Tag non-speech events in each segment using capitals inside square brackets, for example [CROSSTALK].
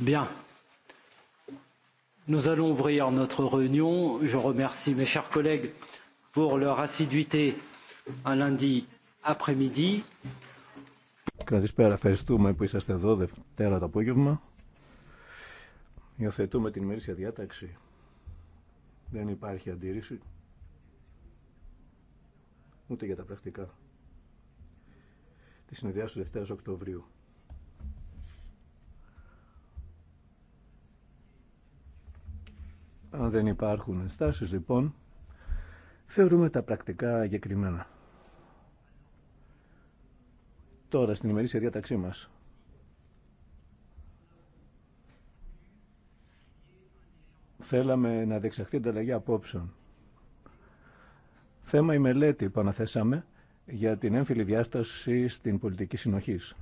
Bien. Nous allons ouvrir notre réunion. Je remercie mes chers collègues pour leur assiduité un lundi après-midi. Καλησπέρα, ευχαριστούμε που είσαστε εδώ Δευτέρα το απόγευμα. Υιοθετούμε την ημερήσια διάταξη. Δεν υπάρχει αντίρρηση. Ούτε για τα πρακτικά. Τη συνεδριά του Δευτέρα Οκτωβρίου. Αν δεν υπάρχουν ενστάσεις λοιπόν, θεωρούμε τα πρακτικά εγκεκριμένα. Τώρα στην ημερήσια διάταξή μας. Θέλαμε να η ανταλλαγή απόψεων. Θέμα η μελέτη που αναθέσαμε για την έμφυλη διάσταση στην πολιτική συνοχής.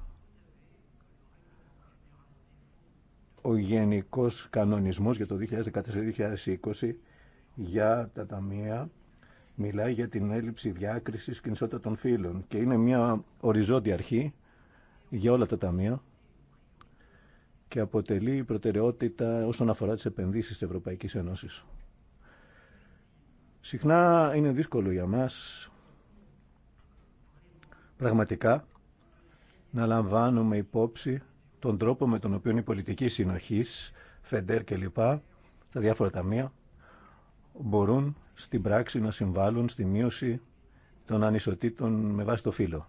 ο γενικός κανονισμός για το 2014-2020 για τα ταμεία μιλάει για την έλλειψη διάκρισης και ισότητα των φύλων και είναι μια οριζόντια αρχή για όλα τα ταμεία και αποτελεί προτεραιότητα όσον αφορά τις επενδύσεις της Ευρωπαϊκής Ένωσης. Συχνά είναι δύσκολο για μας πραγματικά να λαμβάνουμε υπόψη τον τρόπο με τον οποίο η πολιτική συνοχής, ΦΕΝΤΕΡ κλπ, τα διάφορα ταμεία, μπορούν στην πράξη να συμβάλλουν στη μείωση των ανισοτήτων με βάση το φύλλο.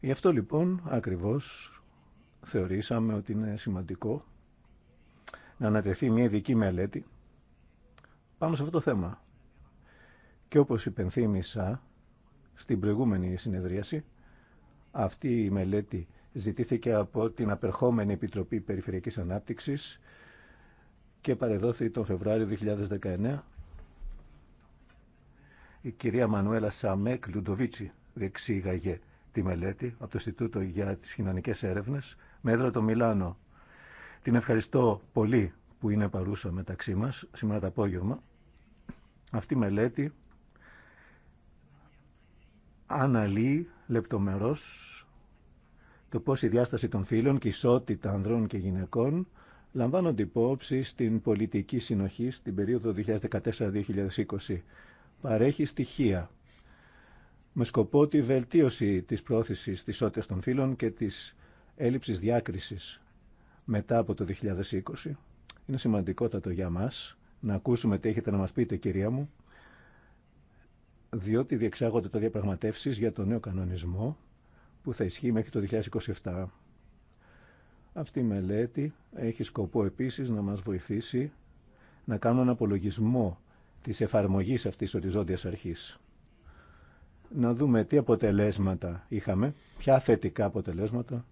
Γι' αυτό λοιπόν ακριβώς θεωρήσαμε ότι είναι σημαντικό να ανατεθεί μια ειδική μελέτη πάνω σε αυτό το θέμα. Και όπως υπενθύμησα στην προηγούμενη συνεδρίαση, αυτή η μελέτη ζητήθηκε από την απερχόμενη Επιτροπή Περιφερειακής Ανάπτυξης και παρεδόθη τον Φεβράριο 2019 η κυρία Μανουέλα Σαμέκ Λουντοβίτσι διεξήγαγε τη μελέτη από το Ινστιτούτο για τις Κοινωνικές Έρευνες με έδρα το Μιλάνο. Την ευχαριστώ πολύ που είναι παρούσα μεταξύ μας σήμερα το απόγευμα. Αυτή η μελέτη αναλύει λεπτομερώς το πώ η διάσταση των φύλων και η ισότητα ανδρών και γυναικών λαμβάνονται υπόψη στην πολιτική συνοχή στην περίοδο 2014-2020. Παρέχει στοιχεία με σκοπό τη βελτίωση της πρόθεση τη ισότητας των φύλων και της έλλειψης διάκριση μετά από το 2020. Είναι σημαντικότατο για μας να ακούσουμε τι έχετε να μας πείτε, κυρία μου, διότι διεξάγονται το διαπραγματεύσεις για τον νέο κανονισμό που θα ισχύει μέχρι το 2027. Αυτή η μελέτη έχει σκοπό επίσης να μας βοηθήσει να κάνουμε ένα απολογισμό της εφαρμογής αυτής της οριζόντιας αρχής. Να δούμε τι αποτελέσματα είχαμε, ποια θετικά αποτελέσματα,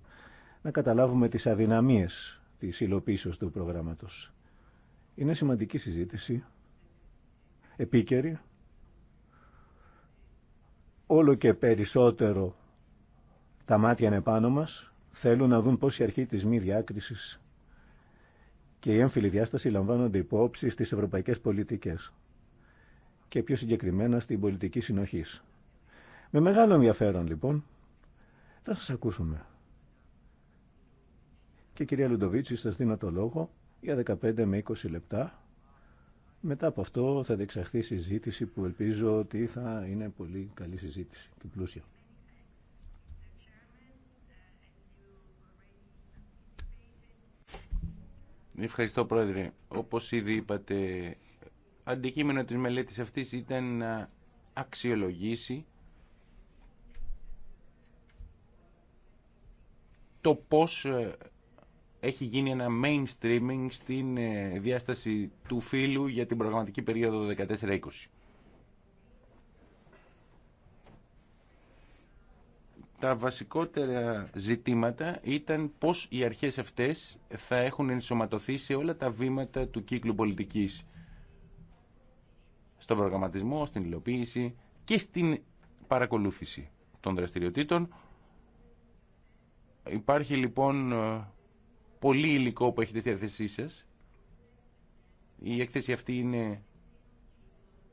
να καταλάβουμε τις αδυναμίες της υλοποίησης του προγράμματος. Είναι σημαντική συζήτηση, επίκαιρη, όλο και περισσότερο τα μάτια είναι πάνω μας, θέλουν να δουν πώς η αρχή της μη διάκρισης και η έμφυλη διάσταση λαμβάνονται υπόψη στις ευρωπαϊκές πολιτικές και πιο συγκεκριμένα στην πολιτική συνοχής. Με μεγάλο ενδιαφέρον λοιπόν θα σας ακούσουμε. Και κυρία Λουντοβίτση σας δίνω το λόγο για 15 με 20 λεπτά. Μετά από αυτό θα διεξαχθεί συζήτηση που ελπίζω ότι θα είναι πολύ καλή συζήτηση και πλούσια. Ευχαριστώ Πρόεδρε. Όπως ήδη είπατε, αντικείμενο της μελέτης αυτής ήταν να αξιολογήσει το πώς ε, έχει γίνει ένα mainstreaming στην ε, διάσταση του φύλου για την προγραμματική περίοδο 14-20. τα βασικότερα ζητήματα ήταν πώς οι αρχές αυτές θα έχουν ενσωματωθεί σε όλα τα βήματα του κύκλου πολιτικής. Στον προγραμματισμό, στην υλοποίηση και στην παρακολούθηση των δραστηριοτήτων. Υπάρχει λοιπόν πολύ υλικό που έχετε στη διάθεσή σας. Η έκθεση αυτή είναι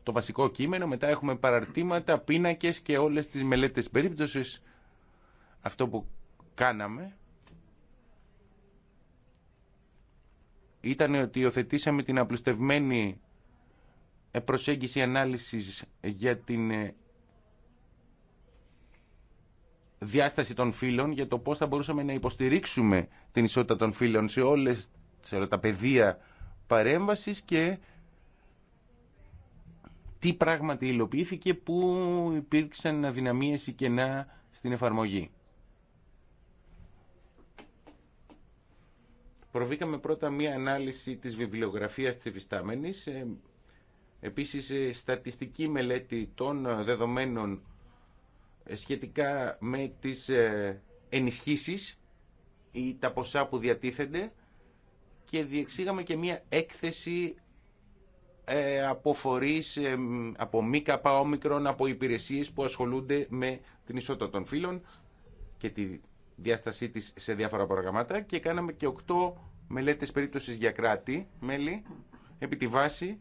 το βασικό κείμενο. Μετά έχουμε παραρτήματα, πίνακες και όλες τις μελέτες περίπτωσης αυτό που κάναμε ήταν ότι υιοθετήσαμε την απλουστευμένη προσέγγιση ανάλυσης για την ε, διάσταση των φύλων, για το πώς θα μπορούσαμε να υποστηρίξουμε την ισότητα των φύλων σε όλες σε τα πεδία παρέμβασης και τι πράγματι υλοποιήθηκε, που υπήρξαν αδυναμίες ή κενά στην εφαρμογή. προβήκαμε πρώτα μία ανάλυση της βιβλιογραφίας της εφιστάμενης, ε, επίσης ε, στατιστική μελέτη των ε, δεδομένων σχετικά με τις ενισχύσεις ή τα ποσά που διατίθενται και διεξήγαμε και μία έκθεση από φορείς, από μη καπαόμικρον, από υπηρεσίες που ασχολούνται με την ισότητα των φύλων και τη διάστασή της σε διάφορα προγραμμάτα και κάναμε και 8 μελέτες περίπτωσης για κράτη, μέλη, επί τη βάση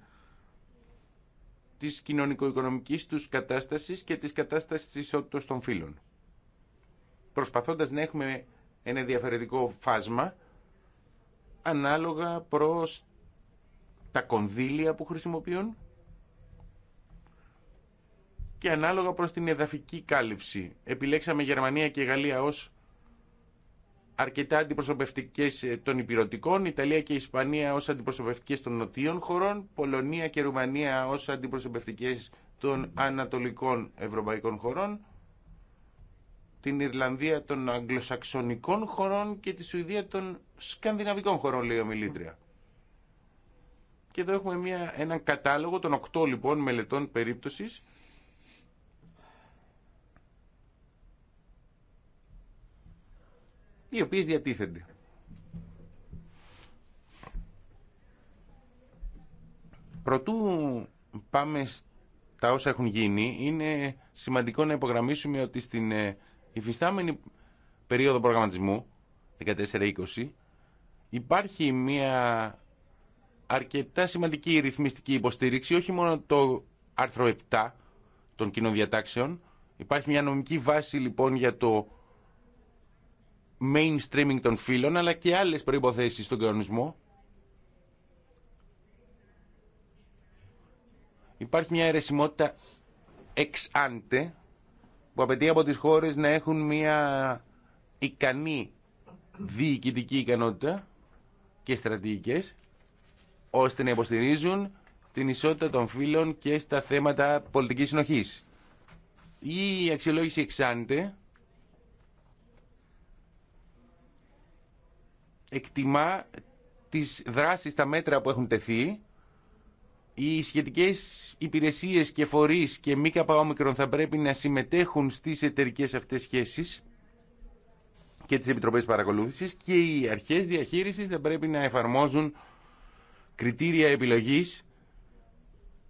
της κοινωνικο-οικονομικής τους κατάστασης και της κατάστασης της ισότητας των φύλων. Προσπαθώντας να έχουμε ένα διαφορετικό φάσμα ανάλογα προς τα κονδύλια που χρησιμοποιούν και ανάλογα προς την εδαφική κάλυψη. Επιλέξαμε Γερμανία και Γαλλία ως αρκετά αντιπροσωπευτικέ ε, των υπηρετικών, Ιταλία και Ισπανία ω αντιπροσωπευτικέ των νοτίων χωρών, Πολωνία και Ρουμανία ω αντιπροσωπευτικέ των ανατολικών ευρωπαϊκών χωρών, την Ιρλανδία των αγγλοσαξονικών χωρών και τη Σουηδία των σκανδιναβικών χωρών, λέει ο Μιλήτρια. Και εδώ έχουμε μια, έναν κατάλογο των οκτώ λοιπόν μελετών περίπτωσης οι οποίες διατίθενται. Προτού πάμε στα όσα έχουν γίνει, είναι σημαντικό να υπογραμμίσουμε ότι στην ε, υφιστάμενη περίοδο προγραμματισμού, 14-20, υπάρχει μια αρκετά σημαντική ρυθμιστική υποστήριξη, όχι μόνο το άρθρο 7 των κοινών διατάξεων. Υπάρχει μια νομική βάση λοιπόν για το mainstreaming των φύλων, αλλά και άλλες προϋποθέσεις στον κανονισμό. Υπάρχει μια αιρεσιμότητα ex ante, που απαιτεί από τις χώρες να έχουν μια ικανή διοικητική ικανότητα και στρατηγικές, ώστε να υποστηρίζουν την ισότητα των φύλων και στα θέματα πολιτικής συνοχής. Η αξιολόγηση εξάνεται εκτιμά τις δράσεις, τα μέτρα που έχουν τεθεί. Οι σχετικές υπηρεσίες και φορείς και μη καπαόμικρον θα πρέπει να συμμετέχουν στις εταιρικές αυτές σχέσεις και τις επιτροπές παρακολούθησης και οι αρχές διαχείρισης θα πρέπει να εφαρμόζουν κριτήρια επιλογής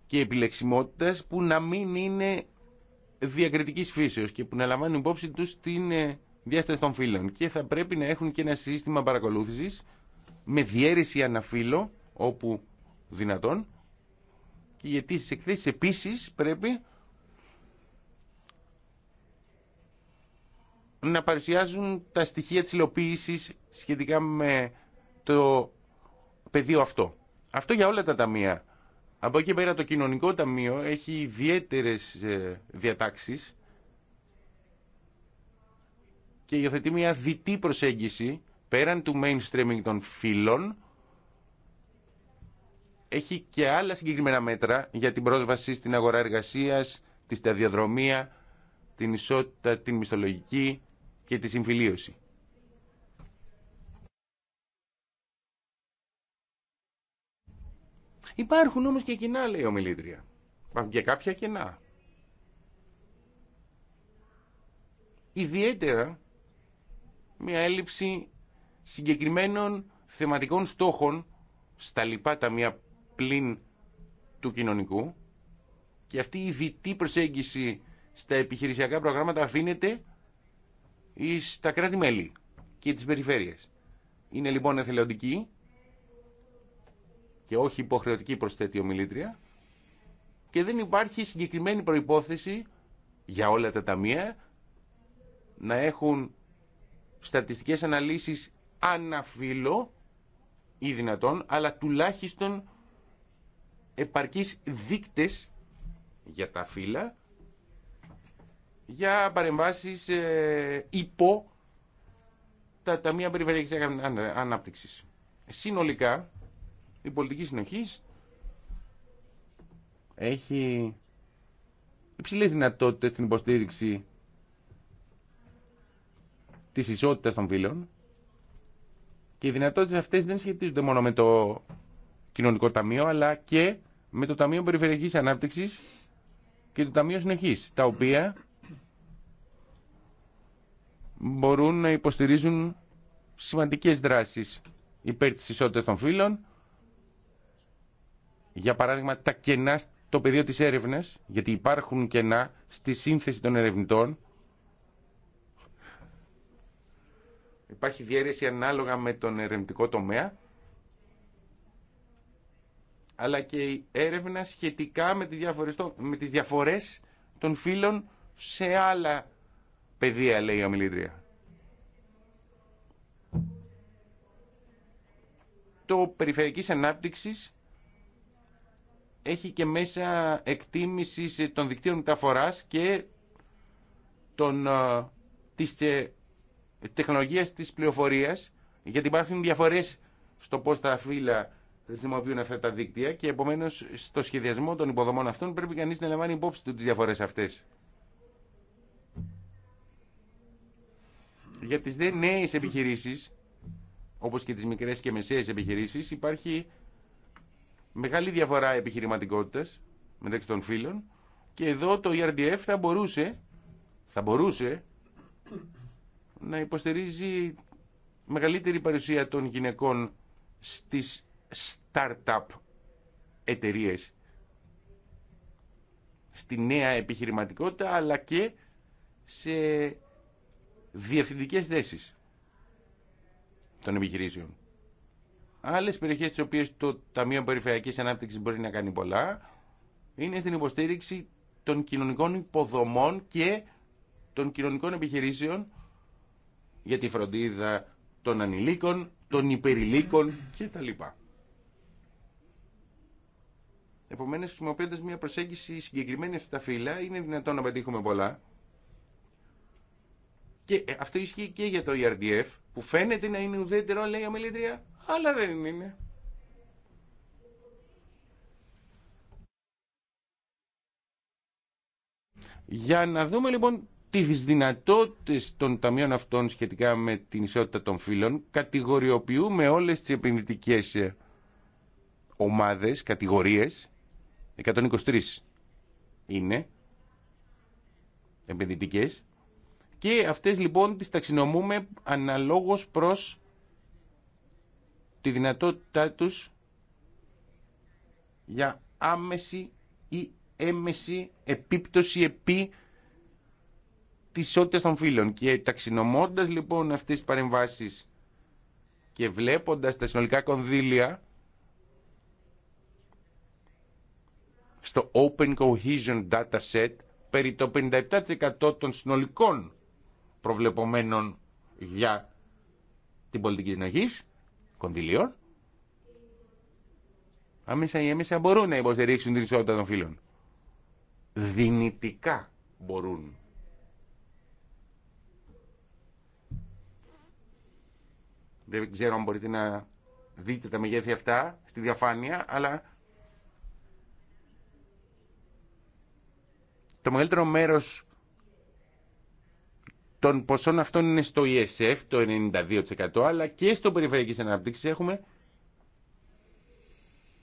και επιλεξιμότητας που να μην είναι διακριτικής φύσεως και που να λαμβάνουν υπόψη τους την ε, διάσταση των φύλων και θα πρέπει να έχουν και ένα σύστημα παρακολούθησης με διαίρεση αναφύλο όπου δυνατόν και γιατί αιτήσει εκθέσεις επίσης πρέπει να παρουσιάζουν τα στοιχεία της υλοποίησης σχετικά με το πεδίο αυτό. Αυτό για όλα τα ταμεία. Από εκεί πέρα το κοινωνικό ταμείο έχει ιδιαίτερες ε, διατάξεις και υιοθετεί μια διτή προσέγγιση πέραν του mainstreaming των φύλων έχει και άλλα συγκεκριμένα μέτρα για την πρόσβαση στην αγορά εργασίας, τη σταδιοδρομία, την ισότητα, την μισθολογική και τη συμφιλίωση. Υπάρχουν όμως και κοινά, λέει ο Μιλήτρια. Υπάρχουν και κάποια κοινά. Ιδιαίτερα μια έλλειψη συγκεκριμένων θεματικών στόχων στα λοιπά μια πλην του κοινωνικού και αυτή η διτή προσέγγιση στα επιχειρησιακά προγράμματα αφήνεται στα κράτη-μέλη και τις περιφέρειες. Είναι λοιπόν εθελοντική και όχι υποχρεωτική προσθέτει ομιλήτρια και δεν υπάρχει συγκεκριμένη προϋπόθεση για όλα τα ταμεία να έχουν στατιστικές αναλύσεις αναφύλλω ή δυνατόν, αλλά τουλάχιστον επαρκείς δίκτες για τα φύλλα για παρεμβάσεις ε, υπό τα Ταμεία Περιφερειακής Ανάπτυξης. Συνολικά, η πολιτική συνοχής έχει υψηλές δυνατότητες στην υποστήριξη Τη ισότητα των φύλων και οι δυνατότητε αυτές δεν σχετίζονται μόνο με το κοινωνικό ταμείο αλλά και με το Ταμείο Περιφερειακής Ανάπτυξης και το Ταμείο συνοχή, τα οποία μπορούν να υποστηρίζουν σημαντικές δράσεις υπέρ τη ισότητα των φύλων, για παράδειγμα τα κενά στο πεδίο της έρευνας, γιατί υπάρχουν κενά στη σύνθεση των ερευνητών, Υπάρχει διαίρεση ανάλογα με τον ερευνητικό τομέα, αλλά και η έρευνα σχετικά με τις, διαφορές, με τις διαφορές των φύλων σε άλλα πεδία, λέει η ομιλήτρια. Το περιφερειακής ανάπτυξης έχει και μέσα εκτίμηση των δικτύων μεταφοράς και των, ε, της ε, Τεχνολογία της πληροφορίας, γιατί υπάρχουν διαφορές στο πώς τα φύλλα χρησιμοποιούν αυτά τα δίκτυα και επομένως στο σχεδιασμό των υποδομών αυτών πρέπει κανείς να λαμβάνει υπόψη του τις διαφορές αυτές. Για τις νέες επιχειρήσεις, όπως και τις μικρές και μεσαίες επιχειρήσεις, υπάρχει μεγάλη διαφορά επιχειρηματικότητας μεταξύ των φύλων και εδώ το ERDF θα μπορούσε, θα μπορούσε να υποστηρίζει μεγαλύτερη παρουσία των γυναικών στις startup εταιρείες στη νέα επιχειρηματικότητα αλλά και σε διευθυντικές θέσεις των επιχειρήσεων. Άλλες περιοχές τις οποίες το Ταμείο Περιφερειακής Ανάπτυξης μπορεί να κάνει πολλά είναι στην υποστήριξη των κοινωνικών υποδομών και των κοινωνικών επιχειρήσεων για τη φροντίδα των ανηλίκων, των υπερηλίκων κτλ. Επομένως, χρησιμοποιώντα μια προσέγγιση συγκεκριμένη στα φύλλα, είναι δυνατόν να πετύχουμε πολλά. Και ε, αυτό ισχύει και για το ERDF, που φαίνεται να είναι ουδέτερο, λέει η ομιλήτρια, αλλά δεν είναι. Για να δούμε λοιπόν τις δυνατότητες των ταμείων αυτών σχετικά με την ισότητα των φύλων, κατηγοριοποιούμε όλες τις επενδυτικές ομάδες, κατηγορίες, 123 είναι επενδυτικές, και αυτές λοιπόν τις ταξινομούμε αναλόγως προς τη δυνατότητά τους για άμεση ή έμεση επίπτωση επί Τη ισότητα των φύλων. Και ταξινομώντας λοιπόν αυτές τι παρεμβάσει και βλέποντας τα συνολικά κονδύλια στο Open Cohesion Dataset περί το 57% των συνολικών προβλεπομένων για την πολιτική συνοχή κονδυλίων άμεσα ή έμεσα μπορούν να υποστηρίξουν την ισότητα των φύλων. Δυνητικά μπορούν Δεν ξέρω αν μπορείτε να δείτε τα μεγέθη αυτά στη διαφάνεια, αλλά το μεγαλύτερο μέρος των ποσών αυτών είναι στο ESF, το 92%, αλλά και στο περιφερειακή ανάπτυξη έχουμε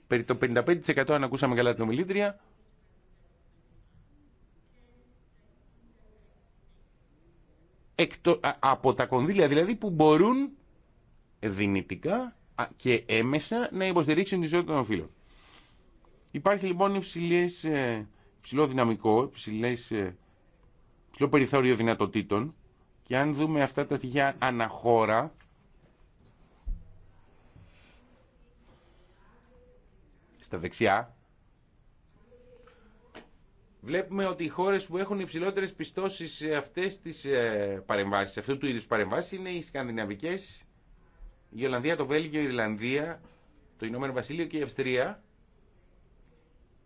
περί το 55% αν ακούσαμε καλά την ομιλήτρια, από τα κονδύλια δηλαδή που μπορούν δυνητικά και έμεσα να υποστηρίξουν τη ζωή των φίλων. Υπάρχει λοιπόν υψηλές, ε, υψηλό δυναμικό, υψηλές, ε, υψηλό περιθώριο δυνατοτήτων και αν δούμε αυτά τα στοιχεία αναχώρα, στα δεξιά, βλέπουμε ότι οι χώρες που έχουν υψηλότερες πιστώσεις σε αυτές τις ε, παρεμβάσεις, σε αυτού του είδους παρεμβάσεις, είναι οι σκανδιναβικές η Ολλανδία, το Βέλγιο, η Ιρλανδία, το Ηνωμένο Βασίλειο και η Αυστρία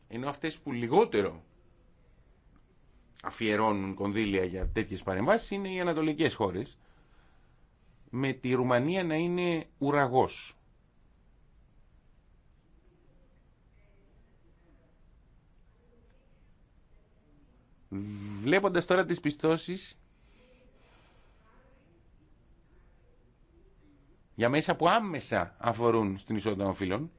ενώ αυτές που λιγότερο αφιερώνουν κονδύλια για τέτοιες παρεμβάσεις είναι οι ανατολικές χώρες με τη Ρουμανία να είναι ουραγός. Βλέποντας τώρα τις πιστώσεις για μέσα που άμεσα αφορούν στην ισότητα των φύλων.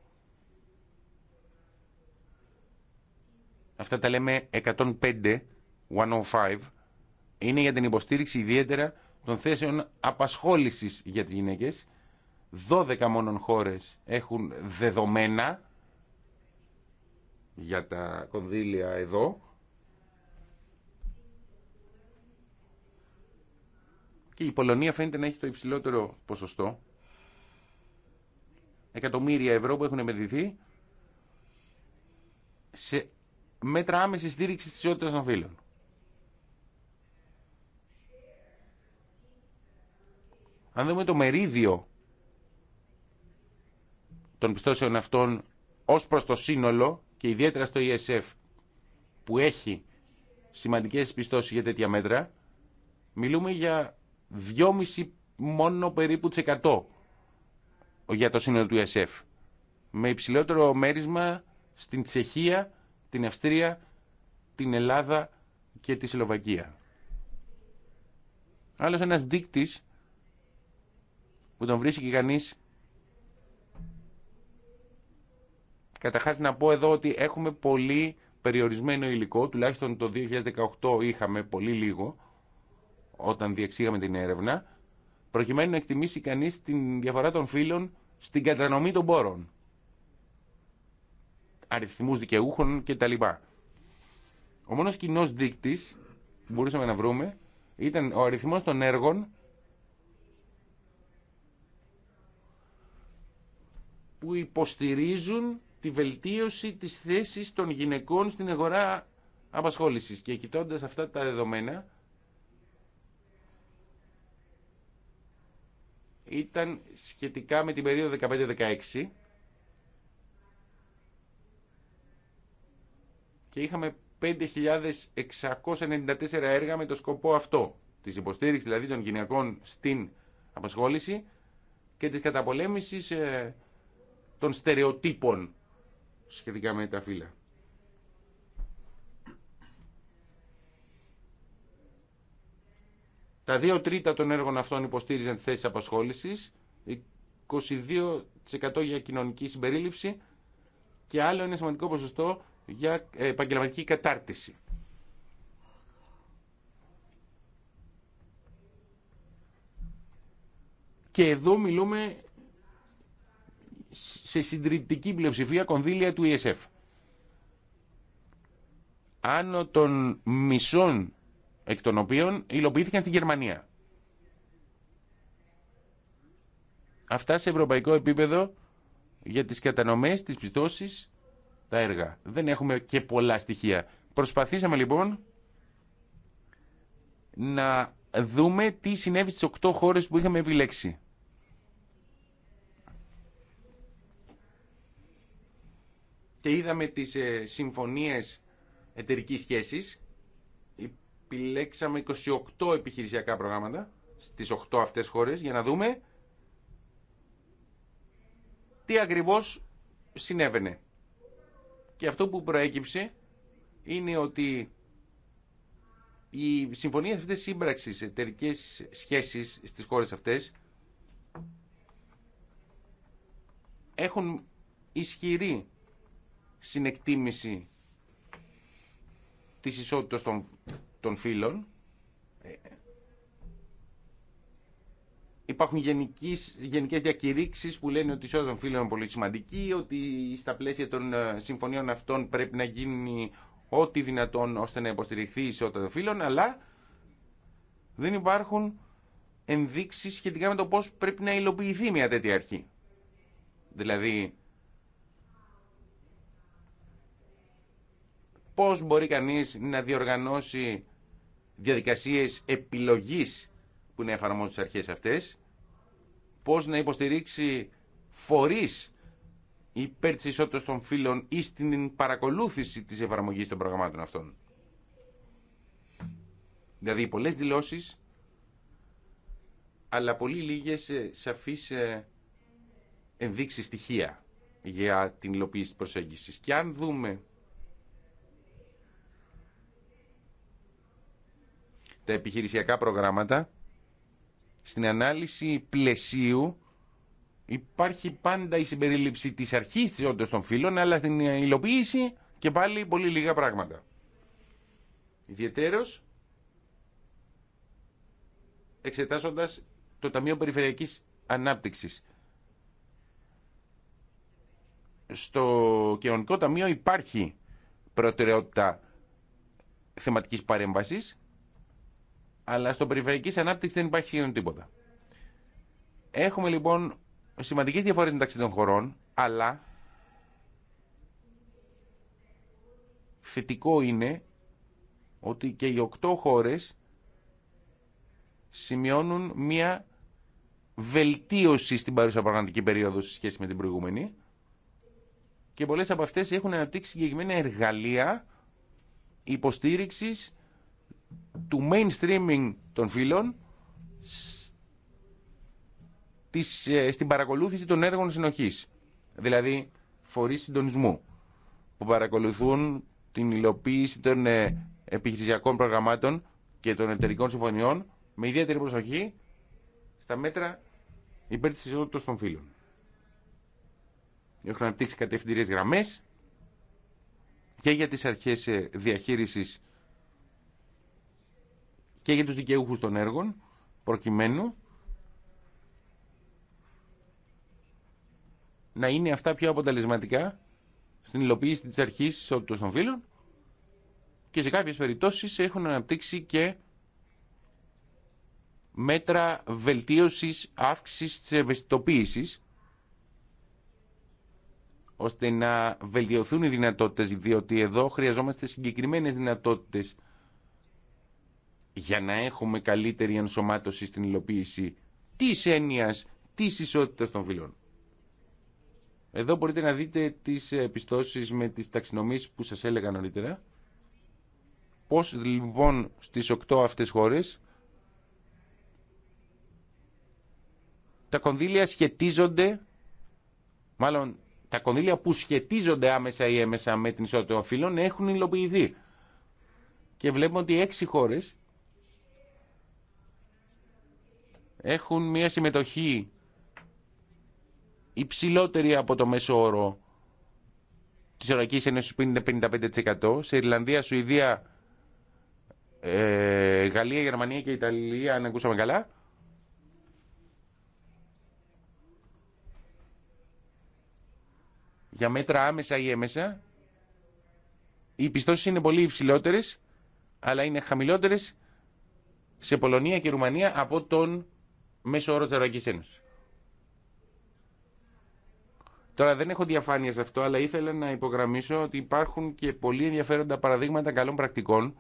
Αυτά τα λέμε 105, 105, είναι για την υποστήριξη ιδιαίτερα των θέσεων απασχόλησης για τις γυναίκες. 12 μόνον χώρες έχουν δεδομένα για τα κονδύλια εδώ. Και η Πολωνία φαίνεται να έχει το υψηλότερο ποσοστό εκατομμύρια ευρώ που έχουν επενδυθεί σε μέτρα άμεση στήριξη τη ισότητα των φίλων. Αν δούμε το μερίδιο των πιστώσεων αυτών ως προς το σύνολο και ιδιαίτερα στο ESF που έχει σημαντικές πιστώσεις για τέτοια μέτρα, μιλούμε για 2,5 μόνο περίπου τσεκατό για το σύνολο του ΕΣΕΦ. Με υψηλότερο μέρισμα στην Τσεχία, την Αυστρία, την Ελλάδα και τη Σλοβακία. Άλλος ένας δείκτης που τον βρίσκει κανείς Καταρχάς να πω εδώ ότι έχουμε πολύ περιορισμένο υλικό, τουλάχιστον το 2018 είχαμε πολύ λίγο όταν διεξήγαμε την έρευνα προκειμένου να εκτιμήσει κανείς την διαφορά των φύλων στην κατανομή των πόρων, αριθμούς δικαιούχων κτλ. Ο μόνος κοινό δείκτης που μπορούσαμε να βρούμε ήταν ο αριθμός των έργων που υποστηρίζουν τη βελτίωση της θέσης των γυναικών στην αγορά απασχόλησης. Και κοιτώντας αυτά τα δεδομένα, ήταν σχετικά με την περίοδο 15-16 και είχαμε 5.694 έργα με το σκοπό αυτό, της υποστήριξης δηλαδή των γυναικών στην απασχόληση και της καταπολέμησης ε, των στερεοτύπων σχετικά με τα φύλλα. Τα δύο τρίτα των έργων αυτών υποστήριζαν τις θέσεις απασχόληση. 22% για κοινωνική συμπερίληψη και άλλο ένα σημαντικό ποσοστό για ε, επαγγελματική κατάρτιση. Και εδώ μιλούμε σε συντριπτική πλειοψηφία κονδύλια του ESF. Άνω των μισών εκ των οποίων υλοποιήθηκαν στην Γερμανία. Αυτά σε ευρωπαϊκό επίπεδο για τις κατανομές, τις πιστώσεις, τα έργα. Δεν έχουμε και πολλά στοιχεία. Προσπαθήσαμε λοιπόν να δούμε τι συνέβη στις 8 χώρες που είχαμε επιλέξει. Και είδαμε τις ε, συμφωνίες εταιρικής σχέσης επιλέξαμε 28 επιχειρησιακά προγράμματα στις 8 αυτές χώρες για να δούμε τι ακριβώς συνέβαινε. Και αυτό που προέκυψε είναι ότι η συμφωνία αυτή της σύμπραξης εταιρικέ σχέσεις στις χώρες αυτές έχουν ισχυρή συνεκτίμηση της ισότητας των των φίλων ε, υπάρχουν γενικής, γενικές διακηρύξεις που λένε ότι η ισότητα των φύλων είναι πολύ σημαντική, ότι στα πλαίσια των ε, συμφωνιών αυτών πρέπει να γίνει ό,τι δυνατόν ώστε να υποστηριχθεί η ισότητα των φύλων, αλλά δεν υπάρχουν ενδείξεις σχετικά με το πώς πρέπει να υλοποιηθεί μια τέτοια αρχή. Δηλαδή, πώς μπορεί κανείς να διοργανώσει διαδικασίες επιλογής που να εφαρμόζουν αρχές αυτές, πώς να υποστηρίξει φορείς υπέρ της ισότητας των φύλων ή στην παρακολούθηση της εφαρμογής των προγραμμάτων αυτών. Δηλαδή πολλές δηλώσεις, αλλά πολύ λίγες ε, σαφείς ε, ενδείξεις στοιχεία για την υλοποίηση της προσέγγισης. Και αν δούμε τα επιχειρησιακά προγράμματα, στην ανάλυση πλαισίου υπάρχει πάντα η συμπερίληψη της αρχής της όντως των φύλων, αλλά στην υλοποίηση και πάλι πολύ λίγα πράγματα. Ιδιαιτέρως, εξετάζοντας το Ταμείο Περιφερειακής Ανάπτυξης. Στο Κοινωνικό Ταμείο υπάρχει προτεραιότητα θεματικής παρέμβασης αλλά στο περιφερειακή ανάπτυξη δεν υπάρχει σχεδόν τίποτα. Έχουμε λοιπόν σημαντικέ διαφορέ μεταξύ των χωρών, αλλά θετικό είναι ότι και οι οκτώ χώρες σημειώνουν μία βελτίωση στην παρούσα προγραμματική περίοδο σε σχέση με την προηγούμενη και πολλές από αυτές έχουν αναπτύξει συγκεκριμένα εργαλεία υποστήριξης του mainstreaming των φίλων της ε, στην παρακολούθηση των έργων συνοχής. Δηλαδή φορείς συντονισμού που παρακολουθούν την υλοποίηση των ε, επιχειρησιακών προγραμμάτων και των εταιρικών συμφωνιών με ιδιαίτερη προσοχή στα μέτρα υπέρ της ισότητας των φίλων, Έχουν αναπτύξει κατευθυντήριες γραμμές και για τις αρχές ε, διαχείρισης και για τους δικαιούχους των έργων, προκειμένου να είναι αυτά πιο αποτελεσματικά στην υλοποίηση της αρχής της ισότητας των φύλων και σε κάποιες περιπτώσεις έχουν αναπτύξει και μέτρα βελτίωσης, αύξησης της ευαισθητοποίησης ώστε να βελτιωθούν οι δυνατότητες, διότι εδώ χρειαζόμαστε συγκεκριμένες δυνατότητες για να έχουμε καλύτερη ενσωμάτωση στην υλοποίηση της έννοιας της ισότητας των φίλων. Εδώ μπορείτε να δείτε τις επιστώσεις με τις ταξινομίες που σας έλεγα νωρίτερα. Πώς λοιπόν στις 8 αυτές χώρες τα κονδύλια σχετίζονται, μάλλον τα κονδύλια που σχετίζονται άμεσα ή έμεσα με την ισότητα των φύλων έχουν υλοποιηθεί. Και βλέπουμε ότι έξι χώρες έχουν μια συμμετοχή υψηλότερη από το μέσο όρο τη Ευρωπαϊκή Ένωση που είναι 55%. Σε Ιρλανδία, Σουηδία, ε, Γαλλία, Γερμανία και Ιταλία, αν ακούσαμε καλά. Για μέτρα άμεσα ή έμεσα, οι πιστώσει είναι πολύ υψηλότερε, αλλά είναι χαμηλότερε σε Πολωνία και Ρουμανία από τον μέσω όρο τη Ευρωπαϊκή Ένωση. Τώρα δεν έχω διαφάνεια σε αυτό, αλλά ήθελα να υπογραμμίσω ότι υπάρχουν και πολύ ενδιαφέροντα παραδείγματα καλών πρακτικών.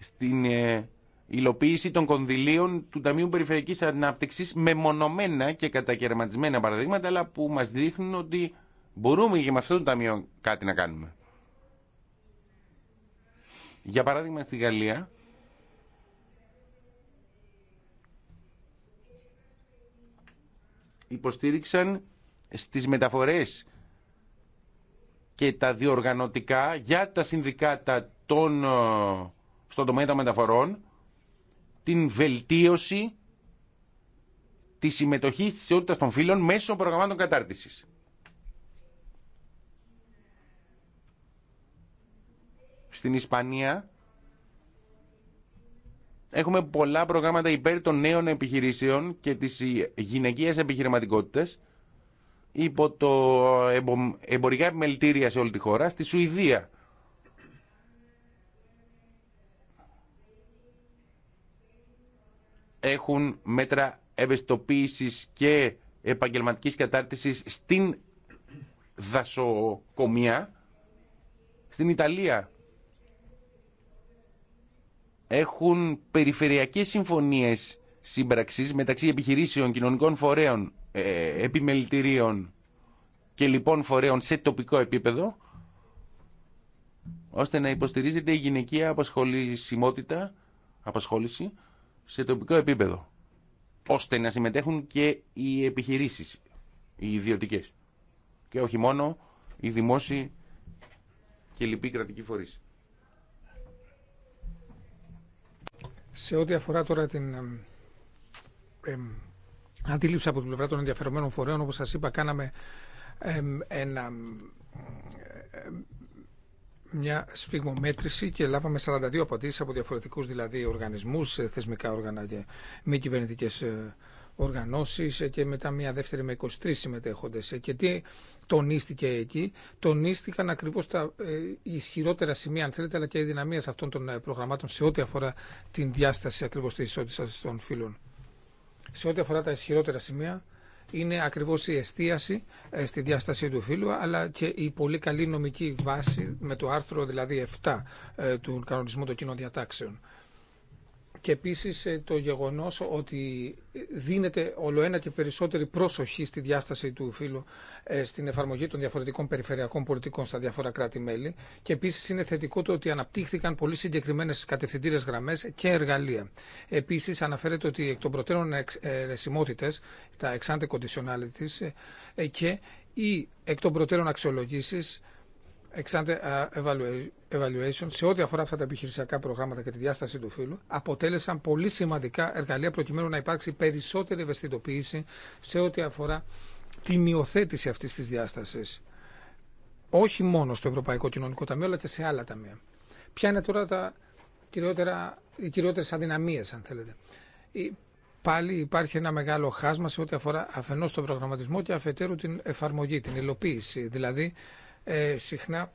Στην ε, υλοποίηση των κονδυλίων του Ταμείου Περιφερειακής Ανάπτυξης με μονομένα και κατακαιρματισμένα παραδείγματα, αλλά που μας δείχνουν ότι μπορούμε και με αυτό το Ταμείο κάτι να κάνουμε. Για παράδειγμα στη Γαλλία υποστήριξαν στις μεταφορές και τα διοργανωτικά για τα συνδικάτα των, ε, στον τομέα των μεταφορών την βελτίωση της συμμετοχής της ιότητας των φύλων μέσω προγραμμάτων κατάρτισης. στην Ισπανία έχουμε πολλά προγράμματα υπέρ των νέων επιχειρήσεων και της γυναικείας επιχειρηματικότητας υπό το εμπορικά επιμελητήρια σε όλη τη χώρα, στη Σουηδία. Έχουν μέτρα ευαισθητοποίησης και επαγγελματικής κατάρτισης στην δασοκομεία. Στην Ιταλία έχουν περιφερειακές συμφωνίες σύμπραξης μεταξύ επιχειρήσεων, κοινωνικών φορέων, ε, επιμελητηρίων και λοιπόν φορέων σε τοπικό επίπεδο, ώστε να υποστηρίζεται η γυναικεία απασχολησιμότητα, απασχόληση σε τοπικό επίπεδο, ώστε να συμμετέχουν και οι επιχειρήσεις, οι ιδιωτικές και όχι μόνο οι δημόσιοι και λοιποί κρατικοί φορείς. Σε ό,τι αφορά τώρα την ε, αντίληψη από την πλευρά των ενδιαφερομένων φορέων, όπως σας είπα, κάναμε ε, ένα, ε, μια σφιγμομέτρηση και λάβαμε 42 απαντήσεις από διαφορετικούς δηλαδή οργανισμούς, ε, θεσμικά όργανα και μη κυβερνητικέ ε, οργανώσεις ε, και μετά μια δεύτερη με 23 συμμετέχοντες. Ε, και τι τονίστηκε εκεί. Τονίστηκαν ακριβώς τα ε, ισχυρότερα σημεία, αν θέλετε, αλλά και οι δυναμίε αυτών των προγραμμάτων σε ό,τι αφορά την διάσταση ακριβώς της ισότητα των φύλων. Σε ό,τι αφορά τα ισχυρότερα σημεία, είναι ακριβώς η εστίαση στη διάσταση του φύλου αλλά και η πολύ καλή νομική βάση με το άρθρο δηλαδή 7 του κανονισμού των κοινών διατάξεων και επίσης ε, το γεγονός ότι δίνεται ολοένα και περισσότερη πρόσοχη στη διάσταση του φύλου ε, στην εφαρμογή των διαφορετικών περιφερειακών πολιτικών στα διάφορα κράτη-μέλη και επίσης είναι θετικό το ότι αναπτύχθηκαν πολύ συγκεκριμένες κατευθυντήρες γραμμές και εργαλεία. Επίσης αναφέρεται ότι εκ των προτέρων ε, ρεσιμότητες, τα εξάντε conditionalities και οι εκ των προτέρων αξιολογήσεις εξάντε evaluation σε ό,τι αφορά αυτά τα επιχειρησιακά προγράμματα και τη διάσταση του φύλου αποτέλεσαν πολύ σημαντικά εργαλεία προκειμένου να υπάρξει περισσότερη ευαισθητοποίηση σε ό,τι αφορά τη μειοθέτηση αυτής της διάστασης. Όχι μόνο στο Ευρωπαϊκό Κοινωνικό Ταμείο, αλλά και σε άλλα ταμεία. Ποια είναι τώρα τα κυριότερα, οι κυριότερες αδυναμίες, αν θέλετε. Πάλι υπάρχει ένα μεγάλο χάσμα σε ό,τι αφορά αφενός τον προγραμματισμό και αφετέρου την εφαρμογή, την υλοποίηση. Δηλαδή, ε, συχνά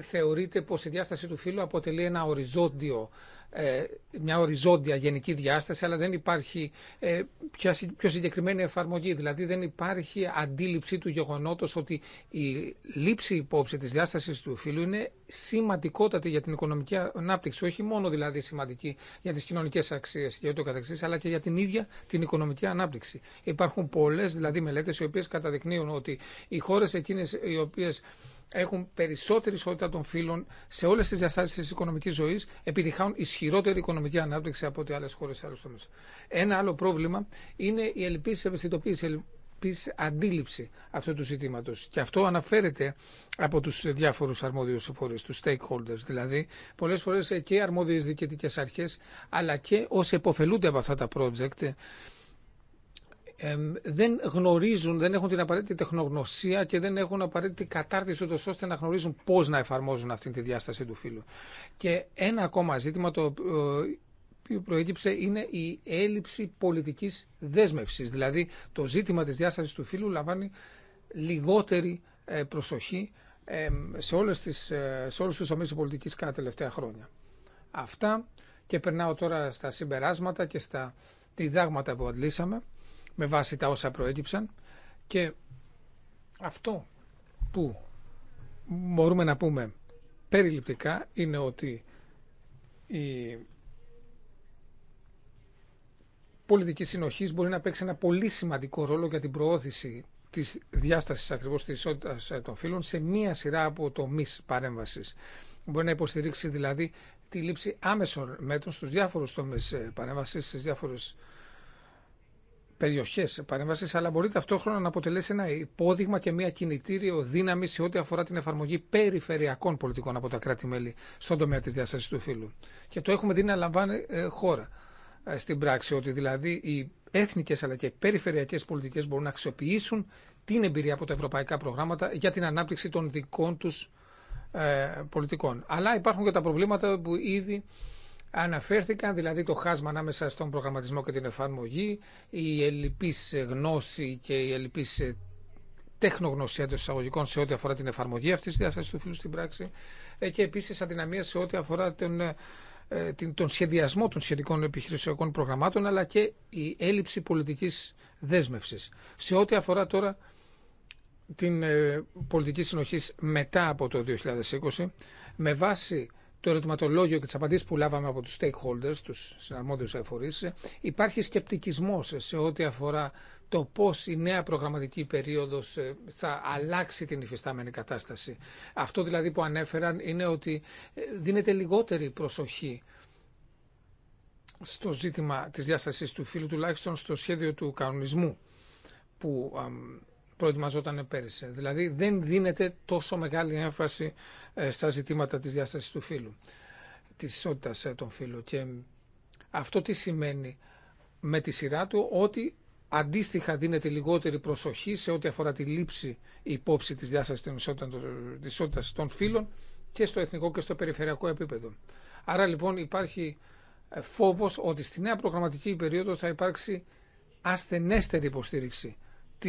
θεωρείται πως η διάσταση του φύλου αποτελεί ένα οριζόντιο, ε, μια οριζόντια γενική διάσταση, αλλά δεν υπάρχει ε, πιο συγκεκριμένη εφαρμογή. Δηλαδή δεν υπάρχει αντίληψη του γεγονότος ότι η λήψη υπόψη της διάστασης του φύλου είναι σημαντικότατη για την οικονομική ανάπτυξη. Όχι μόνο δηλαδή σημαντική για τις κοινωνικές αξίες και ούτω καθεξής, αλλά και για την ίδια την οικονομική ανάπτυξη. Υπάρχουν πολλές δηλαδή μελέτες οι οποίες καταδεικνύουν ότι οι χώρες εκείνες οι οποίες έχουν περισσότερη ισότητα των φύλων σε όλε τι διαστάσει τη οικονομική ζωή, επιτυχάουν ισχυρότερη οικονομική ανάπτυξη από ό,τι άλλε χώρε σε Ένα άλλο πρόβλημα είναι η ελλείψη ευαισθητοποίηση, η αντίληψη αυτού του ζητήματο. Και αυτό αναφέρεται από του διάφορου αρμόδιου φορεί, του stakeholders δηλαδή, πολλέ φορέ και αρμόδιε διοικητικέ αρχέ, αλλά και όσοι εποφελούνται από αυτά τα project δεν γνωρίζουν, δεν έχουν την απαραίτητη τεχνογνωσία και δεν έχουν απαραίτητη κατάρτιση ούτως ώστε να γνωρίζουν πώς να εφαρμόζουν αυτή τη διάσταση του φύλου. Και ένα ακόμα ζήτημα το οποίο ε, προέκυψε είναι η έλλειψη πολιτικής δέσμευσης. Δηλαδή το ζήτημα της διάστασης του φύλου λαμβάνει λιγότερη ε, προσοχή σε, όλες τις, ε, σε όλους τους ομίσους πολιτικής κατά τελευταία χρόνια. Αυτά και περνάω τώρα στα συμπεράσματα και στα διδάγματα που αντλήσαμε με βάση τα όσα προέκυψαν και αυτό που μπορούμε να πούμε περιληπτικά είναι ότι η πολιτική συνοχή μπορεί να παίξει ένα πολύ σημαντικό ρόλο για την προώθηση τη διάσταση ακριβώ τη ισότητα των φύλων σε μία σειρά από τομεί παρέμβαση. Μπορεί να υποστηρίξει δηλαδή τη λήψη άμεσων μέτρων στου διάφορου τομεί ε, παρέμβαση, στι διάφορε περιοχέ παρέμβαση, αλλά μπορεί ταυτόχρονα να αποτελέσει ένα υπόδειγμα και μια κινητήριο δύναμη σε ό,τι αφορά την εφαρμογή περιφερειακών πολιτικών από τα κράτη-μέλη στον τομέα τη διάσταση του φύλου. Και το έχουμε δει να λαμβάνει ε, χώρα ε, στην πράξη, ότι δηλαδή οι εθνικέ αλλά και περιφερειακέ πολιτικέ μπορούν να αξιοποιήσουν την εμπειρία από τα ευρωπαϊκά προγράμματα για την ανάπτυξη των δικών του ε, πολιτικών. Αλλά υπάρχουν και τα προβλήματα που ήδη Αναφέρθηκαν δηλαδή το χάσμα ανάμεσα στον προγραμματισμό και την εφαρμογή, η ελλειπής γνώση και η ελλειπής ε, τεχνογνωσία των εισαγωγικών σε ό,τι αφορά την εφαρμογή αυτής της διάστασης του φίλου στην πράξη ε, και επίσης αδυναμία σε ό,τι αφορά τον, ε, τον σχεδιασμό των σχετικών επιχειρησιακών προγραμμάτων αλλά και η έλλειψη πολιτικής δέσμευσης. Σε ό,τι αφορά τώρα την πολιτική συνοχής μετά από το 2020 με βάση το ερωτηματολόγιο και τι απαντήσει που λάβαμε από του stakeholders, του συναρμόδιου εφορεί, υπάρχει σκεπτικισμό σε ό,τι αφορά το πώ η νέα προγραμματική περίοδο ε, θα αλλάξει την υφιστάμενη κατάσταση. Αυτό δηλαδή που ανέφεραν είναι ότι ε, δίνεται λιγότερη προσοχή στο ζήτημα της διάστασης του φύλου, τουλάχιστον στο σχέδιο του κανονισμού που προετοιμαζόταν πέρυσι. Δηλαδή δεν δίνεται τόσο μεγάλη έμφαση ε, στα ζητήματα της διάστασης του φύλου, της ισότητας ε, των φύλων. Και αυτό τι σημαίνει με τη σειρά του, ότι αντίστοιχα δίνεται λιγότερη προσοχή σε ό,τι αφορά τη λήψη υπόψη της διάστασης της ισότητας των φύλων και στο εθνικό και στο περιφερειακό επίπεδο. Άρα λοιπόν υπάρχει ε, φόβος ότι στη νέα προγραμματική περίοδο θα υπάρξει ασθενέστερη υποστήριξη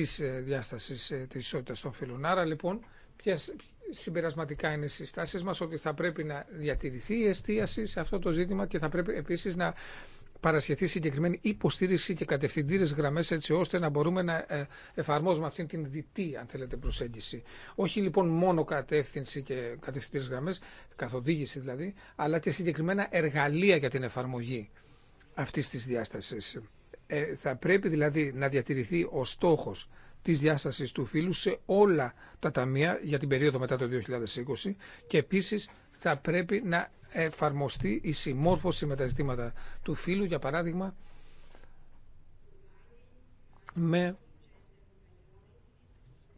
της ε, διάσταση ε, τη ισότητα των φύλων. Άρα λοιπόν, ποιες συμπερασματικά είναι οι συστάσει μα ότι θα πρέπει να διατηρηθεί η εστίαση σε αυτό το ζήτημα και θα πρέπει επίση να παρασχεθεί συγκεκριμένη υποστήριξη και κατευθυντήρε γραμμέ έτσι ώστε να μπορούμε να ε, εφαρμόζουμε αυτή την διτή, αν θέλετε, προσέγγιση. Όχι λοιπόν μόνο κατεύθυνση και κατευθυντήρε γραμμέ, καθοδήγηση δηλαδή, αλλά και συγκεκριμένα εργαλεία για την εφαρμογή αυτή τη διάσταση. Ε, θα πρέπει δηλαδή να διατηρηθεί ο στόχος της διάστασης του φύλου σε όλα τα ταμεία για την περίοδο μετά το 2020 και επίσης θα πρέπει να εφαρμοστεί η συμμόρφωση με τα ζητήματα του φύλου, για παράδειγμα, με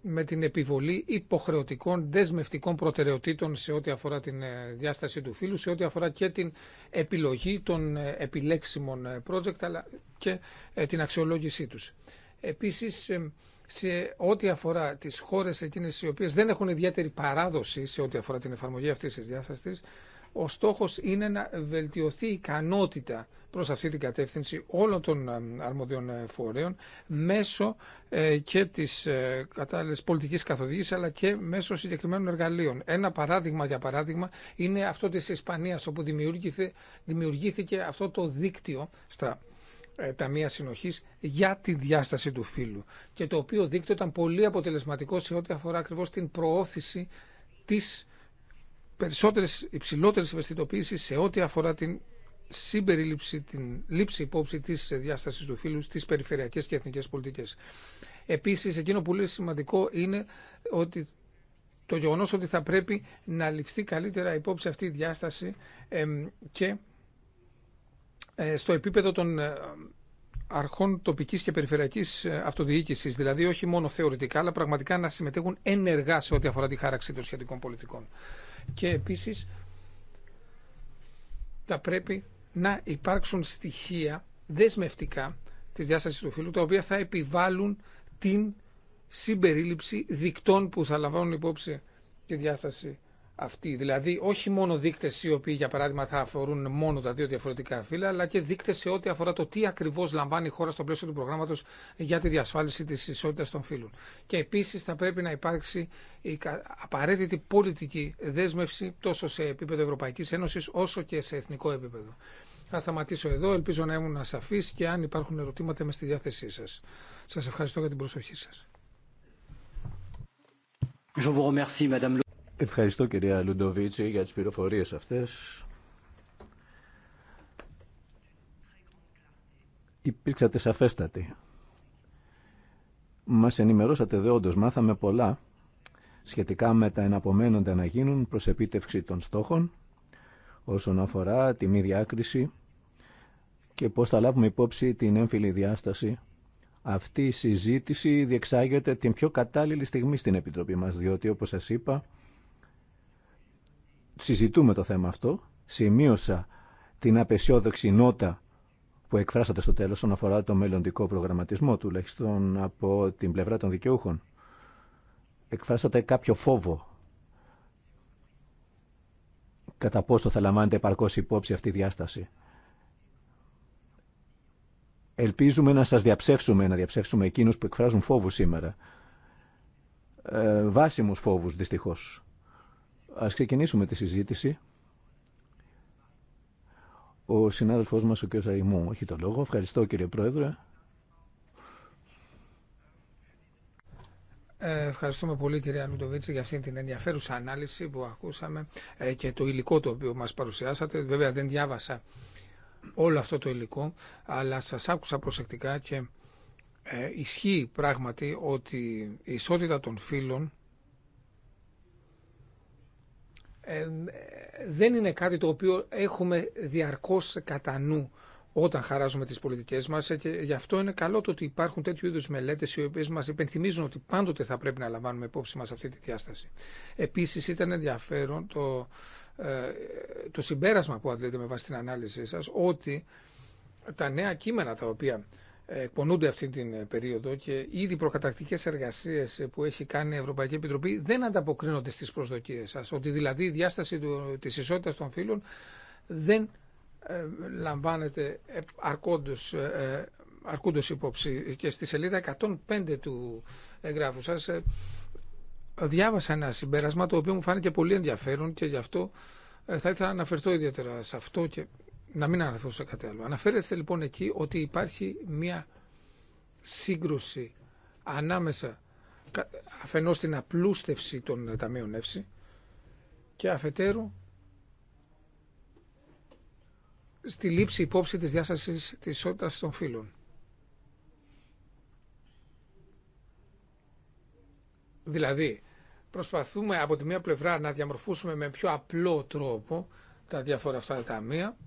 με την επιβολή υποχρεωτικών δεσμευτικών προτεραιοτήτων σε ό,τι αφορά την ε, διάσταση του φύλου, σε ό,τι αφορά και την επιλογή των ε, επιλέξιμων ε, project αλλά και την αξιολόγησή τους. Επίσης, σε ό,τι αφορά τις χώρες εκείνες οι οποίες δεν έχουν ιδιαίτερη παράδοση σε ό,τι αφορά την εφαρμογή αυτής της διάστασης, ο στόχος είναι να βελτιωθεί η ικανότητα προς αυτή την κατεύθυνση όλων των ε, αρμοδιών ε, φορέων μέσω ε, και της κατάλληλης πολιτικής καθοδήγησης αλλά και μέσω συγκεκριμένων εργαλείων. Ένα παράδειγμα για παράδειγμα είναι αυτό της Ισπανίας όπου δημιουργήθηκε αυτό το δίκτυο στα ταμεία συνοχής για τη διάσταση του φύλου και το οποίο δίκτυο ήταν πολύ αποτελεσματικό σε ό,τι αφορά ακριβώς την προώθηση της περισσότερες υψηλότερες ευαισθητοποίησεις σε ό,τι αφορά την συμπερίληψη, την λήψη υπόψη της διάστασης του φύλου στις περιφερειακές και εθνικές πολιτικές. Επίσης, εκείνο που λέει σημαντικό είναι ότι το γεγονός ότι θα πρέπει να ληφθεί καλύτερα υπόψη αυτή η διάσταση και ε, στο επίπεδο των ε, αρχών τοπική και περιφερειακή ε, αυτοδιοίκηση, δηλαδή όχι μόνο θεωρητικά, αλλά πραγματικά να συμμετέχουν ενεργά σε ό,τι αφορά τη χάραξη των σχετικών πολιτικών και επίσης θα πρέπει να υπάρξουν στοιχεία δεσμευτικά της διάστασης του φύλου τα οποία θα επιβάλλουν την συμπερίληψη δικτών που θα λαμβάνουν υπόψη τη διάσταση αυτοί. Δηλαδή, όχι μόνο δείκτε οι οποίοι, για παράδειγμα, θα αφορούν μόνο τα δύο διαφορετικά φύλλα, αλλά και δείκτε σε ό,τι αφορά το τι ακριβώ λαμβάνει η χώρα στο πλαίσιο του προγράμματο για τη διασφάλιση τη ισότητα των φύλων. Και επίση θα πρέπει να υπάρξει η απαραίτητη πολιτική δέσμευση τόσο σε επίπεδο Ευρωπαϊκή Ένωση όσο και σε εθνικό επίπεδο. Θα σταματήσω εδώ. Ελπίζω να ήμουν ασαφή και αν υπάρχουν ερωτήματα, είμαι στη διάθεσή σα. Σα ευχαριστώ για την προσοχή σα. Ευχαριστώ κυρία Λουντοβίτση για τις πληροφορίες αυτές. Υπήρξατε σαφέστατοι. Μας ενημερώσατε εδώ, όντως, μάθαμε πολλά σχετικά με τα εναπομένοντα να γίνουν προς επίτευξη των στόχων όσον αφορά τη μη διάκριση και πώς θα λάβουμε υπόψη την έμφυλη διάσταση. Αυτή η συζήτηση διεξάγεται την πιο κατάλληλη στιγμή στην Επιτροπή μας, διότι όπως σας είπα συζητούμε το θέμα αυτό. Σημείωσα την απεσιόδοξη νότα που εκφράσατε στο τέλος όσον αφορά το μελλοντικό προγραμματισμό, τουλάχιστον από την πλευρά των δικαιούχων. Εκφράσατε κάποιο φόβο κατά πόσο θα λαμβάνετε επαρκώς υπόψη αυτή η διάσταση. Ελπίζουμε να σας διαψεύσουμε, να διαψεύσουμε εκείνους που εκφράζουν φόβους σήμερα. Ε, βάσιμους φόβους, δυστυχώς. Ας ξεκινήσουμε τη συζήτηση. Ο συνάδελφός μας, ο κ. Αϊμού, έχει το λόγο. Ευχαριστώ κύριε Πρόεδρε. Ε, ευχαριστούμε πολύ κυρία Λουντοβίτση για αυτή την ενδιαφέρουσα ανάλυση που ακούσαμε ε, και το υλικό το οποίο μας παρουσιάσατε. Βέβαια δεν διάβασα όλο αυτό το υλικό, αλλά σας άκουσα προσεκτικά και ε, ισχύει πράγματι ότι η ισότητα των φύλων Ε, δεν είναι κάτι το οποίο έχουμε διαρκώς κατά νου όταν χαράζουμε τις πολιτικές μας ε, και γι' αυτό είναι καλό το ότι υπάρχουν τέτοιου είδους μελέτες οι οποίες μας υπενθυμίζουν ότι πάντοτε θα πρέπει να λαμβάνουμε υπόψη μας αυτή τη διάσταση. Επίσης ήταν ενδιαφέρον το, ε, το συμπέρασμα που αντλείτε με βάση την ανάλυση σας ότι τα νέα κείμενα τα οποία εκπονούνται αυτή την ε, περίοδο και ήδη προκατακτικέ εργασίε ε, που έχει κάνει η Ευρωπαϊκή Επιτροπή δεν ανταποκρίνονται στι προσδοκίε σα. Ότι δηλαδή η διάσταση τη ισότητα των φύλων δεν ε, λαμβάνεται αρκόντως, υπόψη. Και στη σελίδα 105 του εγγράφου σας διάβασα ένα συμπέρασμα το οποίο μου φάνηκε πολύ ενδιαφέρον και γι' αυτό θα ήθελα να αναφερθώ ιδιαίτερα σε αυτό και να μην αναφερθώ σε κάτι άλλο. Αναφέρεστε λοιπόν εκεί ότι υπάρχει μια σύγκρουση ανάμεσα αφενός στην απλούστευση των ταμείων εύση και αφετέρου στη λήψη υπόψη της διάστασης της ισότητας των φύλων. Δηλαδή, προσπαθούμε από τη μία πλευρά να διαμορφώσουμε με πιο απλό τρόπο τα διάφορα αυτά τα ταμεία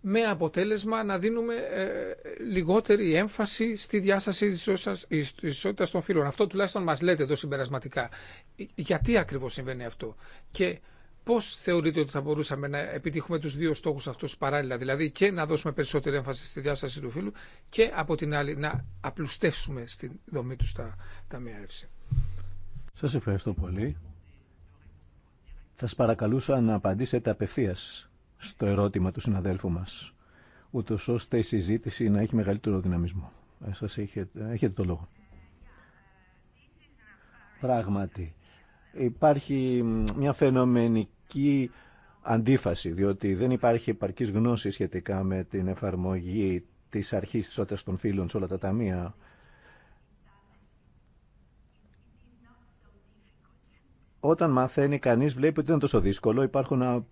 με αποτέλεσμα να δίνουμε ε, λιγότερη έμφαση στη διάσταση της ισότητας των φύλων. Αυτό τουλάχιστον μας λέτε εδώ συμπερασματικά. Ε, γιατί ακριβώς συμβαίνει αυτό και πώς θεωρείτε ότι θα μπορούσαμε να επιτύχουμε τους δύο στόχους αυτούς παράλληλα, δηλαδή και να δώσουμε περισσότερη έμφαση στη διάσταση του φύλου και από την άλλη να απλουστεύσουμε στη δομή του στα ταμεία έρευση. Σας ευχαριστώ πολύ. Θα σας παρακαλούσα να απαντήσετε απευθείας στο ερώτημα του συναδέλφου μας, ούτω ώστε η συζήτηση να έχει μεγαλύτερο δυναμισμό. Ε, σας έχετε, έχετε το λόγο. Πράγματι, υπάρχει μια φαινομενική αντίφαση, διότι δεν υπάρχει επαρκής γνώση σχετικά με την εφαρμογή της αρχής της ότας των φίλων σε όλα τα ταμεία. Όταν μαθαίνει κανείς βλέπει ότι δεν είναι τόσο δύσκολο, υπάρχουν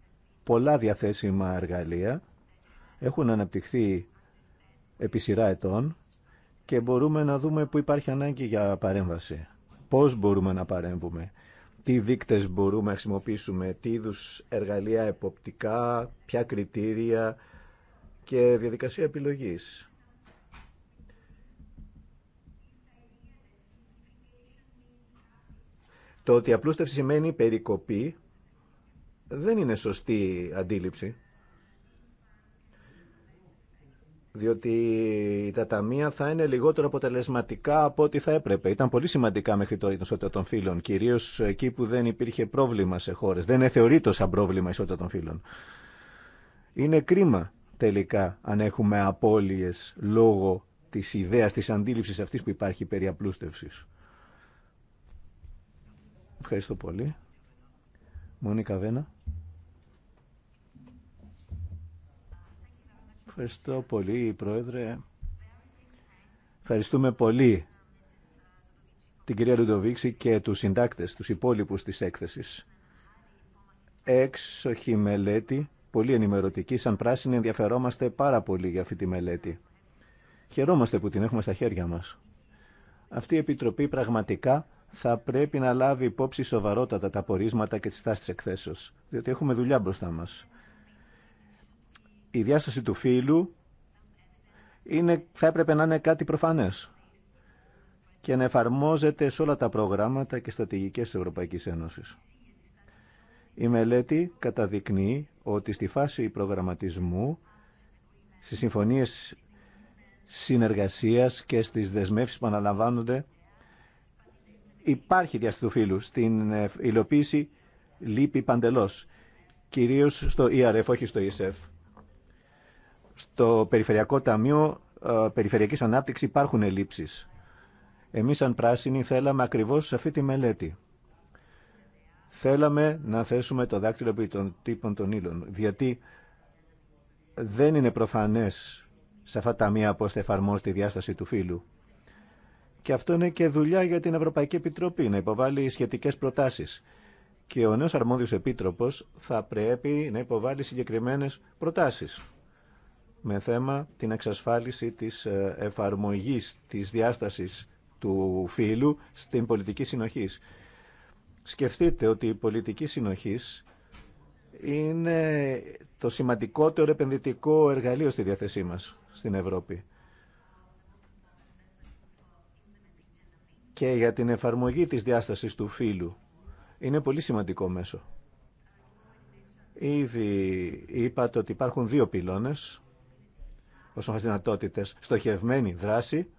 πολλά διαθέσιμα εργαλεία, έχουν αναπτυχθεί επί σειρά ετών και μπορούμε να δούμε που υπάρχει ανάγκη για παρέμβαση. Πώς μπορούμε να παρέμβουμε, τι δείκτες μπορούμε να χρησιμοποιήσουμε, τι είδου εργαλεία εποπτικά, ποια κριτήρια και διαδικασία επιλογής. Το ότι απλούστευση σημαίνει περικοπή δεν είναι σωστή αντίληψη. Διότι τα ταμεία θα είναι λιγότερο αποτελεσματικά από ό,τι θα έπρεπε. Ήταν πολύ σημαντικά μέχρι το ισότητα των φύλων, κυρίω εκεί που δεν υπήρχε πρόβλημα σε χώρε. Δεν θεωρείτο σαν πρόβλημα η ισότητα των φύλων. Είναι κρίμα τελικά αν έχουμε απώλειες λόγω της ιδέας, της αντίληψης αυτής που υπάρχει περί απλούστευσης. Ευχαριστώ πολύ. Μόνικα Βένα. Ευχαριστώ πολύ, Πρόεδρε. Ευχαριστούμε πολύ την κυρία Λουντοβίξη και τους συντάκτες, τους υπόλοιπους της έκθεσης. Έξοχη μελέτη, πολύ ενημερωτική, σαν πράσινη ενδιαφερόμαστε πάρα πολύ για αυτή τη μελέτη. Χαιρόμαστε που την έχουμε στα χέρια μας. Αυτή η Επιτροπή πραγματικά θα πρέπει να λάβει υπόψη σοβαρότατα τα πορίσματα και τις τάσεις της εκθέσεως, διότι έχουμε δουλειά μπροστά μας. Η διάσταση του φύλου είναι, θα έπρεπε να είναι κάτι προφανές και να εφαρμόζεται σε όλα τα προγράμματα και στρατηγικές της Ευρωπαϊκής Ένωσης. Η μελέτη καταδεικνύει ότι στη φάση προγραμματισμού, στις συμφωνίες συνεργασίας και στις δεσμεύσεις που αναλαμβάνονται υπάρχει διάστηση φύλου στην ε, υλοποίηση λείπει παντελώ. Κυρίω στο ERF, όχι στο ESF. Στο Περιφερειακό Ταμείο ε, περιφερειακή ανάπτυξη υπάρχουν ελλείψεις. Εμείς σαν πράσινοι θέλαμε ακριβώ αυτή τη μελέτη. Θέλαμε να θέσουμε το δάκτυλο επί των τύπων των ύλων, Διότι δεν είναι προφανέ σε αυτά τα μία πώ θα εφαρμόσει τη διάσταση του φύλου. Και αυτό είναι και δουλειά για την Ευρωπαϊκή Επιτροπή, να υποβάλει σχετικές προτάσεις. Και ο νέος αρμόδιος επίτροπος θα πρέπει να υποβάλει συγκεκριμένες προτάσεις με θέμα την εξασφάλιση της ε, εφαρμογής της διάστασης του φύλου στην πολιτική συνοχής. Σκεφτείτε ότι η πολιτική συνοχής είναι το σημαντικότερο επενδυτικό εργαλείο στη διάθεσή μας στην Ευρώπη. και για την εφαρμογή της διάστασης του φίλου Είναι πολύ σημαντικό μέσο. Ήδη είπατε ότι υπάρχουν δύο πυλώνες όσον αφορά δυνατότητες, στοχευμένη δράση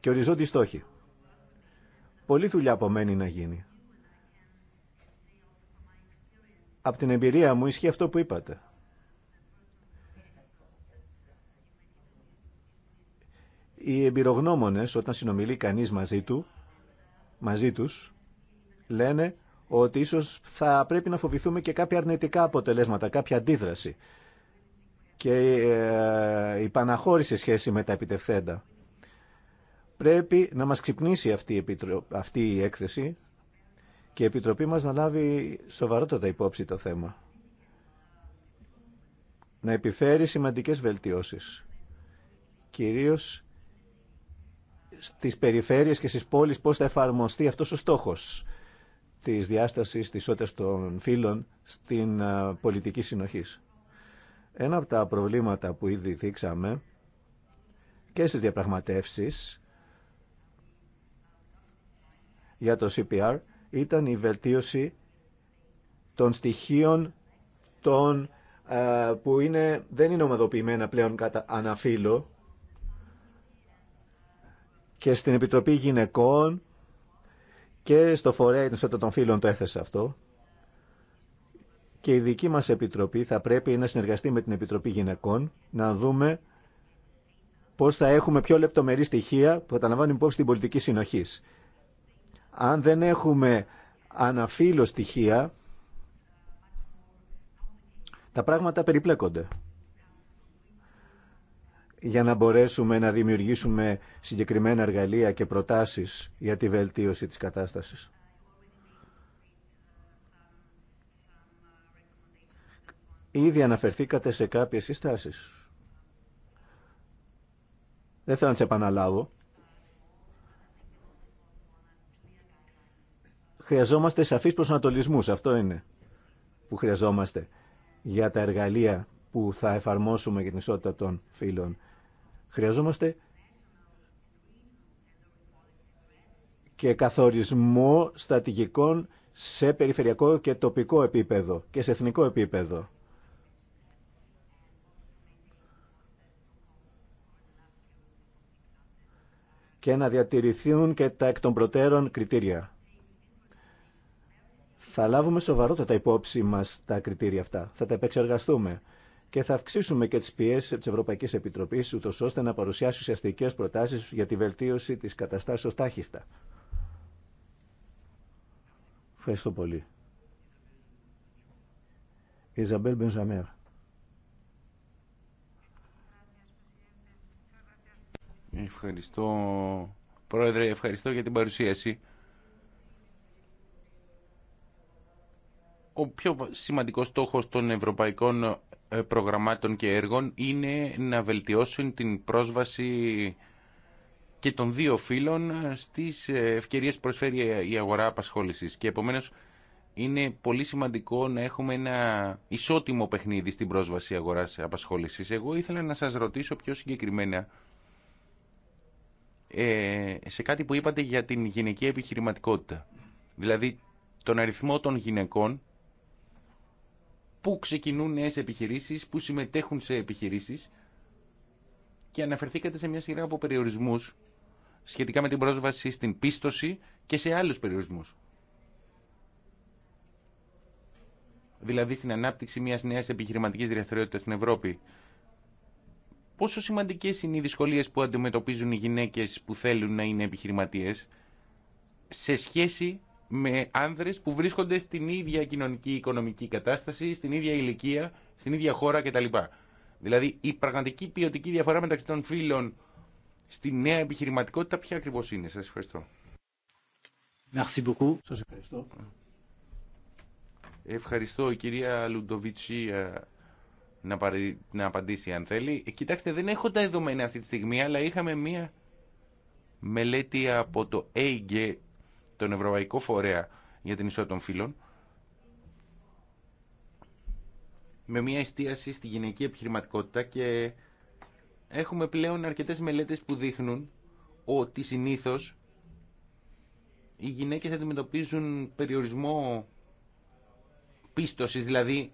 και οριζόντιοι στόχοι. Πολύ δουλειά απομένει να γίνει. Από την εμπειρία μου ισχύει αυτό που είπατε. Οι εμπειρογνώμονες όταν συνομιλεί κανείς μαζί του, μαζί τους, λένε ότι ίσως θα πρέπει να φοβηθούμε και κάποια αρνητικά αποτελέσματα, κάποια αντίδραση και ε, η παναχώρηση σχέση με τα επιτευθέντα. Πρέπει να μας ξυπνήσει αυτή η, αυτή η έκθεση και η Επιτροπή μας να λάβει σοβαρότατα υπόψη το θέμα. Να επιφέρει σημαντικές βελτιώσεις. Κυρίως στις περιφέρειες και στις πόλεις πώς θα εφαρμοστεί αυτός ο στόχος της διάστασης της ότες των φύλων στην ε, πολιτική συνοχής. Ένα από τα προβλήματα που ήδη δείξαμε και στις διαπραγματεύσεις για το CPR ήταν η βελτίωση των στοιχείων των, ε, που είναι, δεν είναι ομαδοποιημένα πλέον κατά αναφύλλο και στην Επιτροπή Γυναικών και στο φορέα την των φίλων το έθεσε αυτό. Και η δική μας Επιτροπή θα πρέπει να συνεργαστεί με την Επιτροπή Γυναικών να δούμε πώς θα έχουμε πιο λεπτομερή στοιχεία που θα λαμβάνουν υπόψη την πολιτική συνοχή. Αν δεν έχουμε αναφύλω στοιχεία, τα πράγματα περιπλέκονται για να μπορέσουμε να δημιουργήσουμε συγκεκριμένα εργαλεία και προτάσεις για τη βελτίωση της κατάστασης. Ήδη αναφερθήκατε σε κάποιες συστάσεις. Δεν θέλω να τις επαναλάβω. Χρειαζόμαστε σαφείς προσανατολισμούς, αυτό είναι που χρειαζόμαστε για τα εργαλεία που θα εφαρμόσουμε για την ισότητα των φύλων Χρειαζόμαστε και καθορισμό στρατηγικών σε περιφερειακό και τοπικό επίπεδο και σε εθνικό επίπεδο. και να διατηρηθούν και τα εκ των προτέρων κριτήρια. Θα λάβουμε σοβαρότατα υπόψη μας τα κριτήρια αυτά. Θα τα επεξεργαστούμε και θα αυξήσουμε και τι πιέσει της Ευρωπαϊκής Επιτροπής ούτω ώστε να παρουσιάσει ουσιαστικέ προτάσει για τη βελτίωση της καταστάσεω τάχιστα. Ευχαριστώ πολύ. Ιζαμπέλ Μπενζαμέρ. Ευχαριστώ, Πρόεδρε, ευχαριστώ για την παρουσίαση. ο πιο σημαντικός στόχος των ευρωπαϊκών ε, προγραμμάτων και έργων είναι να βελτιώσουν την πρόσβαση και των δύο φύλων ε, στις ε, ευκαιρίες που προσφέρει η αγορά απασχόλησης. Και επομένως είναι πολύ σημαντικό να έχουμε ένα ισότιμο παιχνίδι στην πρόσβαση αγοράς απασχόλησης. Εγώ ήθελα να σας ρωτήσω πιο συγκεκριμένα σε κάτι που είπατε για την γυναική επιχειρηματικότητα. Δηλαδή τον αριθμό των γυναικών πού ξεκινούν νεε επιχειρήσεις, πού συμμετέχουν σε επιχειρήσεις και αναφερθήκατε σε μια σειρά από περιορισμούς σχετικά με την πρόσβαση στην πίστοση και σε άλλους περιορισμούς. Δηλαδή στην ανάπτυξη μιας νέα επιχειρηματική δραστηριότητας στην Ευρώπη. Πόσο σημαντικές είναι οι δυσκολίες που αντιμετωπίζουν οι γυναίκε που θέλουν να είναι επιχειρηματίε σε σχέση με άνδρε που βρίσκονται στην ίδια κοινωνική οικονομική κατάσταση, στην ίδια ηλικία, στην ίδια χώρα κτλ. Δηλαδή η πραγματική ποιοτική διαφορά μεταξύ των φίλων στη νέα επιχειρηματικότητα ποια ακριβώ είναι. Σα ευχαριστώ. Merci beaucoup. Σας ευχαριστώ. Ευχαριστώ η κυρία Λουντοβίτσι ε, να, απαντήσει αν θέλει. Ε, κοιτάξτε δεν έχω τα δεδομένα αυτή τη στιγμή αλλά είχαμε μία μελέτη από το AG τον Ευρωπαϊκό Φορέα για την Ισότητα των Φύλων, με μια εστίαση στη γυναική επιχειρηματικότητα και έχουμε πλέον αρκετές μελέτες που δείχνουν ότι συνήθως οι γυναίκες αντιμετωπίζουν περιορισμό πίστοσης, δηλαδή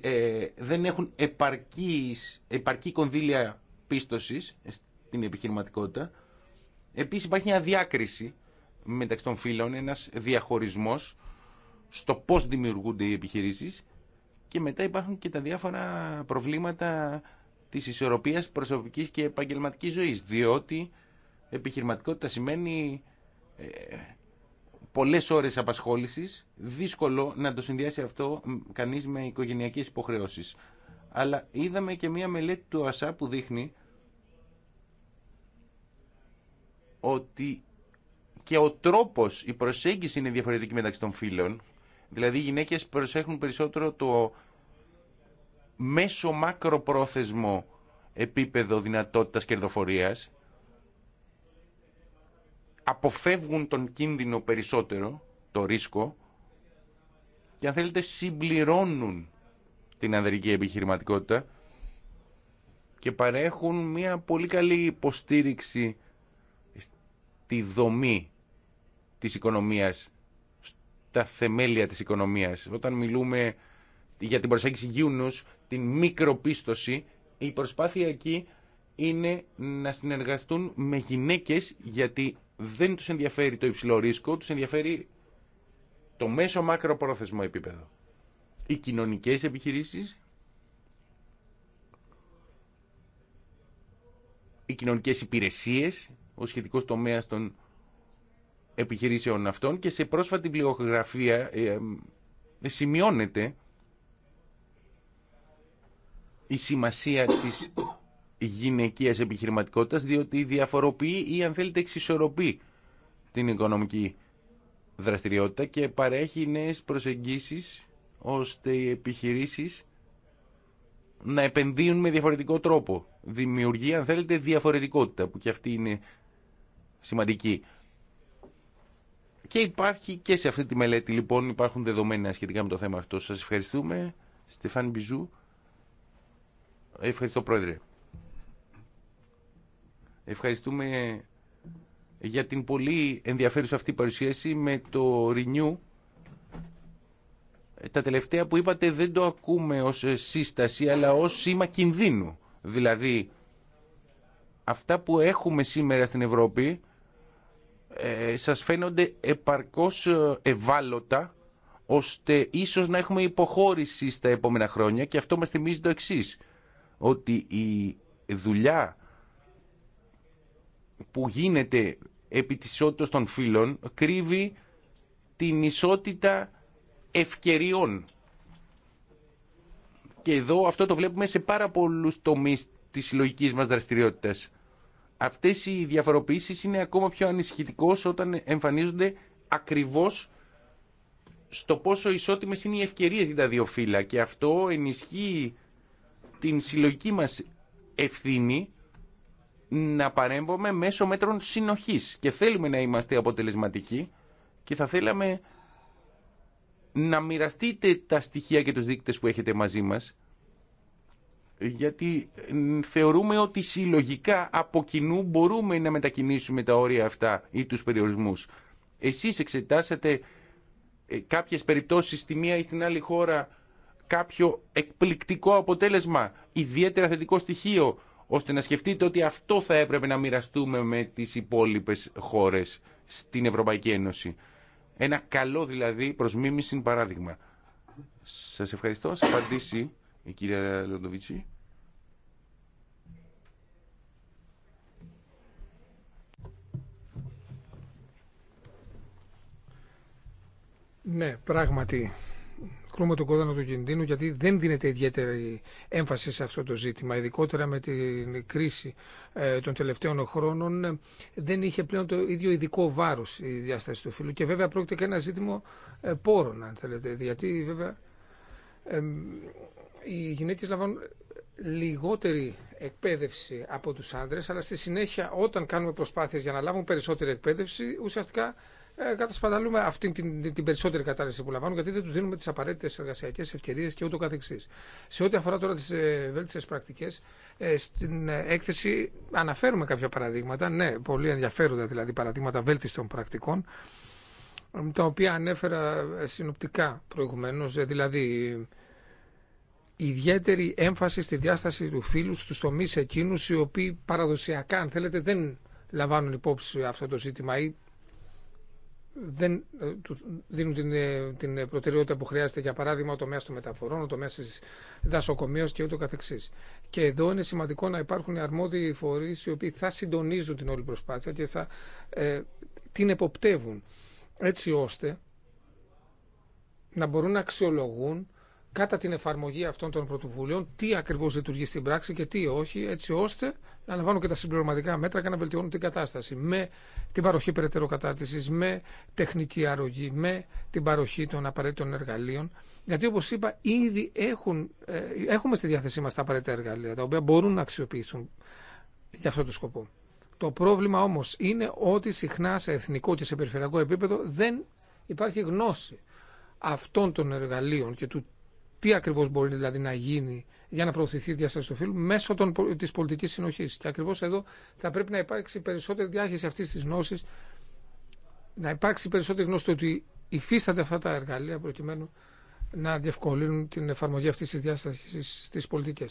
ε, δεν έχουν επαρκής, επαρκή κονδύλια πίστοσης στην επιχειρηματικότητα Επίσης υπάρχει μια διάκριση μεταξύ των φύλων, ένας διαχωρισμός στο πώ δημιουργούνται οι επιχείρησει. και μετά υπάρχουν και τα διάφορα προβλήματα της ισορροπίας προσωπικής και επαγγελματικής ζωής, διότι επιχειρηματικότητα σημαίνει ε, πολλές ώρες απασχόλησης, δύσκολο να το συνδυάσει αυτό κανεί με οικογενειακέ υποχρεώσει. Αλλά είδαμε και μία μελέτη του ΑΣΑ που δείχνει ότι και ο τρόπος, η προσέγγιση είναι διαφορετική μεταξύ των φίλων. Δηλαδή οι γυναίκες προσέχουν περισσότερο το μέσο μακροπρόθεσμο επίπεδο δυνατότητας κερδοφορίας. Αποφεύγουν τον κίνδυνο περισσότερο, το ρίσκο, και αν θέλετε συμπληρώνουν την ανδρική επιχειρηματικότητα και παρέχουν μια πολύ καλή υποστήριξη τη δομή της οικονομίας, στα θεμέλια της οικονομίας. Όταν μιλούμε για την προσέγγιση γιούνους, την μικροπίστοση... η προσπάθεια εκεί είναι να συνεργαστούν με γυναίκες γιατί δεν τους ενδιαφέρει το υψηλό ρίσκο, τους ενδιαφέρει το μέσο μάκρο πρόθεσμο επίπεδο. Οι κοινωνικές επιχειρήσεις, οι κοινωνικές υπηρεσίες ο σχετικός τομέας των επιχειρήσεων αυτών και σε πρόσφατη βιβλιογραφία ε, ε, σημειώνεται η σημασία της γυναικείας επιχειρηματικότητας διότι διαφοροποιεί ή αν θέλετε εξισορροπεί την οικονομική δραστηριότητα και παρέχει νέες προσεγγίσεις ώστε οι επιχειρήσεις να επενδύουν με διαφορετικό τρόπο. Δημιουργεί, αν θέλετε, διαφορετικότητα, που και αυτή είναι σημαντική. Και υπάρχει και σε αυτή τη μελέτη λοιπόν υπάρχουν δεδομένα σχετικά με το θέμα αυτό. Σας ευχαριστούμε. Στεφάν Μπιζού. Ευχαριστώ πρόεδρε. Ευχαριστούμε για την πολύ ενδιαφέρουσα αυτή παρουσίαση με το Renew. Τα τελευταία που είπατε δεν το ακούμε ως σύσταση αλλά ως σήμα κινδύνου. Δηλαδή αυτά που έχουμε σήμερα στην Ευρώπη ε, σας φαίνονται επαρκώς ε, ευάλωτα ώστε ίσως να έχουμε υποχώρηση στα επόμενα χρόνια και αυτό μας θυμίζει το εξή. ότι η δουλειά που γίνεται επί της ισότητας των φύλων κρύβει την ισότητα ευκαιριών. Και εδώ αυτό το βλέπουμε σε πάρα πολλούς τομείς της συλλογική μας δραστηριότητας αυτές οι διαφοροποιήσεις είναι ακόμα πιο ανησυχητικός όταν εμφανίζονται ακριβώς στο πόσο ισότιμες είναι οι ευκαιρίες για τα δύο φύλλα και αυτό ενισχύει την συλλογική μας ευθύνη να παρέμβουμε μέσω μέτρων συνοχής και θέλουμε να είμαστε αποτελεσματικοί και θα θέλαμε να μοιραστείτε τα στοιχεία και τους δείκτες που έχετε μαζί μας γιατί ε, θεωρούμε ότι συλλογικά από κοινού μπορούμε να μετακινήσουμε τα όρια αυτά ή τους περιορισμούς. Εσείς εξετάσατε ε, κάποιες περιπτώσεις στη μία ή στην άλλη χώρα κάποιο εκπληκτικό αποτέλεσμα, ιδιαίτερα θετικό στοιχείο, ώστε να σκεφτείτε ότι αυτό θα έπρεπε να μοιραστούμε με τις υπόλοιπες χώρες στην Ευρωπαϊκή Ένωση. Ένα καλό δηλαδή προς μίμηση παράδειγμα. Σας ευχαριστώ. Σας απαντήσει η κυρία Λοντοβίτσι. Ναι, πράγματι. Κρούμε τον κόδωνα του κινδύνου γιατί δεν δίνεται ιδιαίτερη έμφαση σε αυτό το ζήτημα. Ειδικότερα με την κρίση ε, των τελευταίων χρόνων δεν είχε πλέον το ίδιο ειδικό βάρος η διάσταση του φύλου. Και βέβαια πρόκειται και ένα ζήτημα ε, πόρων, αν θέλετε. Γιατί βέβαια οι γυναίκες λαμβάνουν λιγότερη εκπαίδευση από τους άντρε, αλλά στη συνέχεια όταν κάνουμε προσπάθειες για να λάβουν περισσότερη εκπαίδευση, ουσιαστικά ε, κατασπαταλούμε αυτή την, την περισσότερη κατάρρευση που λαμβάνουν, γιατί δεν του δίνουμε τι απαραίτητε εργασιακέ ευκαιρίε και ούτω καθεξής. Σε ό,τι αφορά τώρα τι ε, βέλτιστε πρακτικέ, ε, στην ε, έκθεση αναφέρουμε κάποια παραδείγματα, ναι, πολύ ενδιαφέροντα δηλαδή παραδείγματα βέλτιστων πρακτικών, τα οποία ανέφερα ε, συνοπτικά προηγουμένως, ε, δηλαδή ιδιαίτερη έμφαση στη διάσταση του φύλου στους τομείς εκείνους οι οποίοι παραδοσιακά, αν θέλετε, δεν λαμβάνουν υπόψη αυτό το ζήτημα ή δεν ε, δίνουν την, την προτεραιότητα που χρειάζεται, για παράδειγμα, ο τομέας των μεταφορών, ο τομέας της δασοκομείας και ούτω καθεξής Και εδώ είναι σημαντικό να υπάρχουν αρμόδιοι φορεί οι οποίοι θα συντονίζουν την όλη προσπάθεια και θα την εποπτεύουν έτσι ώστε να μπορούν να αξιολογούν κατά την εφαρμογή αυτών των πρωτοβουλίων τι ακριβώς λειτουργεί στην πράξη και τι όχι, έτσι ώστε να λαμβάνουν και τα συμπληρωματικά μέτρα και να βελτιώνουν την κατάσταση με την παροχή περαιτέρω κατάρτισης, με τεχνική αρρωγή, με την παροχή των απαραίτητων εργαλείων. Γιατί όπως είπα, ήδη έχουν, ε, έχουμε στη διάθεσή μας τα απαραίτητα εργαλεία, τα οποία μπορούν να αξιοποιηθούν για αυτόν τον σκοπό. Το πρόβλημα όμω είναι ότι συχνά σε εθνικό και σε περιφερειακό επίπεδο δεν υπάρχει γνώση αυτών των εργαλείων και του τι ακριβώ μπορεί δηλαδή να γίνει για να προωθηθεί η διάσταση του φίλου μέσω τη πολιτική συνοχή. Και ακριβώ εδώ θα πρέπει να υπάρξει περισσότερη διάχυση αυτής της γνώσης, να υπάρξει περισσότερη γνώση ότι υφίστανται αυτά τα εργαλεία προκειμένου να διευκολύνουν την εφαρμογή αυτή τη διάσταση στι πολιτικέ.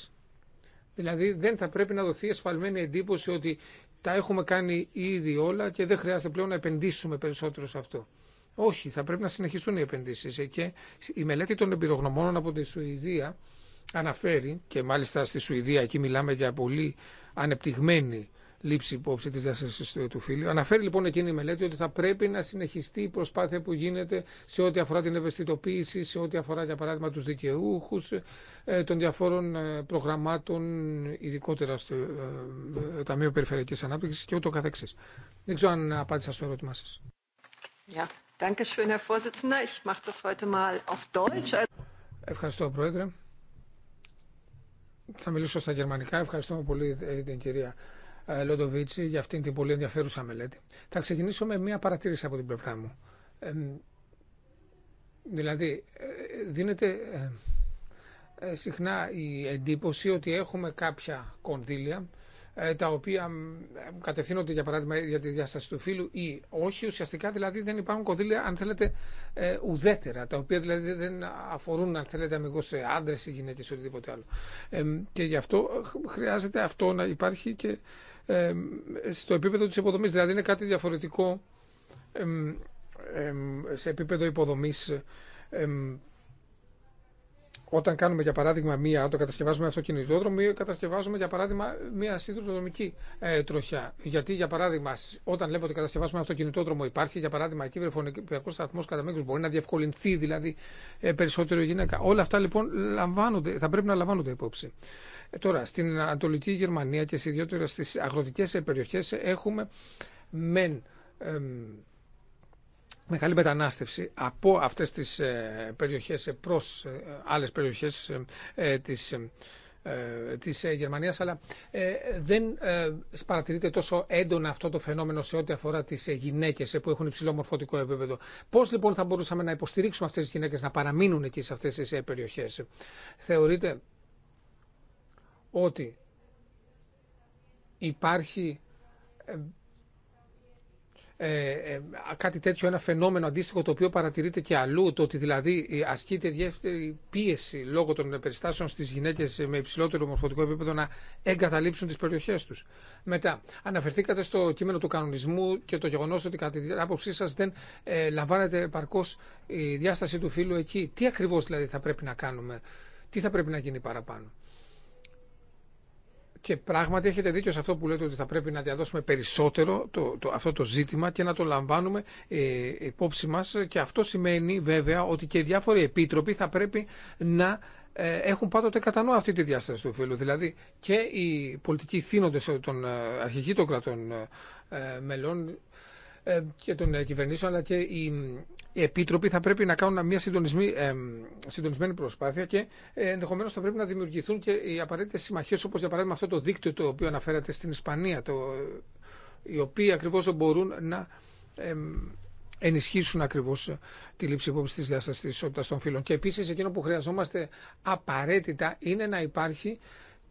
Δηλαδή δεν θα πρέπει να δοθεί εσφαλμένη εντύπωση ότι τα έχουμε κάνει ήδη όλα και δεν χρειάζεται πλέον να επενδύσουμε περισσότερο σε αυτό. Όχι, θα πρέπει να συνεχιστούν οι επενδύσεις. Ε, και η μελέτη των εμπειρογνωμόνων από τη Σουηδία αναφέρει, και μάλιστα στη Σουηδία εκεί μιλάμε για πολύ ανεπτυγμένη λήψη υπόψη τη διάσταση του φύλου. Αναφέρει λοιπόν εκείνη η μελέτη ότι θα πρέπει να συνεχιστεί η προσπάθεια που γίνεται σε ό,τι αφορά την ευαισθητοποίηση, σε ό,τι αφορά για παράδειγμα του δικαιούχου ε, των διαφόρων ε, προγραμμάτων, ειδικότερα στο ε, Ταμείο Περιφερειακή Ανάπτυξη και ούτω καθεξή. Δεν ξέρω αν απάντησα στο ερώτημά σα. Ευχαριστώ, Πρόεδρε. Θα μιλήσω στα γερμανικά. Ευχαριστώ πολύ την κυρία ε, Λοντοβίτσι για αυτήν την πολύ ενδιαφέρουσα μελέτη. Θα ξεκινήσω με μια παρατήρηση από την πλευρά μου. δηλαδή, ε, δίνεται ε, συχνά η εντύπωση ότι έχουμε κάποια κονδύλια τα οποία κατευθύνονται για παράδειγμα για τη διάσταση του φύλου ή όχι, ουσιαστικά δηλαδή δεν υπάρχουν κονδύλια αν θέλετε ουδέτερα, τα οποία δηλαδή δεν αφορούν αν θέλετε αμύγό σε άντρες ή γυναίκες ή οτιδήποτε άλλο. Και γι' αυτό χρειάζεται αυτό να υπάρχει και στο επίπεδο της υποδομής. Δηλαδή είναι κάτι διαφορετικό σε επίπεδο υποδομής όταν κάνουμε για παράδειγμα μία, όταν κατασκευάζουμε αυτοκινητόδρομο ή κατασκευάζουμε για παράδειγμα μία σιδηροδρομική ε, τροχιά. Γιατί για παράδειγμα, όταν λέμε ότι κατασκευάζουμε αυτοκινητόδρομο, υπάρχει για παράδειγμα κυβερνητικό σταθμό κατά μήκο, μπορεί να διευκολυνθεί δηλαδή ε, περισσότερο η γυναίκα. Όλα αυτά λοιπόν λαμβάνονται, παραδειγμα βρεφονικο σταθμο πρέπει να λαμβάνονται υπόψη. Ε, τώρα, στην Ανατολική Γερμανία και ιδιότερα στις αγροτικές περιοχές έχουμε μεν μεγάλη μετανάστευση από αυτές τις ε, περιοχές προς ε, άλλες περιοχές της της Γερμανίας αλλά δεν παρατηρείται τόσο έντονα αυτό το φαινόμενο σε ό,τι αφορά τις γυναίκες που έχουν υψηλό μορφωτικό επίπεδο. Πώς λοιπόν θα μπορούσαμε να υποστηρίξουμε αυτές τις γυναίκες να παραμείνουν εκεί σε αυτές τις περιοχές. Θεωρείτε ότι υπάρχει ε, ε, ε, κάτι τέτοιο, ένα φαινόμενο αντίστοιχο το οποίο παρατηρείται και αλλού, το ότι δηλαδή ε, ασκείται ιδιαίτερη πίεση λόγω των περιστάσεων στις γυναίκες με υψηλότερο μορφωτικό επίπεδο να εγκαταλείψουν τις περιοχές τους. Μετά, αναφερθήκατε στο κείμενο του κανονισμού και το γεγονός ότι κατά την άποψή σας δεν ε, λαμβάνεται παρκώς η διάσταση του φύλου εκεί. Τι ακριβώς δηλαδή θα πρέπει να κάνουμε, τι θα πρέπει να γίνει παραπάνω. Και πράγματι έχετε δίκιο σε αυτό που λέτε ότι θα πρέπει να διαδώσουμε περισσότερο το, αυτό το ζήτημα και να το λαμβάνουμε ε, υπόψη μας και αυτό σημαίνει βέβαια ότι και οι διάφοροι επίτροποι θα πρέπει να ε, έχουν πάντοτε κατά αυτή τη διάσταση του φίλου Δηλαδή και οι πολιτικοί θύνοντες των ε, αρχηγοί των κρατών ε, μελών ε, και των ε, κυβερνήσεων αλλά και οι, επίτροποι θα πρέπει να κάνουν μια ε, συντονισμένη προσπάθεια και ενδεχομένω θα πρέπει να δημιουργηθούν και οι απαραίτητε συμμαχίε, όπω για παράδειγμα αυτό το δίκτυο το οποίο αναφέρατε στην Ισπανία το, οι οποίοι ακριβώ μπορούν να ενισχύσουν ακριβώ τη λήψη υπόψη τη διάσταση τη ισότητα των φύλων. Και επίση, εκείνο που χρειαζόμαστε απαραίτητα είναι να υπάρχει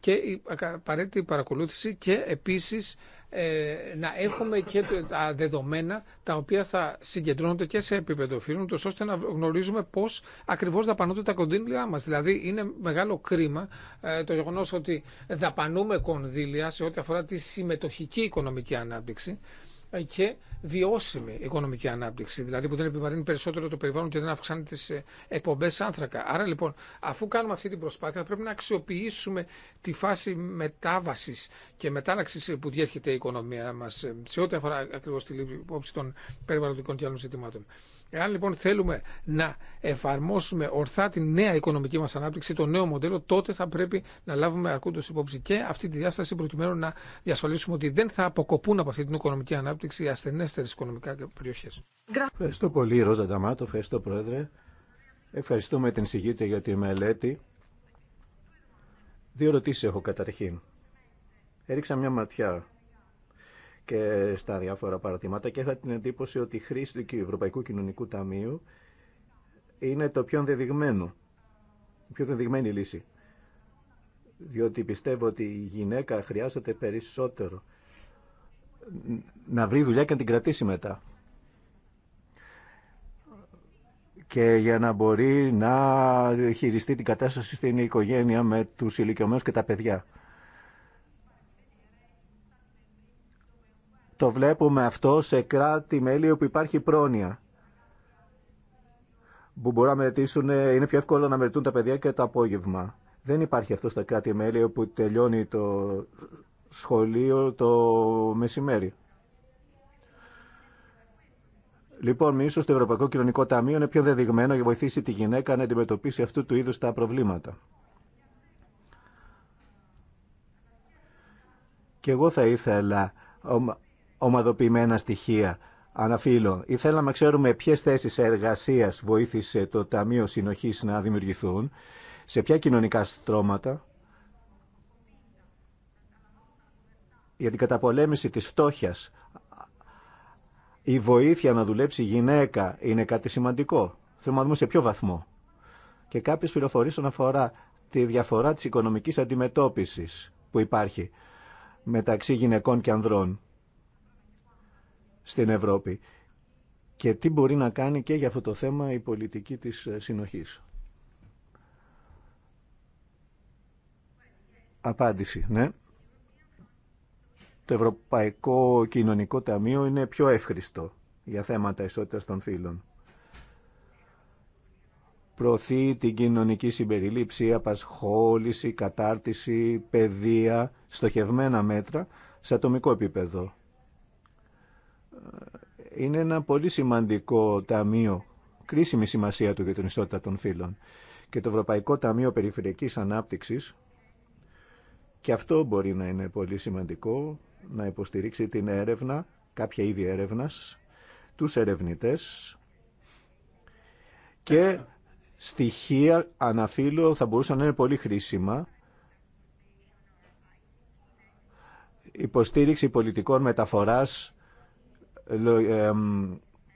και η απαραίτητη παρακολούθηση και επίσης ε, να έχουμε και τα δεδομένα τα οποία θα συγκεντρώνονται και σε επίπεδο φίλων, ώστε να γνωρίζουμε πώ ακριβώ δαπανούνται τα κονδύλια μα. Δηλαδή, είναι μεγάλο κρίμα ε, το γεγονό ότι δαπανούμε κονδύλια σε ό,τι αφορά τη συμμετοχική οικονομική ανάπτυξη ε, και βιώσιμη οικονομική ανάπτυξη, δηλαδή που δεν επιβαρύνει περισσότερο το περιβάλλον και δεν αυξάνει τι ε, εκπομπέ άνθρακα. Άρα λοιπόν, αφού κάνουμε αυτή την προσπάθεια, πρέπει να αξιοποιήσουμε τη φάση μετάβασης και μετάλλαξη ε, που διέρχεται η οικονομία μας σε ό,τι αφορά ακριβώ τη λήψη υπόψη των περιβαλλοντικών και άλλων ζητημάτων. Εάν λοιπόν θέλουμε να εφαρμόσουμε ορθά την νέα οικονομική μα ανάπτυξη, το νέο μοντέλο, τότε θα πρέπει να λάβουμε αρκούντω υπόψη και αυτή τη διάσταση προκειμένου να διασφαλίσουμε ότι δεν θα αποκοπούν από αυτή την οικονομική ανάπτυξη οι ασθενέστερε οικονομικά περιοχέ. Ευχαριστώ πολύ, Ρόζα Νταμάτο. Ευχαριστώ, Πρόεδρε. Ευχαριστούμε την σιγήτη για τη μελέτη. Δύο ερωτήσει έχω καταρχήν. Έριξα μια ματιά και στα διάφορα παρατημάτα και είχα την εντύπωση ότι η χρήση του Ευρωπαϊκού Κοινωνικού Ταμείου είναι το πιο ενδεδειγμένο, η πιο ενδεδειγμένη λύση. Διότι πιστεύω ότι η γυναίκα χρειάζεται περισσότερο να βρει δουλειά και να την κρατήσει μετά. και για να μπορεί να χειριστεί την κατάσταση στην οικογένεια με τους ηλικιωμένους και τα παιδιά. Το βλέπουμε αυτό σε κράτη-μέλη όπου υπάρχει πρόνοια. Που να μελετήσουν, είναι πιο εύκολο να μελετούν τα παιδιά και το απόγευμα. Δεν υπάρχει αυτό στα κράτη-μέλη όπου τελειώνει το σχολείο το μεσημέρι. Λοιπόν, μίσο το Ευρωπαϊκό Κοινωνικό Ταμείο είναι πιο δεδειγμένο για βοηθήσει τη γυναίκα να αντιμετωπίσει αυτού του είδου τα προβλήματα. Και εγώ θα ήθελα ομαδοποιημένα στοιχεία. αναφύλων ή θέλαμε να ξέρουμε ποιες θέσεις εργασίας βοήθησε το Ταμείο Συνοχής να δημιουργηθούν, σε ποια κοινωνικά στρώματα, για την καταπολέμηση της φτώχειας. Η βοήθεια να δουλέψει γυναίκα είναι κάτι σημαντικό. Θέλουμε να δούμε σε ποιο βαθμό. Και κάποιες πληροφορίες όσον αφορά τη διαφορά της οικονομικής αντιμετώπισης που υπάρχει μεταξύ γυναικών και ανδρών στην Ευρώπη και τι μπορεί να κάνει και για αυτό το θέμα η πολιτική της ε, συνοχής. Απάντηση, ναι. Το Ευρωπαϊκό Κοινωνικό Ταμείο είναι πιο εύχριστο για θέματα ισότητας των φύλων. Προωθεί την κοινωνική συμπεριλήψη, απασχόληση, κατάρτιση, παιδεία, στοχευμένα μέτρα σε ατομικό επίπεδο είναι ένα πολύ σημαντικό ταμείο, κρίσιμη σημασία του για την ιστότητα των φύλων. Και το Ευρωπαϊκό Ταμείο Περιφερειακής Ανάπτυξης, και αυτό μπορεί να είναι πολύ σημαντικό, να υποστηρίξει την έρευνα, κάποια είδη έρευνας, τους ερευνητές και στοιχεία αναφύλου θα μπορούσαν να είναι πολύ χρήσιμα υποστήριξη πολιτικών μεταφοράς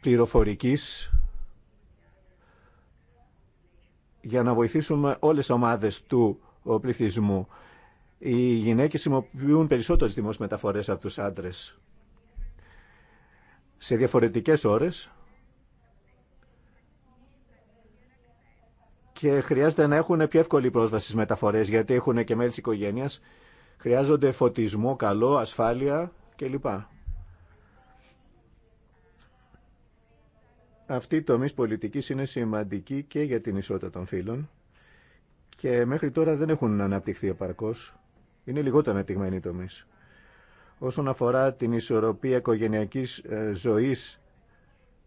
πληροφορικής για να βοηθήσουμε όλες τις ομάδες του πληθυσμού. Οι γυναίκες χρησιμοποιούν περισσότερες δημόσιες μεταφορές από τους άντρες. Σε διαφορετικές ώρες και χρειάζεται να έχουν πιο εύκολη πρόσβαση στις μεταφορές γιατί έχουν και μέλη της οικογένειας. Χρειάζονται φωτισμό, καλό, ασφάλεια κλπ. Αυτή η τομή πολιτικής είναι σημαντική και για την ισότητα των φύλων και μέχρι τώρα δεν έχουν αναπτυχθεί επαρκώς. Είναι λιγότερο αναπτυγμένοι οι Όσον αφορά την ισορροπία οικογενειακή ε, ζωής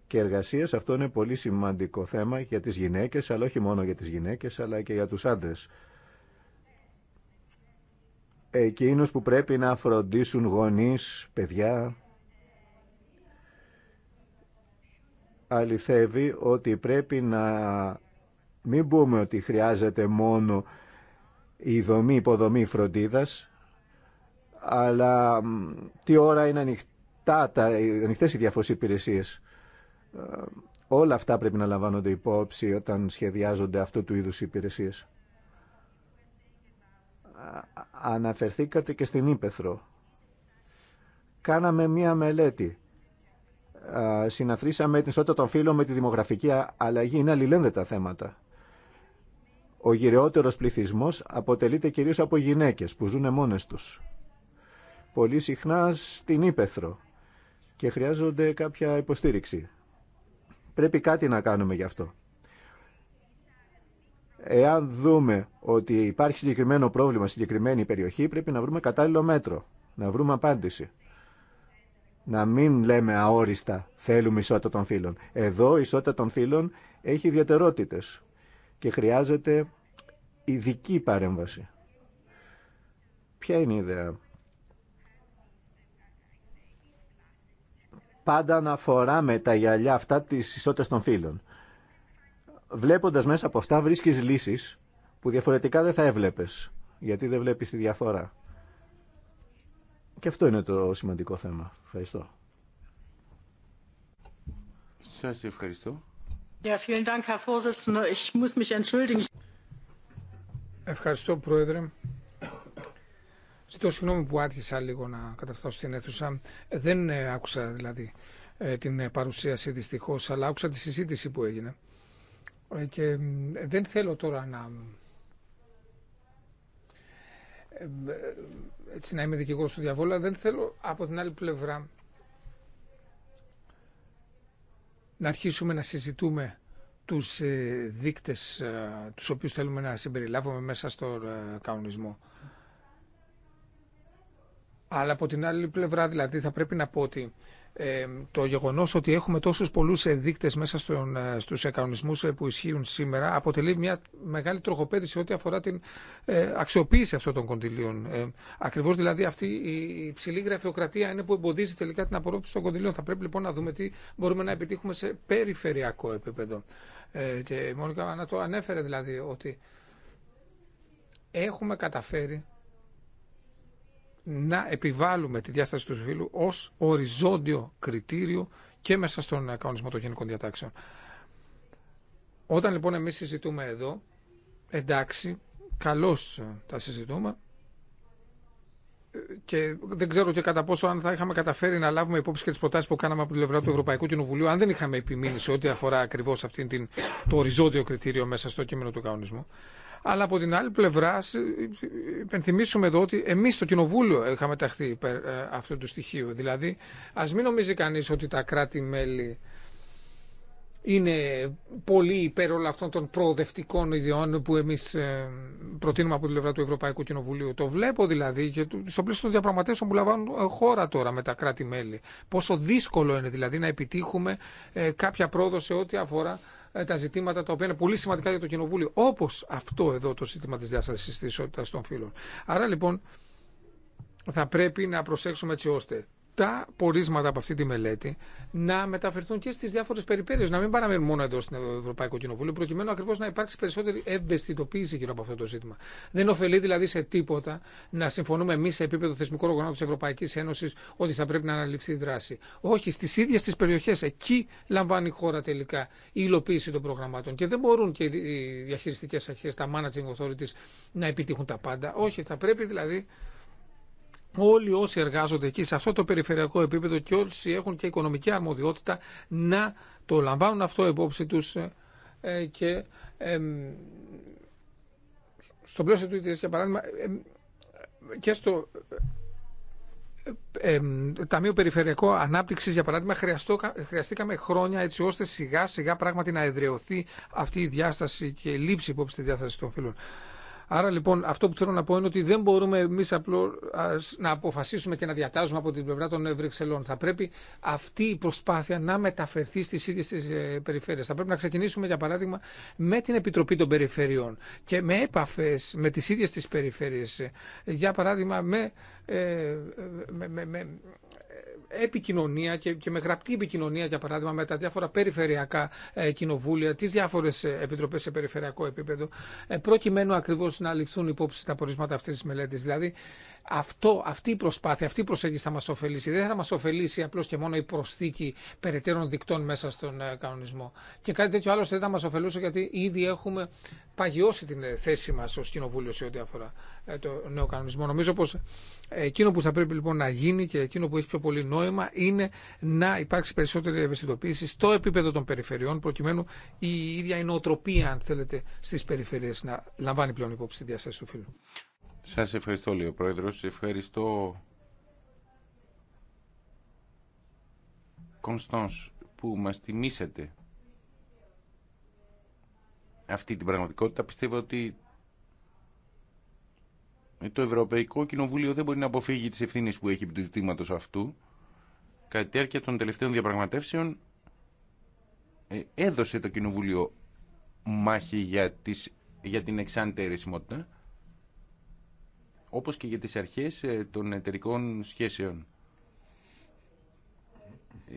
και εργασία. αυτό είναι πολύ σημαντικό θέμα για τις γυναίκες, αλλά όχι μόνο για τις γυναίκες, αλλά και για τους άντρες. Εκείνους που πρέπει να φροντίσουν γονείς, παιδιά, αληθεύει ότι πρέπει να μην πούμε ότι χρειάζεται μόνο η δομή, υποδομή φροντίδας, αλλά τι ώρα είναι ανοιχτά, τα, ανοιχτές οι διαφορές υπηρεσίες. Ε, όλα αυτά πρέπει να λαμβάνονται υπόψη όταν σχεδιάζονται αυτού του είδους υπηρεσίες. Αναφερθήκατε και στην Ήπεθρο. Κάναμε μία μελέτη συναθρήσαμε την ισότητα των φύλων με τη δημογραφική αλλαγή. Είναι αλληλένδετα θέματα. Ο γυρεότερος πληθυσμός αποτελείται κυρίως από γυναίκες που ζουν μόνες τους. Πολύ συχνά στην ύπεθρο και χρειάζονται κάποια υποστήριξη. Πρέπει κάτι να κάνουμε γι' αυτό. Εάν δούμε ότι υπάρχει συγκεκριμένο πρόβλημα στη συγκεκριμένη περιοχή, πρέπει να βρούμε κατάλληλο μέτρο, να βρούμε απάντηση να μην λέμε αόριστα θέλουμε ισότητα των φύλων. Εδώ η ισότητα των φύλων έχει ιδιαιτερότητες και χρειάζεται ειδική παρέμβαση. Ποια είναι η ιδέα. Πάντα να φοράμε τα γυαλιά αυτά της ισότητας των φύλων. Βλέποντας μέσα από αυτά βρίσκεις λύσεις που διαφορετικά δεν θα έβλεπες, γιατί δεν βλέπεις τη διαφορά. Και αυτό είναι το σημαντικό θέμα. Ευχαριστώ. Σα ευχαριστώ. Ευχαριστώ, Πρόεδρε. Ζητώ συγγνώμη που άρχισα λίγο να καταφτάσω στην αίθουσα. Ε, δεν ε, άκουσα δηλαδή ε, την παρουσίαση δυστυχώς, αλλά άκουσα τη συζήτηση που έγινε. Και δεν θέλω τώρα να ε, ε, έτσι να είμαι δικηγόρος του διαβόλου, δεν θέλω από την άλλη πλευρά να αρχίσουμε να συζητούμε τους ε, δείκτες τους οποίους θέλουμε να συμπεριλάβουμε μέσα στο κανονισμό. Αλλά από την άλλη πλευρά δηλαδή θα πρέπει να πω ότι το γεγονός ότι έχουμε τόσους πολλούς δείκτες μέσα στον, ε, στους κανονισμούς ε, που ισχύουν σήμερα αποτελεί μια μεγάλη τροχοπέδηση ό,τι αφορά την ε, αξιοποίηση αυτών των κοντιλίων. ακριβώς δηλαδή αυτή η υψηλή γραφειοκρατία είναι που εμποδίζει τελικά την απορρόφηση των κοντιλίων. Θα πρέπει λοιπόν να δούμε τι μπορούμε να επιτύχουμε σε περιφερειακό επίπεδο. και η Μόνικα να το ανέφερε δηλαδή ότι έχουμε καταφέρει να επιβάλλουμε τη διάσταση του φύλου ω οριζόντιο κριτήριο και μέσα στον κανονισμό των γενικών διατάξεων. Όταν λοιπόν εμεί συζητούμε εδώ, εντάξει, καλώ ε, τα συζητούμε, ε, και δεν ξέρω και κατά πόσο αν θα είχαμε καταφέρει να λάβουμε υπόψη και τι προτάσει που κάναμε από την πλευρά του Ευρωπαϊκού Κοινοβουλίου, αν δεν είχαμε επιμείνει σε ό,τι αφορά ακριβώ το οριζόντιο κριτήριο μέσα στο κείμενο του κανονισμού. Αλλά από την άλλη πλευρά, υπενθυμίσουμε εδώ ότι εμεί στο Κοινοβούλιο είχαμε ταχθεί υπέρ ε, αυτού του στοιχείου. Δηλαδή, α μην νομίζει κανεί ότι τα κράτη-μέλη είναι πολύ υπέρ όλων αυτών των προοδευτικών ιδιών που εμεί ε, προτείνουμε από την πλευρά του Ευρωπαϊκού Κοινοβουλίου. Το βλέπω δηλαδή και στο πλαίσιο των διαπραγματεύσεων που λαμβάνουν ε, χώρα τώρα με τα κράτη-μέλη. Πόσο δύσκολο είναι δηλαδή να επιτύχουμε κάποια πρόοδο σε ό,τι αφορά ε, τα ζητήματα τα οποία είναι πολύ σημαντικά για το Κοινοβούλιο, όπω αυτό εδώ το ζήτημα τη διάσταση τη ισότητα των φύλων. Άρα λοιπόν θα πρέπει να προσέξουμε έτσι ώστε τα πορίσματα από αυτή τη μελέτη να μεταφερθούν και στι διάφορε περιπέτειε, να μην παραμένουν μόνο εντό στην Ευρωπαϊκό Κοινοβούλιο προκειμένου ακριβώ να υπάρξει περισσότερη ευαισθητοποίηση γύρω από αυτό το ζήτημα. Δεν ωφελεί δηλαδή σε τίποτα να συμφωνούμε εμεί σε επίπεδο θεσμικών οργανώτου τη Ευρωπαϊκή Ένωση ότι θα πρέπει να αναλυφθεί η δράση. Όχι, στι ίδιε τι περιοχέ, εκεί λαμβάνει η χώρα τελικά η υλοποίηση των προγραμμάτων. Και δεν μπορούν και οι διαχειριστικέ αρχέ, τα managing authorities να επιτύχουν τα πάντα. Όχι, θα πρέπει δηλαδή όλοι όσοι εργάζονται εκεί σε αυτό το περιφερειακό επίπεδο και όσοι έχουν και οικονομική αρμοδιότητα να το λαμβάνουν αυτό υπόψη τους ε, ε, και στο πλαίσιο του ΙΤΕΣ για παράδειγμα και στο ε, Ταμείο Περιφερειακό Ανάπτυξη, για παράδειγμα, χρειαστήκαμε χρόνια έτσι ώστε σιγά σιγά πράγματι να εδραιωθεί αυτή η διάσταση και η λήψη υπόψη τη διάσταση των φίλων Άρα λοιπόν αυτό που θέλω να πω είναι ότι δεν μπορούμε εμεί απλώ να αποφασίσουμε και να διατάζουμε από την πλευρά των Βρυξελών. Θα πρέπει αυτή η προσπάθεια να μεταφερθεί στι ίδιε τι ε, περιφέρειε. Θα πρέπει να ξεκινήσουμε για παράδειγμα με την Επιτροπή των Περιφερειών και με έπαφε με τι ίδιε τι περιφέρειε. Ε, για παράδειγμα με, ε, με, με επικοινωνία και, και με γραπτή επικοινωνία, για παράδειγμα, με τα διάφορα περιφερειακά ε, κοινοβούλια, τι διάφορε επιτροπέ σε περιφερειακό επίπεδο, ε, προκειμένου ακριβώ να ληφθούν υπόψη τα πορίσματα αυτή τη μελέτη. Δηλαδή, αυτό, αυτή η προσπάθεια, αυτή η προσέγγιση θα μα ωφελήσει. Δεν θα μα ωφελήσει απλώ και μόνο η προσθήκη περαιτέρων δικτών μέσα στον ε, κανονισμό. Και κάτι τέτοιο άλλωστε δεν θα μα ωφελούσε γιατί ήδη έχουμε παγιώσει την ε, θέση μα ως κοινοβούλιο σε ό,τι αφορά ε, το νέο κανονισμό. Νομίζω πως εκείνο που θα πρέπει λοιπόν να γίνει και εκείνο που έχει πιο πολύ νόημα είναι να υπάρξει περισσότερη ευαισθητοποίηση στο επίπεδο των περιφερειών προκειμένου η ίδια η νοοτροπία αν θέλετε στι περιφερειε να λαμβάνει πλέον υπόψη τη διάσταση του φίλου. Σας ευχαριστώ, λέει ο Πρόεδρος. Ευχαριστώ, Κωνσταντς, που μας τιμήσατε αυτή την πραγματικότητα. Πιστεύω ότι το Ευρωπαϊκό Κοινοβούλιο δεν μπορεί να αποφύγει τις ευθύνες που έχει επί του ζητήματος αυτού. Κατά τη διάρκεια των τελευταίων διαπραγματεύσεων ε, έδωσε το Κοινοβούλιο μάχη για, τις, για την εξάντερη σημότητα όπως και για τις αρχές ε, των εταιρικών σχέσεων.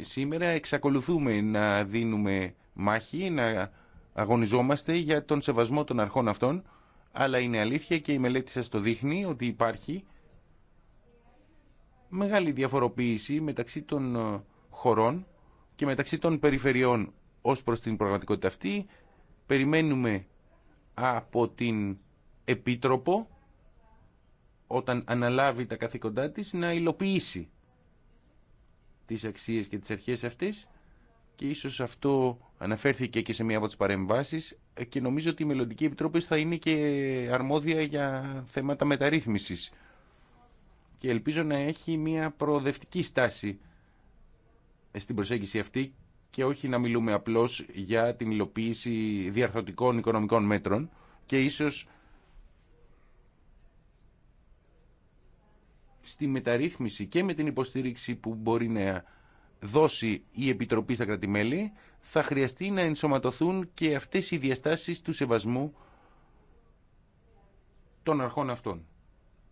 Σήμερα εξακολουθούμε να δίνουμε μάχη, να αγωνιζόμαστε για τον σεβασμό των αρχών αυτών, αλλά είναι αλήθεια και η μελέτη σας το δείχνει ότι υπάρχει μεγάλη διαφοροποίηση μεταξύ των ε, χωρών και μεταξύ των περιφερειών ως προς την πραγματικότητα αυτή. Περιμένουμε από την Επίτροπο όταν αναλάβει τα καθήκοντά της να υλοποιήσει τις αξίες και τις αρχές αυτές και ίσως αυτό αναφέρθηκε και σε μία από τις παρεμβάσεις και νομίζω ότι η Μελλοντική Επιτροπή θα είναι και αρμόδια για θέματα μεταρρύθμισης και ελπίζω να έχει μία προοδευτική στάση στην προσέγγιση αυτή και όχι να μιλούμε απλώς για την υλοποίηση διαρθωτικών οικονομικών μέτρων και ίσως στη μεταρρύθμιση και με την υποστήριξη που μπορεί να δώσει η Επιτροπή στα κρατημέλη, θα χρειαστεί να ενσωματωθούν και αυτές οι διαστάσεις του σεβασμού των αρχών αυτών.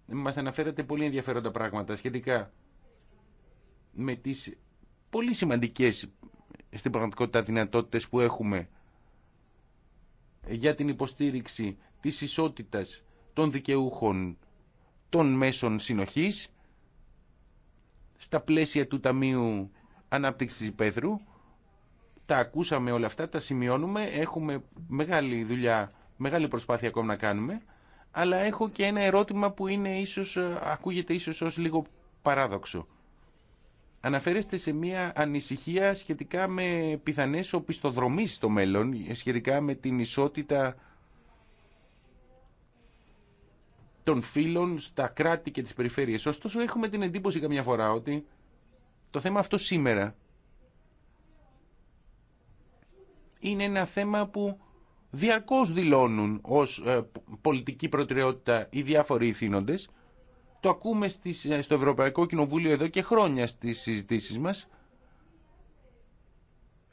Μας αναφέρατε πολύ ενδιαφέροντα πράγματα σχετικά με τις πολύ σημαντικές στην πραγματικότητα δυνατότητες που έχουμε για την υποστήριξη της ισότητας των δικαιούχων των μέσων συνοχής στα πλαίσια του Ταμείου Ανάπτυξης Υπέθρου. Τα ακούσαμε όλα αυτά, τα σημειώνουμε, έχουμε μεγάλη δουλειά, μεγάλη προσπάθεια ακόμα να κάνουμε, αλλά έχω και ένα ερώτημα που είναι ίσως, ε, ακούγεται ίσως ως λίγο παράδοξο. Αναφέρεστε σε μια ανησυχία σχετικά με πιθανές οπισθοδρομίες στο μέλλον, σχετικά με την ισότητα των φύλων στα κράτη και τις περιφέρειες. Ωστόσο έχουμε την εντύπωση καμιά φορά ότι το θέμα αυτό σήμερα είναι ένα θέμα που διαρκώς δηλώνουν ως ε, πολιτική προτεραιότητα οι διάφοροι ηθήνοντες. Το ακούμε στις, ε, στο Ευρωπαϊκό Κοινοβούλιο εδώ και χρόνια στις συζητήσεις μας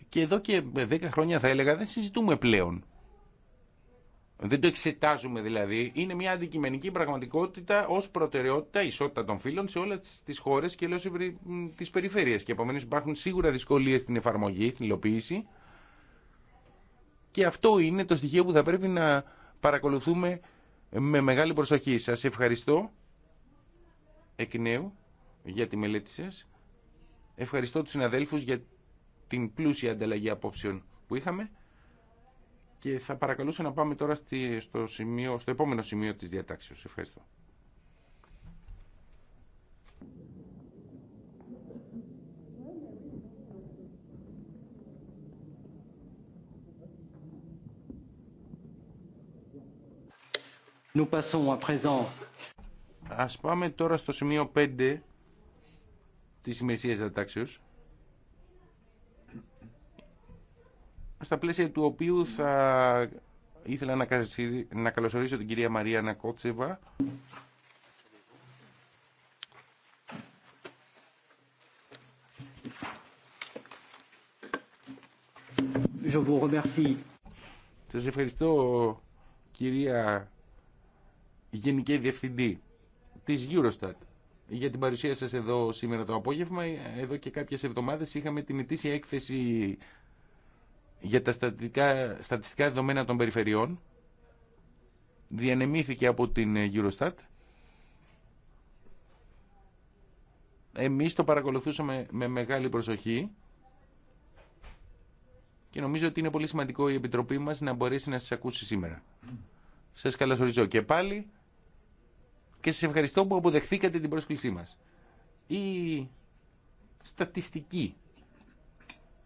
και εδώ και 10 ε, χρόνια θα έλεγα δεν συζητούμε πλέον δεν το εξετάζουμε δηλαδή. Είναι μια αντικειμενική πραγματικότητα ω προτεραιότητα ισότητα των φύλων σε όλε τι χώρε και λέω τι περιφέρειε. Και επομένω υπάρχουν σίγουρα δυσκολίε στην εφαρμογή, στην υλοποίηση. Και αυτό είναι το στοιχείο που θα πρέπει να παρακολουθούμε με μεγάλη προσοχή. Σας ευχαριστώ εκ νέου για τη μελέτη σα. Ευχαριστώ του συναδέλφου για την πλούσια ανταλλαγή απόψεων που είχαμε. Και θα παρακαλούσα να πάμε τώρα στο, σημείο, στο επόμενο σημείο της διατάξεως. Ευχαριστώ. Nous passons à présent. Ας πάμε τώρα στο σημείο 5 της ημερησίας διατάξεως. στα πλαίσια του οποίου θα ήθελα να, καλωσορίσω την κυρία Μαρία Νακότσεβα. Je Σας ευχαριστώ κυρία Γενική Διευθυντή της Eurostat για την παρουσία σας εδώ σήμερα το απόγευμα. Εδώ και κάποιες εβδομάδες είχαμε την ετήσια έκθεση για τα στατιστικά, στατιστικά δεδομένα των περιφερειών διανεμήθηκε από την Eurostat. Εμείς το παρακολουθούσαμε με μεγάλη προσοχή και νομίζω ότι είναι πολύ σημαντικό η Επιτροπή μας να μπορέσει να σας ακούσει σήμερα. Σας καλωσορίζω και πάλι και σας ευχαριστώ που αποδεχθήκατε την πρόσκλησή μας. Η στατιστική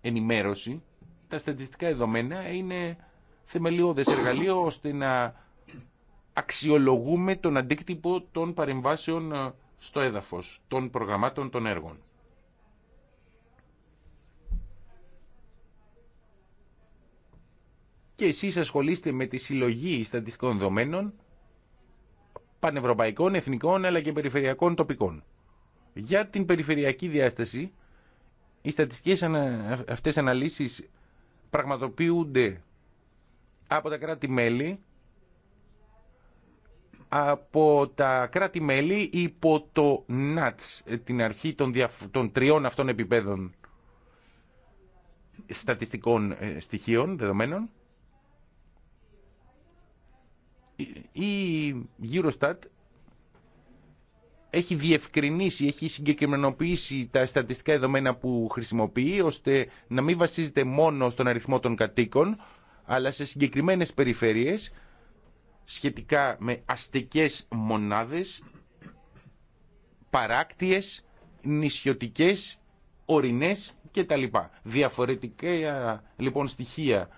ενημέρωση τα στατιστικά δεδομένα είναι θεμελιώδες εργαλείο ώστε να αξιολογούμε τον αντίκτυπο των παρεμβάσεων ε, στο έδαφος, των προγραμμάτων των έργων. Και εσείς ασχολείστε με τη συλλογή στατιστικών δεδομένων πανευρωπαϊκών, εθνικών αλλά και περιφερειακών τοπικών. Για την περιφερειακή διάσταση, οι στατιστικές αυτές αναλύσεις πραγματοποιούνται από τα κράτη-μέλη από τα κράτη-μέλη υπό το ΝΑΤΣ, την αρχή των, των τριών αυτών επιπέδων στατιστικών ε, στοιχείων, δεδομένων. Η Eurostat έχει διευκρινίσει, έχει συγκεκριμενοποιήσει τα στατιστικά δεδομένα που χρησιμοποιεί, ώστε να μην βασίζεται μόνο στον αριθμό των κατοίκων, αλλά σε συγκεκριμένες περιφέρειες, σχετικά με αστικές μονάδες, παράκτιες, νησιωτικές, ορεινές κτλ. Διαφορετικά λοιπόν στοιχεία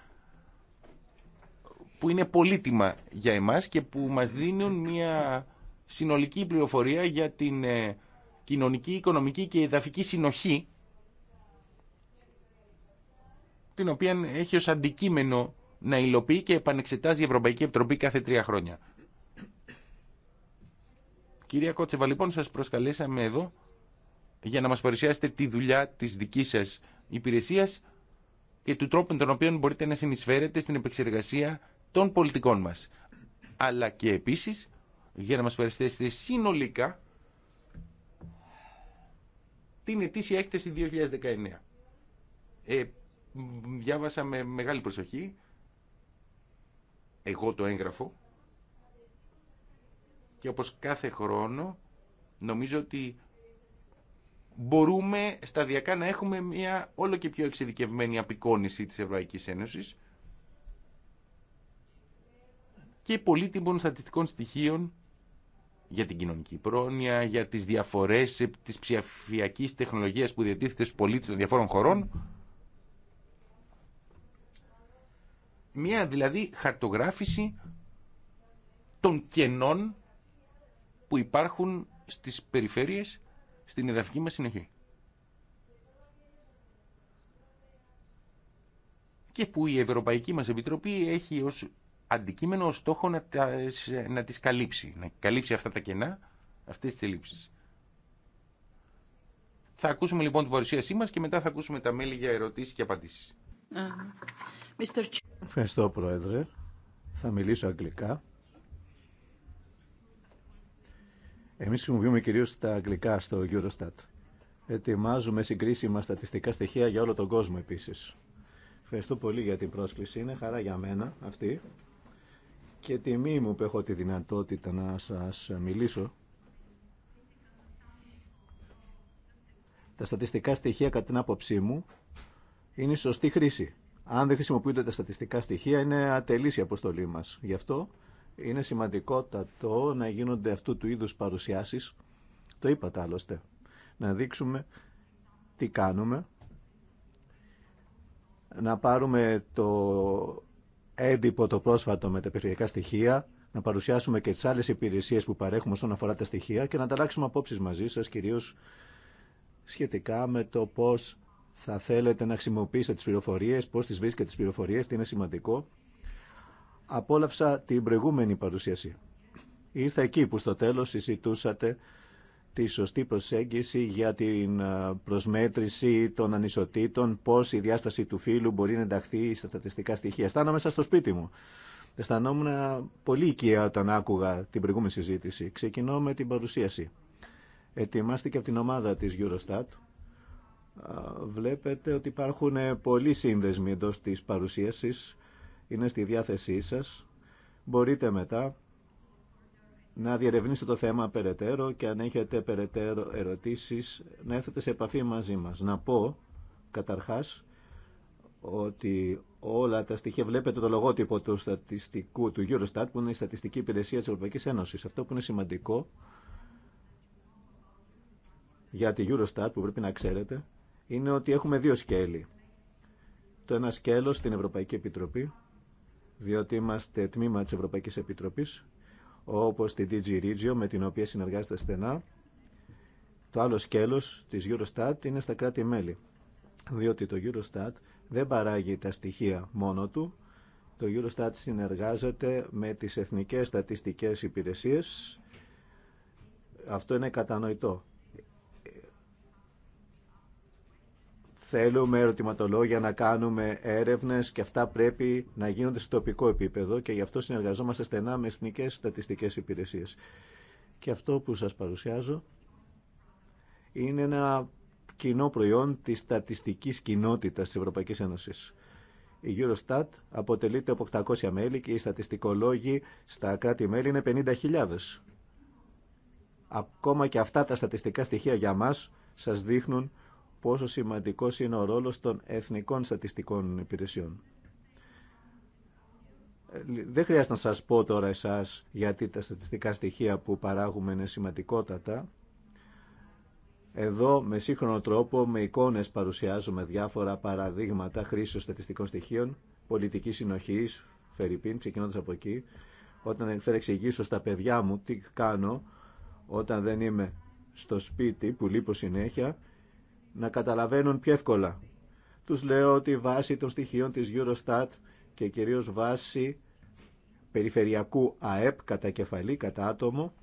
που είναι πολύτιμα για εμάς και που μας δίνουν μια συνολική πληροφορία για την ε, κοινωνική, οικονομική και εδαφική συνοχή την οποία έχει ως αντικείμενο να υλοποιεί και επανεξετάζει η Ευρωπαϊκή Επιτροπή κάθε τρία χρόνια. Κυρία Κότσεβα, λοιπόν, σας προσκαλέσαμε εδώ για να μας παρουσιάσετε τη δουλειά της δικής σας υπηρεσίας και του τρόπου με τον οποίο μπορείτε να συνεισφέρετε στην επεξεργασία των πολιτικών μας. Αλλά και επίσης για να μας περιστέσετε συνολικά την ετήσια έκθεση 2019. Ε, διάβασα με μεγάλη προσοχή εγώ το έγγραφο και όπως κάθε χρόνο νομίζω ότι μπορούμε σταδιακά να έχουμε μια όλο και πιο εξειδικευμένη απεικόνηση της Ευρωπαϊκής Ένωσης και πολύτιμων στατιστικών στοιχείων για την κοινωνική πρόνοια, για τις διαφορές της ψηφιακής τεχνολογίας που διατίθεται στους πολίτες των διαφόρων χωρών. Μία δηλαδή χαρτογράφηση των κενών που υπάρχουν στις περιφέρειες στην εδαφική μας συνοχή. Και που η Ευρωπαϊκή μας Επιτροπή έχει ως αντικείμενο ως στόχο να, τα, να τις καλύψει, να καλύψει αυτά τα κενά, αυτές τις ελλείψεις. Θα ακούσουμε λοιπόν την παρουσίασή μας και μετά θα ακούσουμε τα μέλη για ερωτήσεις και απαντήσεις. Ευχαριστώ Πρόεδρε. Θα μιλήσω αγγλικά. Εμείς χρησιμοποιούμε κυρίως τα αγγλικά στο Eurostat. Ετοιμάζουμε συγκρίσιμα στατιστικά στοιχεία για όλο τον κόσμο επίσης. Ευχαριστώ πολύ για την πρόσκληση. Είναι χαρά για μένα αυτή και τιμή μου που έχω τη δυνατότητα να σας μιλήσω. Τα στατιστικά στοιχεία κατά την άποψή μου είναι σωστή χρήση. Αν δεν χρησιμοποιούνται τα στατιστικά στοιχεία είναι ατελής η αποστολή μας. Γι' αυτό είναι σημαντικότατο να γίνονται αυτού του είδους παρουσιάσεις. Το είπατε άλλωστε. Να δείξουμε τι κάνουμε. Να πάρουμε το έντυπο το πρόσφατο με τα περιφερειακά στοιχεία, να παρουσιάσουμε και τι άλλε υπηρεσίε που παρέχουμε όσον αφορά τα στοιχεία και να ανταλλάξουμε απόψει μαζί σα, κυρίω σχετικά με το πώ θα θέλετε να χρησιμοποιήσετε τι πληροφορίε, πώ τι βρίσκετε τι πληροφορίε, τι είναι σημαντικό. Απόλαυσα την προηγούμενη παρουσίαση. Ήρθα εκεί που στο τέλο συζητούσατε τη σωστή προσέγγιση για την ε, προσμέτρηση των ανισοτήτων, πώς η διάσταση του φύλου μπορεί να ενταχθεί στα στατιστικά στοιχεία. Αισθάνομαι σαν στο σπίτι μου. Αισθανόμουν πολύ οικία όταν άκουγα την προηγούμενη συζήτηση. Ξεκινώ με την παρουσίαση. Ετοιμάστηκε από την ομάδα της Eurostat. Βλέπετε ότι υπάρχουν πολλοί σύνδεσμοι εντό της παρουσίασης. Είναι στη διάθεσή σας. Μπορείτε μετά να διερευνήσετε το θέμα περαιτέρω και αν έχετε περαιτέρω ερωτήσεις να έρθετε σε επαφή μαζί μας. Να πω καταρχάς ότι όλα τα στοιχεία βλέπετε το λογότυπο του στατιστικού του Eurostat που είναι η στατιστική υπηρεσία της Ευρωπαϊκής Ένωσης. Αυτό που είναι σημαντικό για τη Eurostat που πρέπει να ξέρετε είναι ότι έχουμε δύο σκέλη. Το ένα σκέλος στην Ευρωπαϊκή Επιτροπή διότι είμαστε τμήμα της Ευρωπαϊκής Επιτροπής όπως τη DG Regio με την οποία συνεργάζεται στενά. Το άλλο σκέλος της Eurostat είναι στα κράτη-μέλη, διότι το Eurostat δεν παράγει τα στοιχεία μόνο του. Το Eurostat συνεργάζεται με τις εθνικές στατιστικές υπηρεσίες. Αυτό είναι κατανοητό. θέλουμε ερωτηματολόγια να κάνουμε έρευνες και αυτά πρέπει να γίνονται στο τοπικό επίπεδο και γι' αυτό συνεργαζόμαστε στενά με εθνικές στατιστικές υπηρεσίες. Και αυτό που σας παρουσιάζω είναι ένα κοινό προϊόν της στατιστικής κοινότητας της Ευρωπαϊκής Ένωσης. Η Eurostat αποτελείται από 800 μέλη και οι στατιστικολόγοι στα κράτη-μέλη είναι 50.000. Ακόμα και αυτά τα στατιστικά στοιχεία για μας σας δείχνουν πόσο σημαντικός είναι ο ρόλος των εθνικών στατιστικών υπηρεσιών. Δεν χρειάζεται να σας πω τώρα εσάς γιατί τα στατιστικά στοιχεία που παράγουμε είναι σημαντικότατα. Εδώ με σύγχρονο τρόπο, με εικόνες παρουσιάζουμε διάφορα παραδείγματα χρήσης στατιστικών στοιχείων, πολιτική συνοχής, Φερρυπίν, ξεκινώντας από εκεί. Όταν θέλω εξηγήσω στα παιδιά μου τι κάνω όταν δεν είμαι στο σπίτι που λείπω συνέχεια να καταλαβαίνουν πιο εύκολα. Τους λέω ότι βάσει των στοιχείων της Eurostat και κυρίως βάσει περιφερειακού ΑΕΠ κατά κεφαλή, κατά άτομο,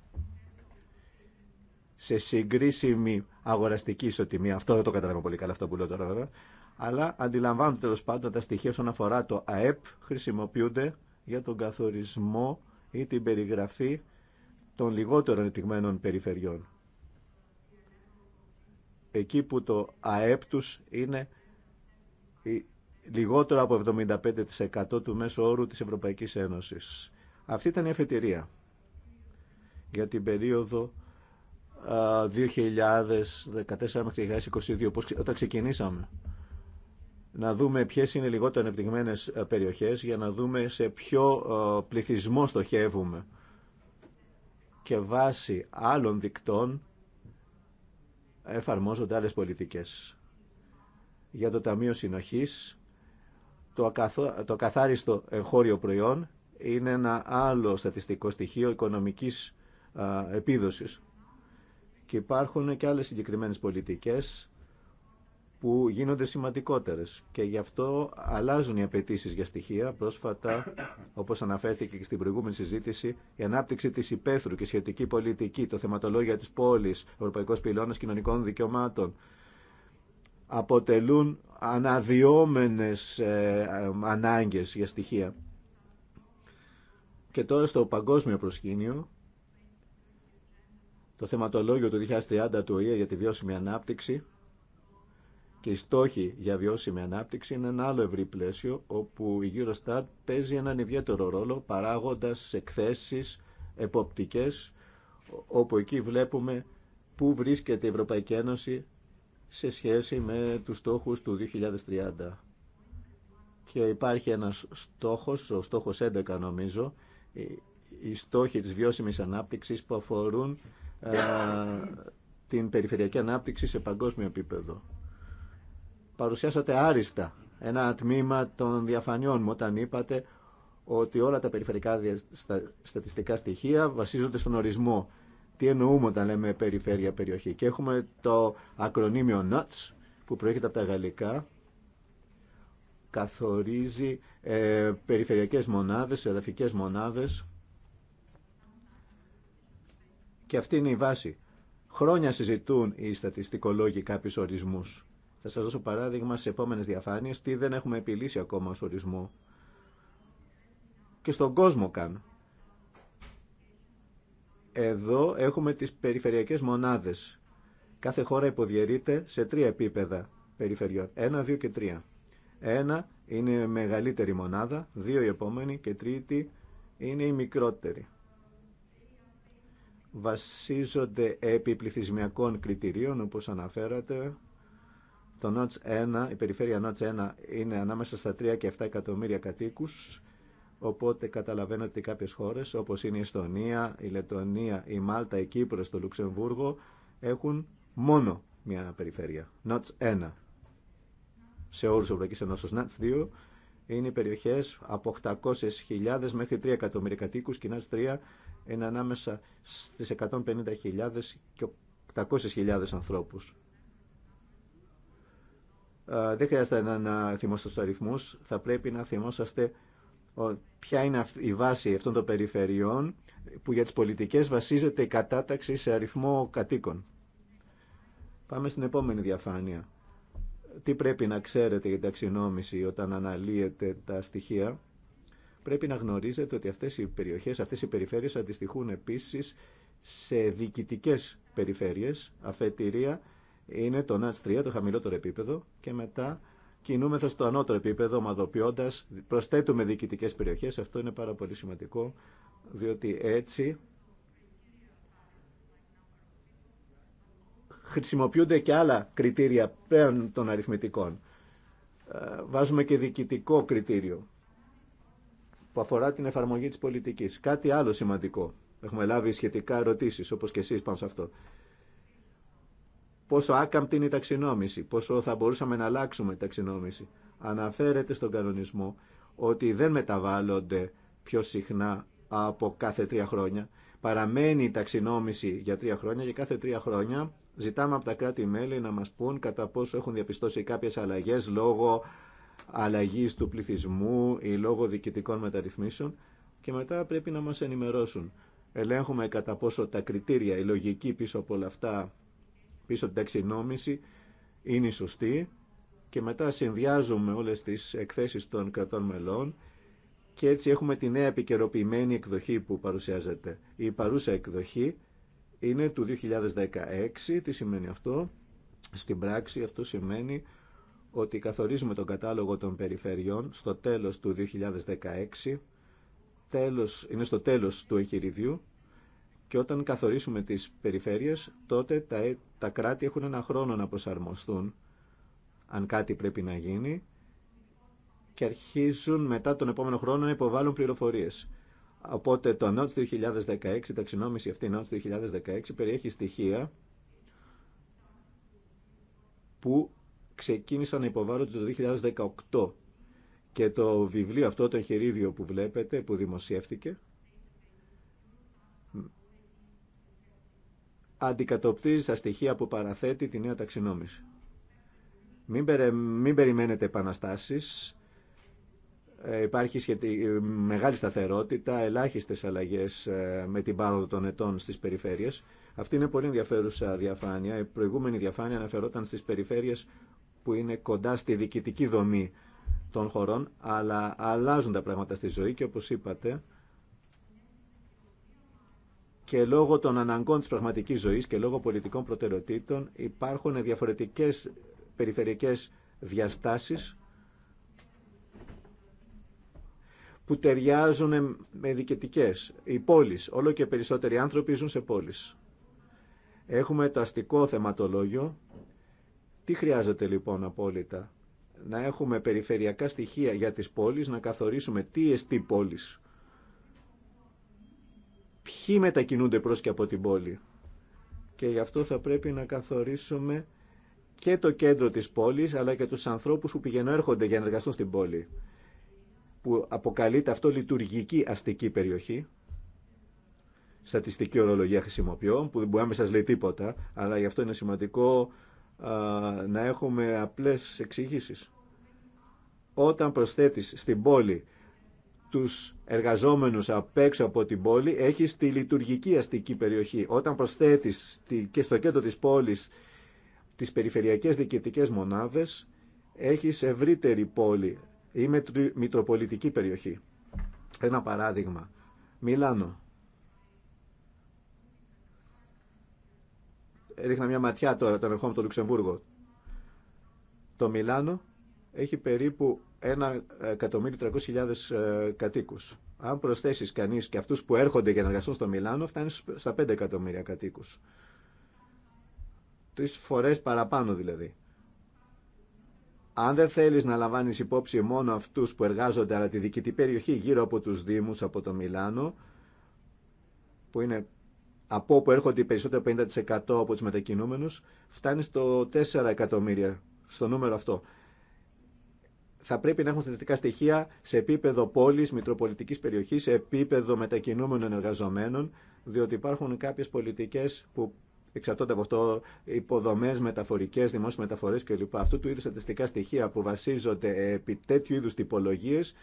σε συγκρίσιμη αγοραστική ισοτιμία, αυτό δεν το καταλαβαίνω πολύ καλά αυτό που λέω τώρα βέβαια, αλλά αντιλαμβάνονται τέλο πάντων τα στοιχεία όσον αφορά το ΑΕΠ χρησιμοποιούνται για τον καθορισμό ή την περιγραφή των λιγότερων επιτυγμένων περιφερειών εκεί που το ΑΕΠ τους είναι λιγότερο από 75% του μέσου όρου της Ευρωπαϊκής Ένωσης. Αυτή ήταν η αφετηρία για την περίοδο 2014 2022, όταν ξεκινήσαμε. Να δούμε ποιες είναι λιγότερο ανεπτυγμένες περιοχές για να δούμε σε ποιο πληθυσμό στοχεύουμε. Και βάσει άλλων δικτών εφαρμόζονται άλλες πολιτικές. Για το Ταμείο Συνοχής, το, ακαθο... το καθάριστο εγχώριο προϊόν είναι ένα άλλο στατιστικό στοιχείο οικονομικής α, επίδοσης. Και υπάρχουν και άλλες συγκεκριμένες πολιτικές που γίνονται σημαντικότερες και γι' αυτό αλλάζουν οι απαιτήσει για στοιχεία. Πρόσφατα, όπως αναφέρθηκε και στην προηγούμενη συζήτηση, η ανάπτυξη της υπαίθρου και σχετική πολιτική, το θεματολόγιο της πόλης, Ευρωπαϊκός Πυλώνας Κοινωνικών Δικαιωμάτων, αποτελούν αναδιόμενες ε, ανάγκες για στοιχεία. Και τώρα στο παγκόσμιο προσκήνιο, το θεματολόγιο του 2030 του ΟΗΕ για τη βιώσιμη ανάπτυξη και οι στόχοι για βιώσιμη ανάπτυξη είναι ένα άλλο ευρύ πλαίσιο όπου η Eurostat παίζει έναν ιδιαίτερο ρόλο παράγοντας εκθέσεις εποπτικές όπου εκεί βλέπουμε πού βρίσκεται η Ευρωπαϊκή Ένωση σε σχέση με τους στόχους του 2030. Και υπάρχει ένας στόχος, ο στόχος 11 νομίζω, οι στόχοι της βιώσιμης ανάπτυξης που αφορούν ε, την περιφερειακή ανάπτυξη σε παγκόσμιο επίπεδο παρουσιάσατε άριστα ένα τμήμα των διαφανειών μου όταν είπατε ότι όλα τα περιφερικά στατιστικά στοιχεία βασίζονται στον ορισμό. Τι εννοούμε όταν λέμε περιφέρεια περιοχή. Και έχουμε το ακρονίμιο NUTS που προέρχεται από τα γαλλικά καθορίζει ε, περιφερειακές μονάδες, εδαφικές μονάδες και αυτή είναι η βάση. Χρόνια συζητούν οι στατιστικολόγοι κάποιους ορισμούς θα σας δώσω παράδειγμα σε επόμενες διαφάνειες τι δεν έχουμε επιλύσει ακόμα ως ορισμό. Και στον κόσμο καν. Εδώ έχουμε τις περιφερειακές μονάδες. Κάθε χώρα υποδιαιρείται σε τρία επίπεδα περιφερειών. Ένα, δύο και τρία. Ένα είναι μεγαλύτερη μονάδα, δύο η επόμενη και τρίτη είναι η μικρότερη. Βασίζονται επί πληθυσμιακών κριτηρίων, όπως αναφέρατε, το 1, η περιφέρεια Notch 1 είναι ανάμεσα στα 3 και 7 εκατομμύρια κατοίκους, οπότε καταλαβαίνετε ότι κάποιες χώρες όπως είναι η Εστονία, η Λετωνία, η Μάλτα, η Κύπρος, το Λουξεμβούργο έχουν μόνο μια περιφέρεια. Νοτ 1. Σε όρους Ευρωπαϊκής Ενώσεως ΝΑΤΣ 2 είναι οι περιοχές από 800.000 μέχρι 3 εκατομμύρια κατοίκους και ΝΑΤΣ 3 είναι ανάμεσα στις 150.000 και 800.000 ανθρώπους. Ε, δεν χρειάζεται να, να θυμόσαστε του αριθμούς, θα πρέπει να θυμόσαστε ποια είναι η βάση αυτών των περιφερειών που για τις πολιτικές βασίζεται η κατάταξη σε αριθμό κατοίκων. Πάμε στην επόμενη διαφάνεια. Τι πρέπει να ξέρετε για την ταξινόμηση όταν αναλύετε τα στοιχεία. Πρέπει να γνωρίζετε ότι αυτές οι περιοχές, αυτές οι περιφέρειες αντιστοιχούν επίσης σε διοικητικές περιφέρειες, αφετηρία είναι το ΝΑΤΣ 3, το χαμηλότερο επίπεδο, και μετά κινούμεθα στο ανώτερο επίπεδο, ομαδοποιώντα, προσθέτουμε διοικητικέ περιοχέ. Αυτό είναι πάρα πολύ σημαντικό, διότι έτσι χρησιμοποιούνται και άλλα κριτήρια πέραν των αριθμητικών. Ε, βάζουμε και διοικητικό κριτήριο που αφορά την εφαρμογή της πολιτικής. Κάτι άλλο σημαντικό. Έχουμε λάβει σχετικά ερωτήσεις, όπως και εσείς πάνω σε αυτό πόσο άκαμπτη είναι η ταξινόμηση, πόσο θα μπορούσαμε να αλλάξουμε ταξινόμηση. Αναφέρεται στον κανονισμό ότι δεν μεταβάλλονται πιο συχνά από κάθε τρία χρόνια. Παραμένει η ταξινόμηση για τρία χρόνια και κάθε τρία χρόνια ζητάμε από τα κράτη-μέλη να μας πούν κατά πόσο έχουν διαπιστώσει κάποιες αλλαγές λόγω αλλαγής του πληθυσμού ή λόγω διοικητικών μεταρρυθμίσεων και μετά πρέπει να μας ενημερώσουν. Ελέγχουμε κατά πόσο τα κριτήρια, η λογική πίσω από όλα αυτά πίσω την ταξινόμηση είναι η σωστή και μετά συνδυάζουμε όλες τις εκθέσεις των κρατών μελών και έτσι έχουμε τη νέα επικαιροποιημένη εκδοχή που παρουσιάζεται. Η παρούσα εκδοχή είναι του 2016. Τι σημαίνει αυτό? Στην πράξη αυτό σημαίνει ότι καθορίζουμε τον κατάλογο των περιφερειών στο τέλος του 2016. Τέλος, είναι στο τέλος του εγχειριδίου και όταν καθορίσουμε τις περιφέρειες, τότε τα, ε, τα κράτη έχουν ένα χρόνο να προσαρμοστούν αν κάτι πρέπει να γίνει και αρχίζουν μετά τον επόμενο χρόνο να υποβάλουν πληροφορίες. Οπότε το το 2016, η ταξινόμηση αυτή το 2016 περιέχει στοιχεία που ξεκίνησαν να υποβάλλονται το 2018 και το βιβλίο αυτό, το εγχειρίδιο που βλέπετε, που δημοσιεύτηκε, αντικατοπτρίζει στα στοιχεία που παραθέτει τη νέα ταξινόμηση. Μην, μην περιμένετε επαναστάσεις. Ε, υπάρχει σχετι... μεγάλη σταθερότητα, ελάχιστες αλλαγές ε, με την πάροδο των ετών στις περιφέρειες. Αυτή είναι πολύ ενδιαφέρουσα διαφάνεια. Η προηγούμενη διαφάνεια αναφερόταν στις περιφέρειες που είναι κοντά στη διοικητική δομή των χωρών, αλλά αλλάζουν τα πράγματα στη ζωή και όπως είπατε, και λόγω των αναγκών της πραγματικής ζωής και λόγω πολιτικών προτεραιοτήτων υπάρχουν διαφορετικές περιφερειακές διαστάσεις που ταιριάζουν με δικαιτικές. Οι πόλεις, όλο και περισσότεροι άνθρωποι ζουν σε πόλεις. Έχουμε το αστικό θεματολόγιο. Τι χρειάζεται λοιπόν απόλυτα. Να έχουμε περιφερειακά στοιχεία για τις πόλεις, να καθορίσουμε τι εστί πόλεις ποιοι μετακινούνται προς και από την πόλη. Και γι' αυτό θα πρέπει να καθορίσουμε και το κέντρο της πόλης, αλλά και τους ανθρώπους που πηγαίνουν έρχονται για να εργαστούν στην πόλη, που αποκαλείται αυτό λειτουργική αστική περιοχή. Στατιστική ορολογία χρησιμοποιώ, που δεν μπορεί να σας λέει τίποτα, αλλά γι' αυτό είναι σημαντικό α, να έχουμε απλές εξηγήσεις. Όταν προσθέτεις στην πόλη τους εργαζόμενους απ' έξω από την πόλη έχει τη λειτουργική αστική περιοχή. Όταν προσθέτεις και στο κέντρο της πόλης τις περιφερειακές διοικητικές μονάδες, έχεις ευρύτερη πόλη ή μητροπολιτική περιοχή. Ένα παράδειγμα. Μιλάνο. Ρίχνα μια ματιά τώρα, τον ερχόμενο το Λουξεμβούργο. Το Μιλάνο έχει περίπου 1.300.000 ε, κατοίκους. Αν προσθέσεις κανείς και αυτούς που έρχονται για να εργαστούν στο Μιλάνο, φτάνει στα 5 εκατομμύρια κατοίκους. Τρεις φορές παραπάνω δηλαδή. Αν δεν θέλεις να λαμβάνεις υπόψη μόνο αυτούς που εργάζονται αλλά τη διοικητή περιοχή γύρω από τους Δήμους, από το Μιλάνο, που είναι από όπου έρχονται οι περισσότερο 50% από τους μετακινούμενους, φτάνει στο 4 εκατομμύρια, στο νούμερο αυτό θα πρέπει να έχουμε στατιστικά στοιχεία σε επίπεδο πόλης, μητροπολιτικής περιοχής, σε επίπεδο μετακινούμενων εργαζομένων, διότι υπάρχουν κάποιες πολιτικές που εξαρτώνται από αυτό, υποδομές μεταφορικές, δημόσιες μεταφορές κλπ. Αυτού του είδους στατιστικά στοιχεία που βασίζονται επί τέτοιου είδους τυπολογίες,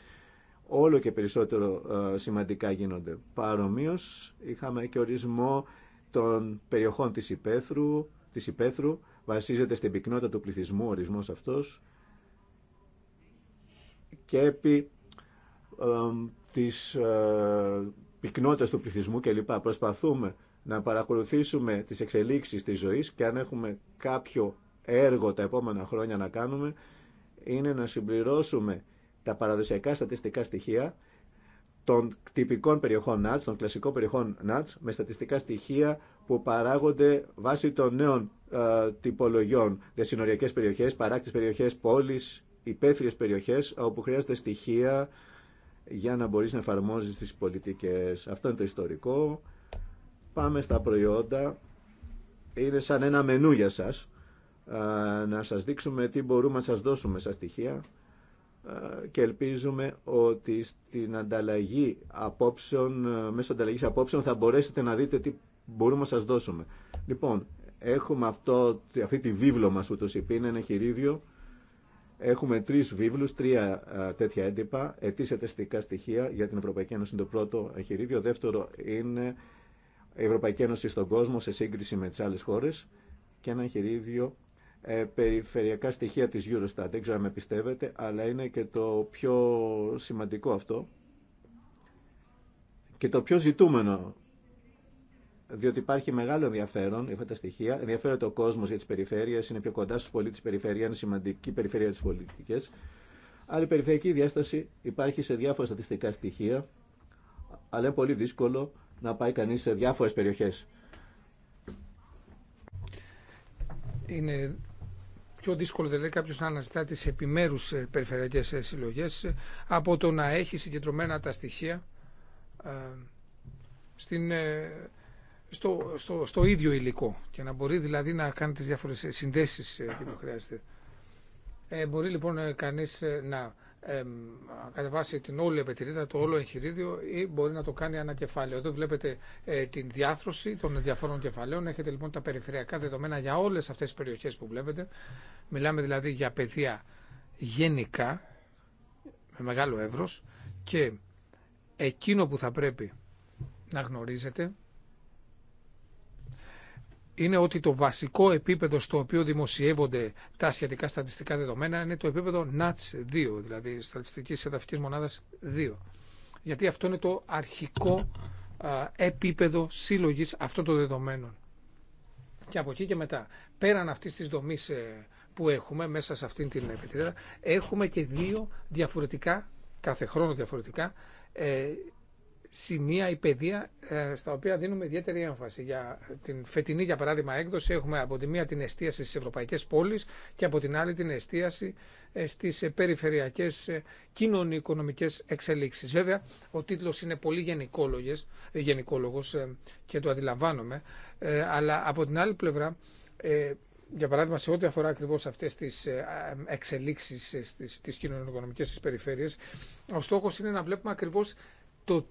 όλο και περισσότερο ε, σημαντικά γίνονται. Παρομοίως είχαμε και ορισμό των περιοχών της υπαίθρου, της υπαίθρου βασίζεται στην πυκνότητα του πληθυσμού ορισμός αυτός και επί της ε, του πληθυσμού κλπ. Προσπαθούμε να παρακολουθήσουμε τις εξελίξεις της ζωής και αν έχουμε κάποιο έργο τα επόμενα χρόνια να κάνουμε είναι να συμπληρώσουμε τα παραδοσιακά στατιστικά στοιχεία των τυπικών περιοχών ΝΑΤΣ, των κλασικών περιοχών ΝΑΤΣ, με στατιστικά στοιχεία που παράγονται βάσει των νέων ε, τυπολογιών, δεσυνοριακές περιοχές, παράκτης περιοχές, πόλεις υπαίθριες περιοχές όπου χρειάζεται στοιχεία για να μπορείς να εφαρμόζεις τις πολιτικές. Αυτό είναι το ιστορικό. Πάμε στα προϊόντα. Είναι σαν ένα μενού για σας. Να σας δείξουμε τι μπορούμε να σας δώσουμε στα στοιχεία και ελπίζουμε ότι στην ανταλλαγή απόψεων, μέσω ανταλλαγής απόψεων θα μπορέσετε να δείτε τι μπορούμε να σας δώσουμε. Λοιπόν, έχουμε αυτό, αυτή τη βίβλο μας ούτως είπε, είναι ένα χειρίδιο Έχουμε τρεις βίβλους, τρία τέτοια έντυπα, ετήσια τεστικά στοιχεία για την Ευρωπαϊκή Ένωση το πρώτο εγχειρίδιο. Δεύτερο είναι η Ευρωπαϊκή Ένωση στον κόσμο σε σύγκριση με τις άλλες χώρες και ένα εγχειρίδιο ε, περιφερειακά στοιχεία της Eurostat. Δεν ξέρω αν με πιστεύετε, αλλά είναι και το πιο σημαντικό αυτό και το πιο ζητούμενο διότι υπάρχει μεγάλο ενδιαφέρον αυτά τα στοιχεία. Ενδιαφέρεται ο κόσμο για τι περιφέρειε, είναι πιο κοντά στου πολίτε τη περιφέρεια, είναι σημαντική περιφέρεια τη πολιτική. Άλλη περιφερειακή διάσταση υπάρχει σε διάφορα στατιστικά στοιχεία, αλλά είναι πολύ δύσκολο να πάει κανεί σε διάφορε περιοχέ. Είναι πιο δύσκολο δηλαδή κάποιο να αναζητά τι επιμέρου ε, περιφερειακέ ε, συλλογέ ε, από το να έχει συγκεντρωμένα τα στοιχεία στην στο, στο, στο ίδιο υλικό και να μπορεί δηλαδή να κάνει τις διάφορες συνδέσεις ε, που χρειάζεται. Ε, μπορεί λοιπόν ε, κανείς ε, να ε, κατεβάσει την όλη επιτηρίδα, το όλο εγχειρίδιο ή μπορεί να το κάνει ένα κεφάλαιο. Εδώ βλέπετε την διάθρωση των διαφόρων κεφαλαίων. Έχετε λοιπόν τα περιφερειακά δεδομένα για όλες αυτές τις περιοχές που βλέπετε. Μιλάμε δηλαδή για παιδεία γενικά, με μεγάλο εύρος και εκείνο που θα πρέπει να γνωρίζετε είναι ότι το βασικό επίπεδο στο οποίο δημοσιεύονται τα σχετικά στατιστικά δεδομένα είναι το επίπεδο NATS 2, δηλαδή στατιστική εδαφική μονάδα 2. Γιατί αυτό είναι το αρχικό επίπεδο σύλλογης αυτών των δεδομένων. Και από εκεί και μετά, πέραν αυτής της δομής ε, που έχουμε μέσα σε αυτήν την επιτρέπεια, έχουμε και δύο διαφορετικά, κάθε χρόνο διαφορετικά, ε, σημεία η παιδεία ε, στα οποία δίνουμε ιδιαίτερη έμφαση. Για την φετινή, για παράδειγμα, έκδοση έχουμε από τη μία την εστίαση στις ευρωπαϊκές πόλεις και από την άλλη την εστίαση ε, στις ε, περιφερειακές κοινωνικονομικές εξελίξεις. Βέβαια, ο τίτλος είναι πολύ γενικόλογος, ε, και το αντιλαμβάνομαι, αλλά από την άλλη πλευρά για παράδειγμα, σε ό,τι αφορά ακριβώ αυτέ τι εξελίξει στι κοινωνικονομικέ περιφέρειε, ο στόχο είναι να βλέπουμε ακριβώ το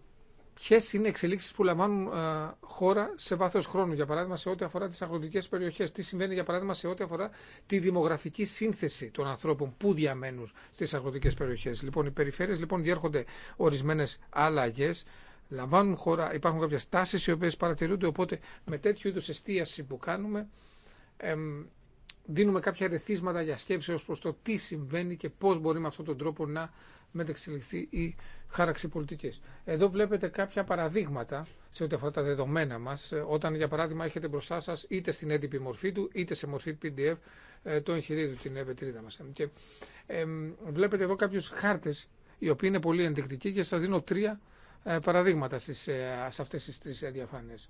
ποιε είναι οι εξελίξει που λαμβάνουν ε, χώρα σε βάθο χρόνου. Για παράδειγμα, σε ό,τι αφορά τι αγροτικέ περιοχέ. Τι συμβαίνει, για παράδειγμα, σε ό,τι αφορά τη δημογραφική σύνθεση των ανθρώπων που διαμένουν στι αγροτικέ περιοχέ. Λοιπόν, οι περιφέρειε λοιπόν διέρχονται ορισμένε αλλαγέ. Λαμβάνουν χώρα, υπάρχουν κάποιε τάσει οι οποίε παρατηρούνται. Οπότε, με τέτοιου είδου εστίαση που κάνουμε, δίνουμε κάποια ρεθίσματα για σκέψη ω προ το τι συμβαίνει και πώ μπορεί με αυτόν τον τρόπο να μετεξελιχθεί η χάραξη πολιτική. Εδώ βλέπετε κάποια παραδείγματα σε ό,τι αφορά τα δεδομένα μας, ε, όταν για παράδειγμα έχετε μπροστά σα, είτε στην έντυπη μορφή του, είτε σε μορφή PDF ε, το εγχειρίδιο την ευετρίδα μας. ε, βλέπετε εδώ κάποιου χάρτες οι οποίοι είναι πολύ ενδεικτικοί και σας δίνω τρία ε, παραδείγματα σε αυτές τις τρεις διαφάνειες.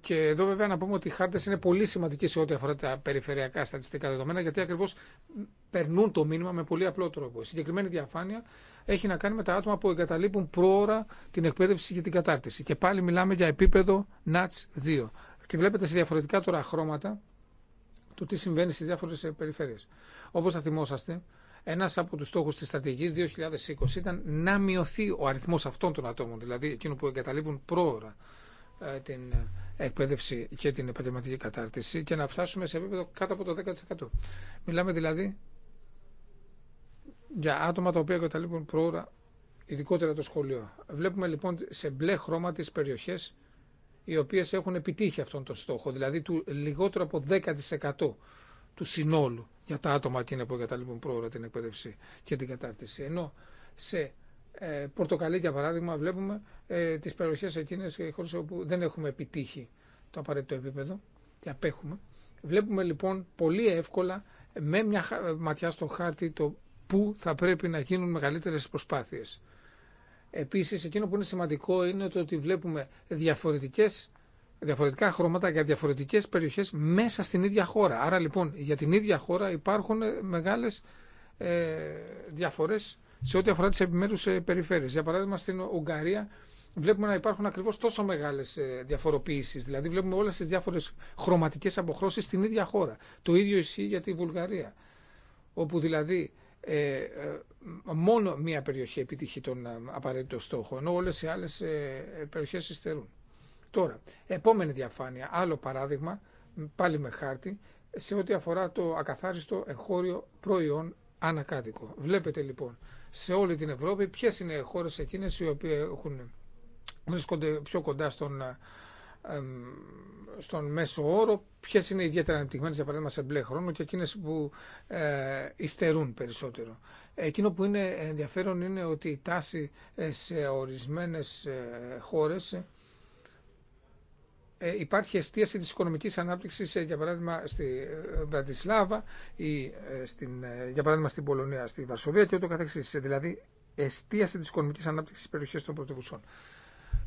Και εδώ βέβαια να πούμε ότι οι χάρτε είναι πολύ σημαντικοί σε ό,τι αφορά τα περιφερειακά στατιστικά δεδομένα, γιατί ακριβώ περνούν το μήνυμα με πολύ απλό τρόπο. Η συγκεκριμένη διαφάνεια έχει να κάνει με τα άτομα που εγκαταλείπουν πρόωρα την εκπαίδευση και την κατάρτιση. Και πάλι μιλάμε για επίπεδο ΝΑΤΣ 2. Και βλέπετε σε διαφορετικά τώρα χρώματα του τι συμβαίνει στι διάφορε περιφερειε. Όπω θα θυμόσαστε, ένα από του στόχου τη στρατηγική 2020 ήταν να μειωθεί ο αριθμό αυτών των ατόμων, δηλαδή εκείνων που εγκαταλείπουν πρόωρα ε, την εκπαίδευση και την επαγγελματική κατάρτιση και να φτάσουμε σε επίπεδο κάτω από το 10%. Μιλάμε δηλαδή για άτομα τα οποία καταλήγουν προώρα ειδικότερα το σχολείο. Βλέπουμε λοιπόν σε μπλε χρώμα τις περιοχές οι οποίες έχουν επιτύχει αυτόν τον στόχο, δηλαδή του λιγότερο από 10% του συνόλου για τα άτομα εκείνα που εγκαταλείπουν πρόωρα την εκπαίδευση και την κατάρτιση. Ενώ σε ε, πορτοκαλί για παράδειγμα βλέπουμε ε, τις περιοχές εκείνες και χωρίς όπου δεν έχουμε επιτύχει το απαραίτητο επίπεδο και απέχουμε. Βλέπουμε λοιπόν πολύ εύκολα ε, με μια ε, ματιά στο χάρτη το πού θα πρέπει να γίνουν μεγαλύτερες προσπάθειες. Επίσης εκείνο που είναι σημαντικό είναι το ότι βλέπουμε διαφορετικές διαφορετικά χρώματα για διαφορετικές περιοχές μέσα στην ίδια χώρα. Άρα λοιπόν για την ίδια χώρα υπάρχουν μεγάλες ε, διαφορές σε ό,τι αφορά τι επιμέρου ε, περιφέρειε. Για παράδειγμα, στην Ουγγαρία βλέπουμε να υπάρχουν ακριβώ τόσο μεγάλε διαφοροποιήσει. Δηλαδή, βλέπουμε όλε τι διάφορε χρωματικέ αποχρώσει στην ίδια χώρα. Το ίδιο ισχύει για τη Βουλγαρία. Όπου δηλαδή ε, ε μόνο μία περιοχή επιτυχεί τον ε, απαραίτητο στόχο, ενώ όλε οι άλλε περιοχέ υστερούν. Τώρα, επόμενη διαφάνεια, άλλο παράδειγμα, πάλι με χάρτη, σε ό,τι αφορά το ακαθάριστο εγχώριο προϊόν ανακάτοικο. Βλέπετε λοιπόν σε όλη την Ευρώπη ποιες είναι οι χώρες εκείνες οι οποίες έχουν, βρίσκονται πιο κοντά στον, ε, στον μέσο όρο, ποιες είναι ιδιαίτερα ανεπτυγμένε για παράδειγμα σε μπλε χρόνο και εκείνες που ε, υστερούν περισσότερο. Εκείνο που είναι ενδιαφέρον είναι ότι η τάση ε, σε ορισμένες ε, χώρες... Ε, υπάρχει εστίαση της οικονομικής ανάπτυξης, ε, για παράδειγμα, στη ε, Μπρατισλάβα ή, στην, για παράδειγμα, στην Πολωνία, στη Βαρσοβία και ούτω καθεξής. Δηλαδή, εστίαση της οικονομικής ανάπτυξης στις περιοχές των πρωτεύουσων.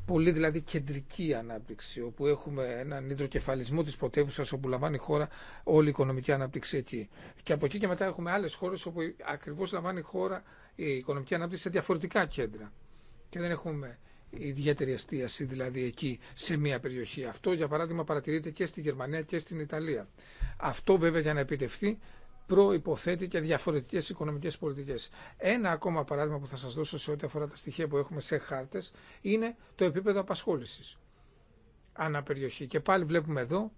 Πολύ δηλαδή κεντρική ανάπτυξη, όπου έχουμε έναν υδροκεφαλισμό τη πρωτεύουσα, όπου λαμβάνει η χώρα όλη η οικονομική ανάπτυξη εκεί. Και από εκεί και μετά έχουμε άλλε χώρε όπου ακριβώ λαμβάνει η χώρα η οικονομική ανάπτυξη σε διαφορετικά κέντρα. Και δεν έχουμε ιδιαίτερη εστίαση δηλαδή εκεί σε μια περιοχή. Αυτό για παράδειγμα παρατηρείται και στη Γερμανία και στην Ιταλία. Αυτό βέβαια για να επιτευχθεί προϋποθέτει και διαφορετικές οικονομικές πολιτικές. Ένα ακόμα παράδειγμα που θα σας δώσω σε ό,τι αφορά τα στοιχεία που έχουμε σε χάρτες είναι το επίπεδο απασχόλησης αναπεριοχή. Και πάλι βλέπουμε εδώ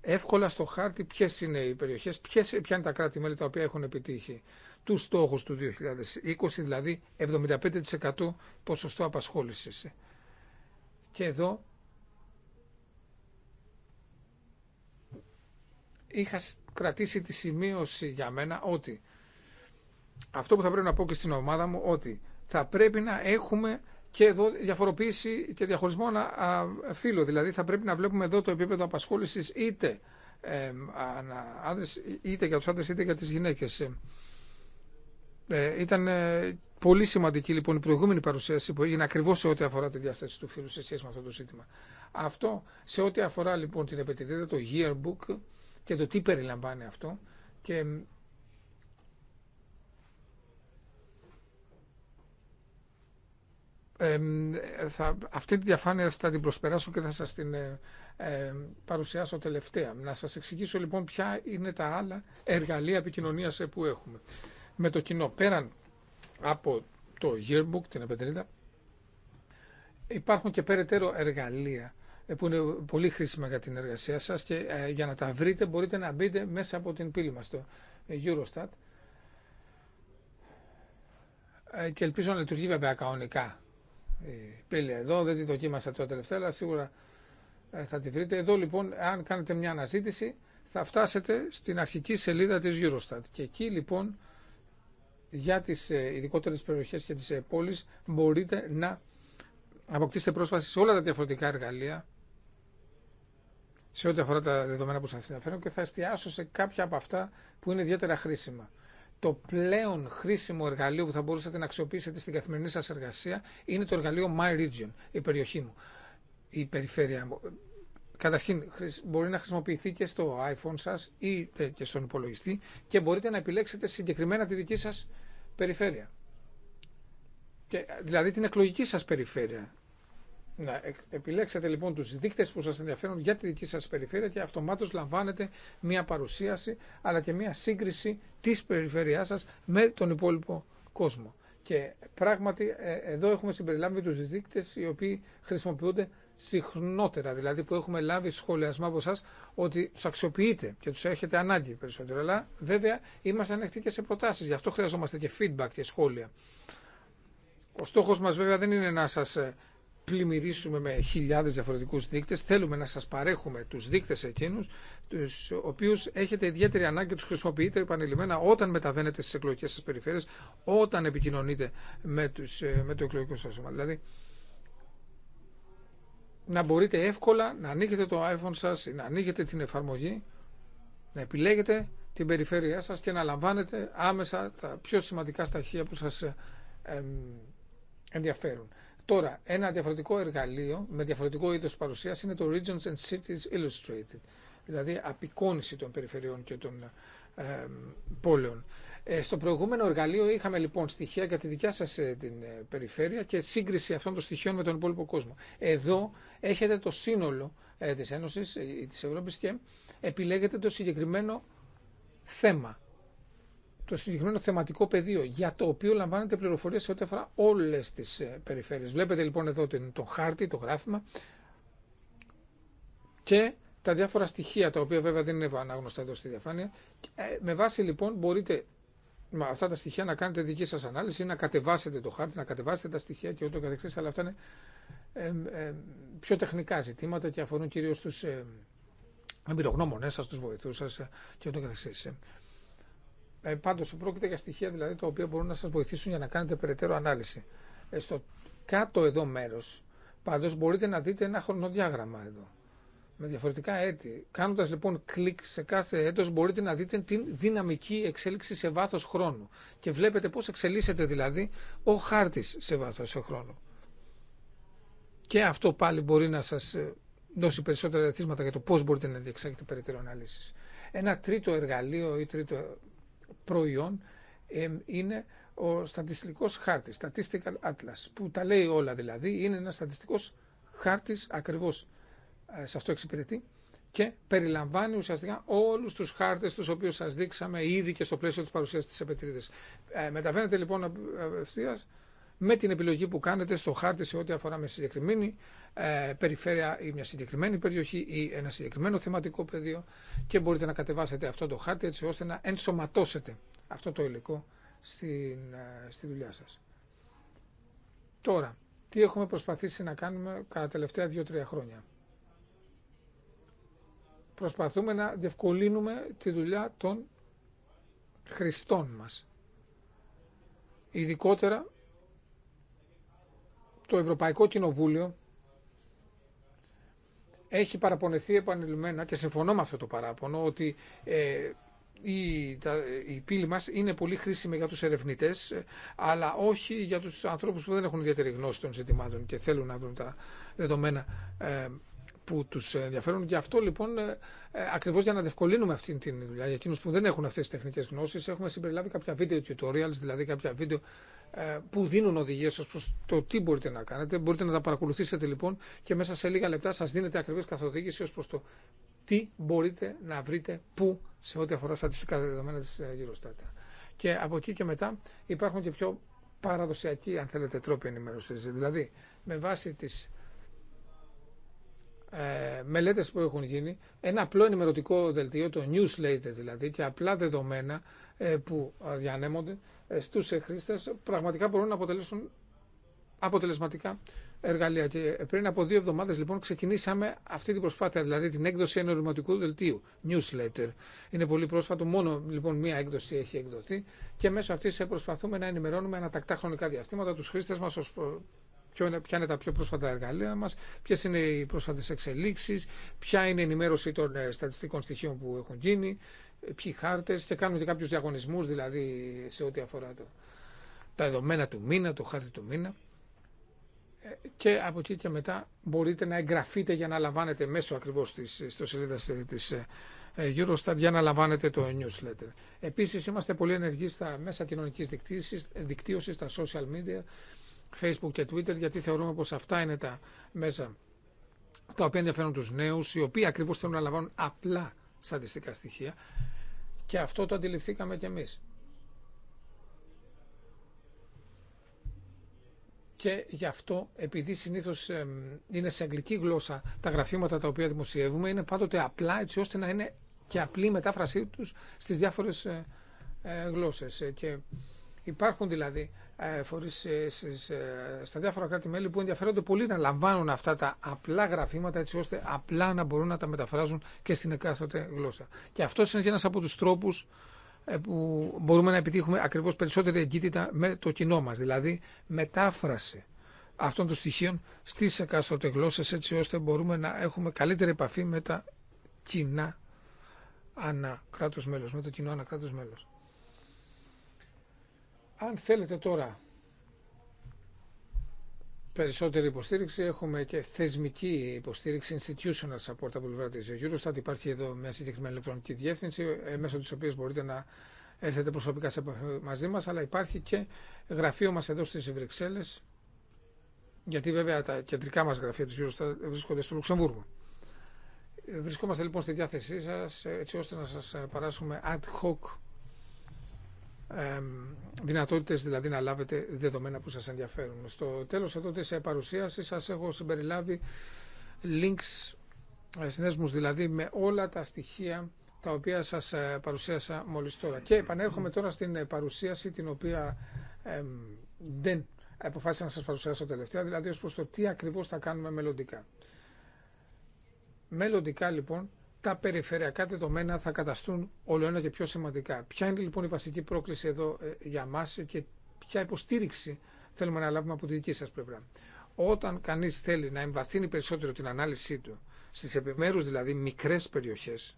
εύκολα στο χάρτη ποιε είναι οι περιοχέ, ποια είναι τα κράτη-μέλη τα οποία έχουν επιτύχει τους στόχου του 2020, δηλαδή 75% ποσοστό απασχόλησης. Και εδώ είχα κρατήσει τη σημείωση για μένα ότι αυτό που θα πρέπει να πω και στην ομάδα μου ότι θα πρέπει να έχουμε και εδώ διαφοροποίηση και διαχωρισμό φύλου. Δηλαδή θα πρέπει να βλέπουμε εδώ το επίπεδο απασχόλησης είτε, ε, είτε για τους άντρες είτε για τις γυναίκες. Ε, ήταν ε, πολύ σημαντική λοιπόν η προηγούμενη παρουσίαση που έγινε ακριβώ σε ό,τι αφορά τη διάσταση του φύλου σε σχέση με αυτό το ζήτημα. Αυτό σε ό,τι αφορά λοιπόν την επιτελεία, το yearbook και το τι περιλαμβάνει αυτό. Και Ε, αυτή τη διαφάνεια θα την προσπεράσω και θα σας την ε, παρουσιάσω τελευταία. Να σας εξηγήσω λοιπόν ποια είναι τα άλλα εργαλεία επικοινωνίας που έχουμε με το κοινό. Πέραν από το yearbook, την επετρίδα, υπάρχουν και περαιτέρω εργαλεία ε, που είναι πολύ χρήσιμα για την εργασία σας και ε, για να τα βρείτε μπορείτε να μπείτε μέσα από την πύλη μας το Eurostat ε, και ελπίζω να λειτουργεί βέβαια κανονικά η πύλη εδώ, δεν τη δοκίμασα τώρα τελευταία αλλά σίγουρα θα τη βρείτε. Εδώ λοιπόν αν κάνετε μια αναζήτηση θα φτάσετε στην αρχική σελίδα της Eurostat και εκεί λοιπόν για τις ε, ειδικότερες περιοχές και τις ε, πόλεις μπορείτε να αποκτήσετε πρόσβαση σε όλα τα διαφορετικά εργαλεία σε ό,τι αφορά τα δεδομένα που σας συναφέρω και θα εστιάσω σε κάποια από αυτά που είναι ιδιαίτερα χρήσιμα. Το πλέον χρήσιμο εργαλείο που θα μπορούσατε να αξιοποιήσετε στην καθημερινή σας εργασία είναι το εργαλείο My Region, η περιοχή μου, η περιφέρεια μου. Καταρχήν, μπορεί να χρησιμοποιηθεί και στο iPhone σας ή και στον υπολογιστή και μπορείτε να επιλέξετε συγκεκριμένα τη δική σας περιφέρεια. Και, δηλαδή την εκλογική σας περιφέρεια. Να ε, επιλέξετε λοιπόν τους δείκτες που σας ενδιαφέρουν για τη δική σας περιφέρεια και αυτομάτως λαμβάνετε μια παρουσίαση αλλά και μια σύγκριση της περιφέρειάς σας με τον υπόλοιπο κόσμο. Και πράγματι ε, εδώ έχουμε συμπεριλάβει τους δείκτες οι οποίοι χρησιμοποιούνται συχνότερα, δηλαδή που έχουμε λάβει σχολιασμά από εσά ότι του αξιοποιείτε και του έχετε ανάγκη περισσότερο. Αλλά βέβαια είμαστε ανοιχτοί και σε προτάσει, γι' αυτό χρειαζόμαστε και feedback και σχόλια. Ο στόχο μα βέβαια δεν είναι να σα ε, πλημμυρίσουμε με χιλιάδες διαφορετικούς δείκτες, θέλουμε να σας παρέχουμε τους δείκτες εκείνους, τους οποίους έχετε ιδιαίτερη ανάγκη και τους χρησιμοποιείτε επανειλημμένα όταν μεταβαίνετε στις εκλογικές σας περιφέρειες, όταν επικοινωνείτε με, τους, ε, με το εκλογικό σα. σώμα. Δηλαδή, να μπορείτε εύκολα να ανοίγετε το iPhone σας ή να ανοίγετε την εφαρμογή, να επιλέγετε την περιφέρειά σας και να λαμβάνετε άμεσα τα πιο σημαντικά σταχεία που σας ε, ενδιαφέρουν. Τώρα, ένα διαφορετικό εργαλείο με διαφορετικό είδος παρουσίας είναι το Regions and Cities Illustrated, δηλαδή απεικόνιση των περιφερειών και των πόλεων. Ε, στο προηγούμενο εργαλείο είχαμε λοιπόν στοιχεία για τη δικιά σας ε, την περιφέρεια και σύγκριση αυτών των στοιχείων με τον υπόλοιπο κόσμο. Εδώ έχετε το σύνολο ε, της Ένωσης ή ε, της Ευρώπης και επιλέγετε το συγκεκριμένο θέμα το συγκεκριμένο θεματικό πεδίο για το οποίο λαμβάνετε πληροφορίες σε ό,τι αφορά όλες τις ε, περιφέρειες. Βλέπετε λοιπόν εδώ το χάρτη, το γράφημα και τα διάφορα στοιχεία τα οποία βέβαια δεν είναι αναγνωστά εδώ στη διαφάνεια. Με βάση λοιπόν μπορείτε με αυτά τα στοιχεία να κάνετε δική σας ανάλυση, ή να κατεβάσετε το χάρτη, να κατεβάσετε τα στοιχεία και ούτω καθεξής, αλλά αυτά είναι πιο τεχνικά ζητήματα και αφορούν κυρίως τους ε, εμπειρογνώμονές σας, τους βοηθούς σας ε, και ούτω καθεξής. Ε, πάντως πρόκειται για στοιχεία δηλαδή τα οποία μπορούν να σας βοηθήσουν για να κάνετε περαιτέρω ανάλυση. Ε, στο κάτω εδώ μέρος πάντως μπορείτε να δείτε ένα χρονοδιάγραμμα εδώ με διαφορετικά έτη. Κάνοντας λοιπόν κλικ σε κάθε έτος μπορείτε να δείτε την δυναμική εξέλιξη σε βάθος χρόνου και βλέπετε πώς εξελίσσεται δηλαδή ο χάρτης σε βάθος χρόνου. Και αυτό πάλι μπορεί να σας ε, δώσει περισσότερα ρεθίσματα για το πώ μπορείτε να διεξάγετε περαιτέρω αναλύσει. Ένα τρίτο εργαλείο ή τρίτο προϊόν είναι ο στατιστικό χάρτη, Statistical Atlas, που τα λέει όλα δηλαδή, είναι ένα στατιστικό χάρτη ακριβώ. Ε, σε αυτό εξυπηρετεί και περιλαμβάνει ουσιαστικά όλους τους χάρτες τους οποίους σας δείξαμε ήδη και στο πλαίσιο της παρουσίας της επαιτρίδας. Ε, μεταβαίνετε λοιπόν ευθεία με την επιλογή που κάνετε στο χάρτη σε ό,τι αφορά με συγκεκριμένη ε, περιφέρεια ή μια συγκεκριμένη περιοχή ή ένα συγκεκριμένο θεματικό πεδίο και μπορείτε να κατεβάσετε αυτό το χάρτη έτσι ώστε να ενσωματώσετε αυτό το υλικό στην, ε, στη δουλειά σας. Τώρα, τι έχουμε προσπαθήσει να κάνουμε κατά τελευταία 2-3 χρόνια προσπαθούμε να διευκολύνουμε τη δουλειά των χρηστών μας. Ειδικότερα το Ευρωπαϊκό Κοινοβούλιο έχει παραπονεθεί επανειλημμένα και συμφωνώ με αυτό το παράπονο ότι ε, η, η πύλη μας είναι πολύ χρήσιμη για τους ερευνητές ε, αλλά όχι για τους ανθρώπους που δεν έχουν ιδιαίτερη γνώση των ζητημάτων και θέλουν να βρουν τα δεδομένα ε, που του ενδιαφέρουν. Γι' αυτό λοιπόν, ε, ε, ακριβώ για να διευκολύνουμε αυτή τη δουλειά, για εκείνου που δεν έχουν αυτέ τι τεχνικέ γνώσει, έχουμε συμπεριλάβει κάποια βίντεο tutorials, δηλαδή κάποια βίντεο ε, που δίνουν οδηγίε ω προ το τι μπορείτε να κάνετε. Μπορείτε να τα παρακολουθήσετε λοιπόν και μέσα σε λίγα λεπτά σα δίνετε ακριβώ καθοδήγηση ω προ το τι μπορείτε να βρείτε πού σε ό,τι αφορά στατιστικά δεδομένα της Eurostat. Και από εκεί και μετά υπάρχουν και πιο παραδοσιακοί, αν θέλετε, τρόποι ενημέρωση. Δηλαδή, με βάση τις ε, μελέτες που έχουν γίνει, ένα απλό ενημερωτικό δελτίο, το newsletter δηλαδή, και απλά δεδομένα ε, που διανέμονται ε, στους χρήστες, πραγματικά μπορούν να αποτελέσουν αποτελεσματικά εργαλεία. Και πριν από δύο εβδομάδε λοιπόν ξεκινήσαμε αυτή την προσπάθεια, δηλαδή την έκδοση ενημερωτικού δελτίου, newsletter. Είναι πολύ πρόσφατο, μόνο λοιπόν μία έκδοση έχει εκδοθεί και μέσω αυτή προσπαθούμε να ενημερώνουμε ανατακτά χρονικά διαστήματα του χρήστε μα ποια είναι τα πιο πρόσφατα εργαλεία μας, ποιε είναι οι πρόσφατες εξελίξεις, ποια είναι η ενημέρωση των ε, στατιστικών στοιχείων που έχουν γίνει, ε, ποιοι χάρτες και κάνουμε και κάποιους διαγωνισμούς δηλαδή σε ό,τι αφορά το, τα δεδομένα του μήνα, το χάρτη του μήνα ε, και από εκεί και μετά μπορείτε να εγγραφείτε για να λαμβάνετε μέσω ακριβώ τη σελίδα τη Eurostat για να λαμβάνετε το newsletter. Επίση είμαστε πολύ ενεργοί στα μέσα κοινωνική, δικτύωση στα social media Facebook και Twitter γιατί θεωρούμε πως αυτά είναι τα μέσα τα οποία ενδιαφέρουν τους νέους οι οποίοι ακριβώς θέλουν να λαμβάνουν απλά στατιστικά στοιχεία και αυτό το αντιληφθήκαμε κι εμείς. και γι' αυτό, επειδή συνήθω είναι σε αγγλική γλώσσα τα γραφήματα τα οποία δημοσιεύουμε, είναι πάντοτε απλά έτσι ώστε να είναι και απλή η μετάφρασή του στι διάφορε ε, ε, γλώσσε. Ε, και υπάρχουν δηλαδή ε, φορείς ε, στα διάφορα κράτη-μέλη που ενδιαφέρονται πολύ να λαμβάνουν αυτά τα απλά γραφήματα έτσι ώστε απλά να μπορούν να τα μεταφράζουν και στην εκάστοτε γλώσσα. Και αυτό είναι και ένα από τους τρόπους ε, που μπορούμε να επιτύχουμε ακριβώς περισσότερη εγκύτητα με το κοινό μα. δηλαδή μετάφραση αυτών των στοιχείων στι εκάστοτε γλώσσες έτσι ώστε μπορούμε να έχουμε καλύτερη επαφή με τα κοινά ανά με το κοινό ανά μέλος. Αν θέλετε τώρα περισσότερη υποστήριξη, έχουμε και θεσμική υποστήριξη, institutional support από πλευρά τη Eurostat. Υπάρχει εδώ μια συγκεκριμένη ηλεκτρονική διεύθυνση, ε, μέσω τη οποία μπορείτε να έρθετε προσωπικά σε μαζί μα, αλλά υπάρχει και γραφείο μα εδώ στι Βρυξέλλε, γιατί βέβαια τα κεντρικά μα γραφεία τη Eurostat βρίσκονται στο Λουξεμβούργο. Ε, βρισκόμαστε λοιπόν στη διάθεσή σα, ε, έτσι ώστε να σα παράσουμε ad hoc δυνατότητες δηλαδή να λάβετε δεδομένα που σας ενδιαφέρουν. Στο τέλος εδώ της παρουσίασης σας έχω συμπεριλάβει links ε, συνέσμους δηλαδή με όλα τα στοιχεία τα οποία σας ε, παρουσίασα μόλις τώρα. Και επανέρχομαι τώρα στην ε, παρουσίαση την οποία δεν αποφάσισα να σας παρουσιάσω τελευταία, δηλαδή ως προς το τι ακριβώς θα κάνουμε μελλοντικά. Μελλοντικά λοιπόν τα περιφερειακά δεδομένα θα καταστούν όλο ένα και πιο σημαντικά. Ποια είναι λοιπόν η βασική πρόκληση εδώ ε, για μας και ποια υποστήριξη θέλουμε να λάβουμε από τη δική σας πλευρά. Όταν κανείς θέλει να εμβαθύνει περισσότερο την ανάλυση του στις επιμέρους δηλαδή μικρές περιοχές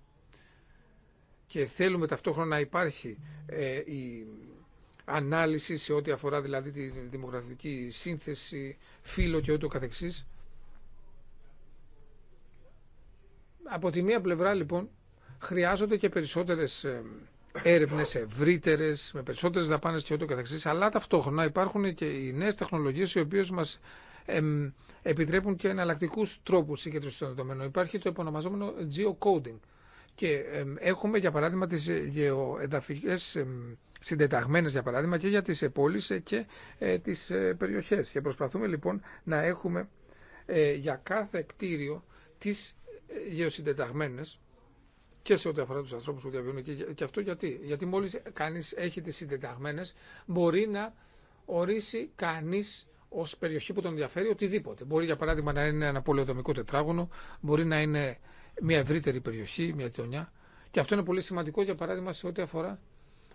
και θέλουμε ταυτόχρονα να υπάρχει ε, η ανάλυση σε ό,τι αφορά δηλαδή τη δημοκρατική σύνθεση, φύλλο και ούτω καθεξής Από τη μία πλευρά λοιπόν χρειάζονται και περισσότερες ε, έρευνες ευρύτερε, με περισσότερε δαπάνε και ούτω καθεξή. Αλλά ταυτόχρονα υπάρχουν και οι νέε τεχνολογίε οι οποίε μα επιτρέπουν και εναλλακτικού τρόπου συγκέντρωση των δεδομένων. Υπάρχει το επωνομαζόμενο geocoding. Και έχουμε για παράδειγμα τι γεωεδαφικέ συντεταγμένες για παράδειγμα και για τις πόλεις και ε, τις ε, περιοχές. Και προσπαθούμε λοιπόν να έχουμε ε, για κάθε κτίριο τις γεωσυντεταγμένε και σε ό,τι αφορά του ανθρώπου που διαβιώνουν και, και αυτό γιατί. Γιατί μόλι κανεί έχει τις συντεταγμένε, μπορεί να ορίσει κανεί ω περιοχή που τον ενδιαφέρει οτιδήποτε. Μπορεί για παράδειγμα να είναι ένα πολεοδομικό τετράγωνο, μπορεί να είναι μια ευρύτερη περιοχή, μια τονιά. Και αυτό είναι πολύ σημαντικό για παράδειγμα σε ό,τι αφορά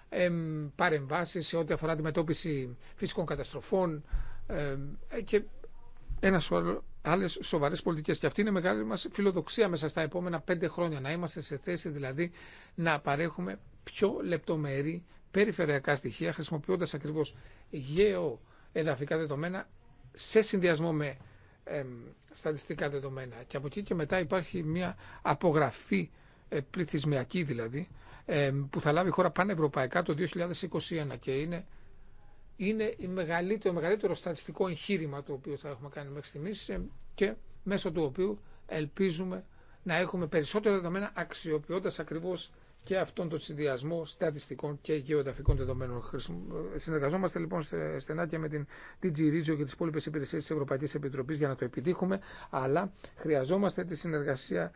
εμ, παρεμβάσει, σε ό,τι αφορά αντιμετώπιση φυσικών καταστροφών εμ, ε, και ένα σώρο άλλε σοβαρέ πολιτικέ. Και αυτή είναι η μεγάλη μα φιλοδοξία μέσα στα επόμενα πέντε χρόνια. Να είμαστε σε θέση δηλαδή να παρέχουμε πιο λεπτομερή περιφερειακά στοιχεία χρησιμοποιώντα ακριβώ γεωεδαφικά δεδομένα σε συνδυασμό με στατιστικά δεδομένα. Και από εκεί και μετά υπάρχει μια απογραφή ε, πληθυσμιακή δηλαδή που θα λάβει η χώρα πανευρωπαϊκά το 2021 και είναι είναι η μεγαλύτερο, το μεγαλύτερο στατιστικό εγχείρημα το οποίο θα έχουμε κάνει μέχρι στιγμής ε, και μέσω του οποίου ελπίζουμε να έχουμε περισσότερα δεδομένα αξιοποιώντας ακριβώς και αυτόν τον συνδυασμό στατιστικών και γεωγραφικών δεδομένων. Ε, συνεργαζόμαστε λοιπόν στενά και με την DG Regio και τι υπόλοιπε υπηρεσίε τη Ευρωπαϊκή Επιτροπή για να το επιτύχουμε, αλλά χρειαζόμαστε τη συνεργασία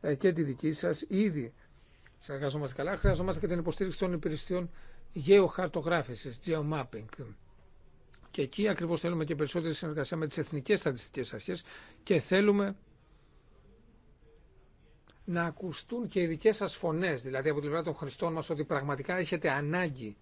ε, και τη δική σα ήδη. Συνεργαζόμαστε καλά, χρειαζόμαστε και την υποστήριξη των υπηρεσιών γεωχαρτογράφησης, geomapping. Και εκεί ακριβώς θέλουμε και περισσότερη συνεργασία με τις εθνικές στατιστικές αρχές και θέλουμε να ακουστούν και οι δικές σας φωνές, δηλαδή από την πλευρά των χρηστών μας, ότι πραγματικά έχετε ανάγκη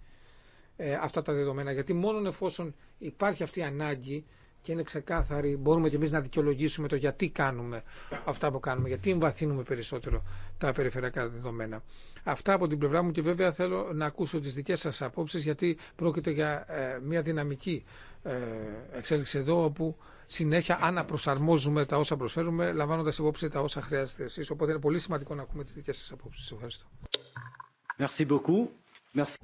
ε, αυτά τα δεδομένα. Γιατί μόνο εφόσον υπάρχει αυτή η ανάγκη και είναι ξεκάθαρη. Μπορούμε και εμεί να δικαιολογήσουμε το γιατί κάνουμε αυτά που κάνουμε, γιατί εμβαθύνουμε περισσότερο τα περιφερειακά δεδομένα. Αυτά από την πλευρά μου και βέβαια θέλω να ακούσω τι δικέ σα απόψει γιατί πρόκειται για ε, μια δυναμική ε, εξέλιξη εδώ όπου συνέχεια αναπροσαρμόζουμε τα όσα προσφέρουμε λαμβάνοντας υπόψη τα όσα χρειάζεται εσείς. Οπότε είναι πολύ σημαντικό να ακούμε τι δικέ σα απόψει. Ευχαριστώ. Merci beaucoup. Merci.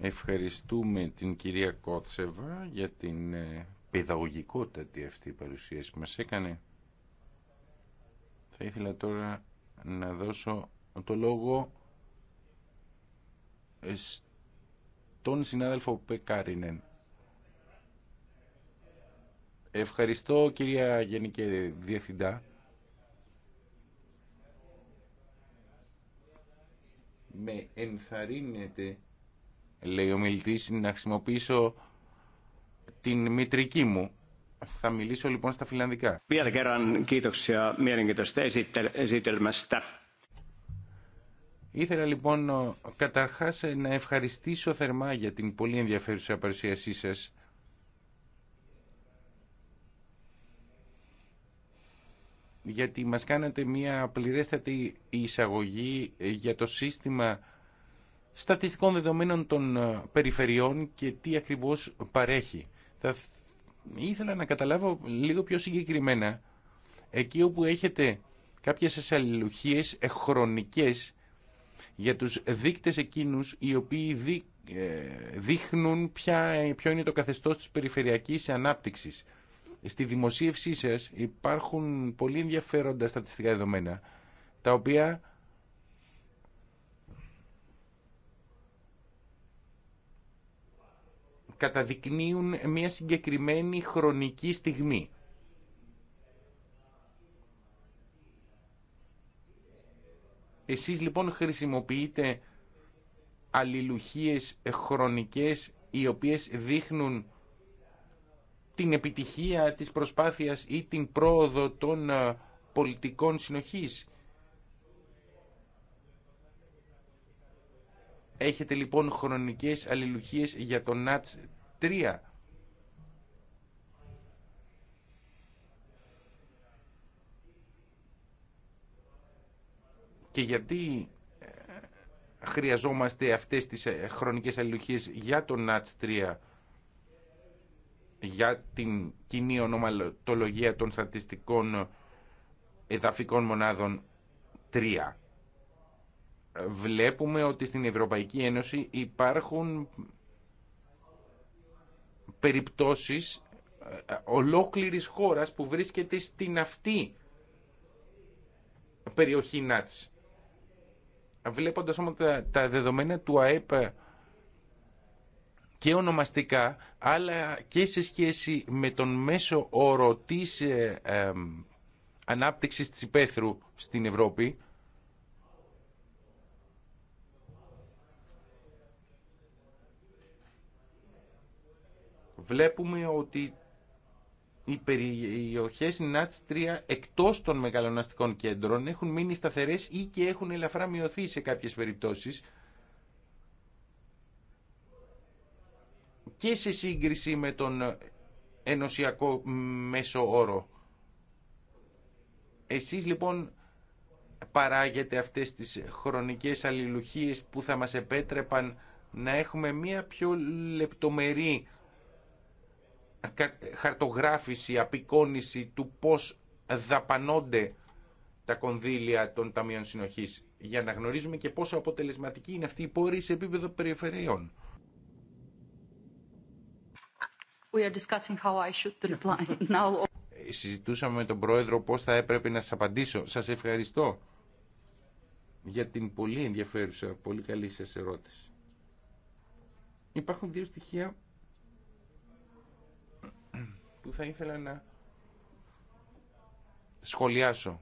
Ευχαριστούμε την κυρία Κότσεβα για την ε, παιδαγωγικότατη αυτή η παρουσίαση που μας έκανε. Θα ήθελα τώρα να δώσω το λόγο στον συνάδελφο Πεκάρινεν. Ευχαριστώ κυρία Γενική Διευθυντά. Με ενθαρρύνεται, λέει ο μιλητής, να χρησιμοποιήσω την μητρική μου. Θα μιλήσω λοιπόν στα φιλανδικά. Ήθελα λοιπόν καταρχάς να ευχαριστήσω θερμά για την πολύ ενδιαφέρουσα παρουσίασή σας. γιατί μας κάνατε μια πληρέστατη εισαγωγή ε, για το σύστημα στατιστικών δεδομένων των ε, περιφερειών και τι ακριβώς παρέχει. Θα ήθελα να καταλάβω λίγο πιο συγκεκριμένα εκεί όπου έχετε κάποιες εσαλληλουχίες χρονικές για τους δείκτες εκείνους οι οποίοι ε, δείχνουν ποια, ποιο είναι το καθεστώς της περιφερειακής ανάπτυξης. Στη δημοσίευσή σας υπάρχουν πολύ ενδιαφέροντα στατιστικά δεδομένα, τα οποία καταδεικνύουν μια συγκεκριμένη χρονική στιγμή. Εσείς λοιπόν χρησιμοποιείτε αλληλουχίες χρονικές οι οποίες δείχνουν την επιτυχία της προσπάθειας ή την πρόοδο των ε, πολιτικών συνοχής Έχετε λοιπόν χρονικές αλληλουχίες για το ΝΑΤΣ 3. Και γιατί ε, χρειαζόμαστε αυτές τις ε, χρονικές αλληλουχίες για το ΝΑΤΣ 3 για την κοινή ονοματολογία των στατιστικών εδαφικών μονάδων 3 βλέπουμε ότι στην Ευρωπαϊκή Ένωση υπάρχουν περιπτώσεις ε, ολόκληρης χώρας που βρίσκεται στην αυτή περιοχή ΝΑΤΣ. Βλέποντας όμως τα, δεδομένα του ΑΕΠ και ονομαστικά, αλλά και σε σχέση με τον μέσο όρο της ε, ε, ανάπτυξης της υπαίθρου στην Ευρώπη, βλέπουμε ότι οι περιοχές ΝΑΤΣ 3 εκτός των μεγαλοναστικών κέντρων έχουν μείνει σταθερές ή και έχουν ελαφρά μειωθεί σε κάποιες περιπτώσεις και σε σύγκριση με τον ενωσιακό μέσο όρο. Εσείς λοιπόν παράγετε αυτές τις χρονικές αλληλουχίες που θα μας επέτρεπαν να έχουμε μία πιο λεπτομερή χαρτογράφηση, απεικόνηση του πώς δαπανώνται τα κονδύλια των Ταμείων Συνοχής για να γνωρίζουμε και πόσο αποτελεσματική είναι αυτή η πόρη σε επίπεδο περιφερειών. We are discussing how I should [LAUGHS] now. Ε, συζητούσαμε με τον Πρόεδρο πώς θα έπρεπε να σας απαντήσω. Σας ευχαριστώ για την πολύ ενδιαφέρουσα, πολύ καλή σας ερώτηση. Υπάρχουν δύο στοιχεία που θα ήθελα να σχολιάσω.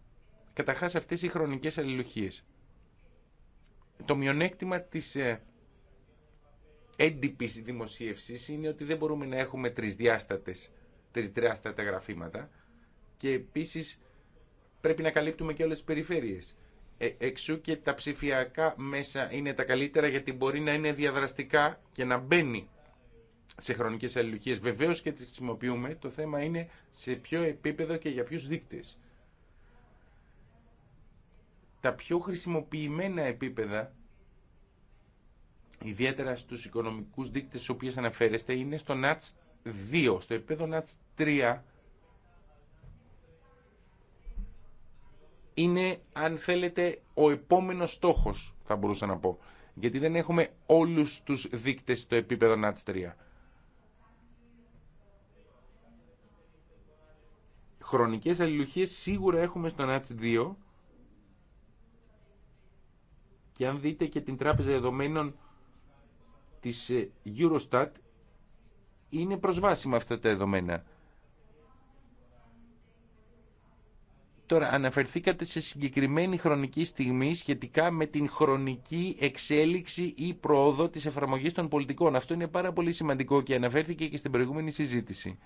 Καταρχάς αυτές οι χρονικές αλληλουχίες. Το μειονέκτημα της ε, έντυπης δημοσίευσης είναι ότι δεν μπορούμε να έχουμε τρισδιάστατες, τρισδιάστατα γραφήματα και επίσης πρέπει να καλύπτουμε και όλες τις περιφέρειες. Ε, εξού και τα ψηφιακά μέσα είναι τα καλύτερα γιατί μπορεί να είναι διαδραστικά και να μπαίνει σε χρονικέ αλληλουχίε. βεβαίω και τι χρησιμοποιούμε. Το θέμα είναι σε ποιο επίπεδο και για ποιου δείκτε. Τα πιο χρησιμοποιημένα επίπεδα, ιδιαίτερα στου οικονομικού δείκτε στου οποίου αναφέρεστε, είναι στο ΝΑΤΣ 2. Στο επίπεδο ΝΑΤΣ 3 είναι, αν θέλετε, ο επόμενος στόχος, θα μπορούσα να πω. Γιατί δεν έχουμε όλους τους δείκτες στο επίπεδο ΝΑΤΣ 3. χρονικές αλληλουχίες σίγουρα έχουμε στον ΝΑΤΣ 2 και αν δείτε και την τράπεζα δεδομένων της ε, Eurostat είναι προσβάσιμα αυτά τα δεδομένα. Τώρα αναφερθήκατε σε συγκεκριμένη χρονική στιγμή σχετικά με την χρονική εξέλιξη ή πρόοδο της εφαρμογής των πολιτικών. Αυτό είναι πάρα πολύ σημαντικό και αναφέρθηκε και στην προηγούμενη συζήτηση.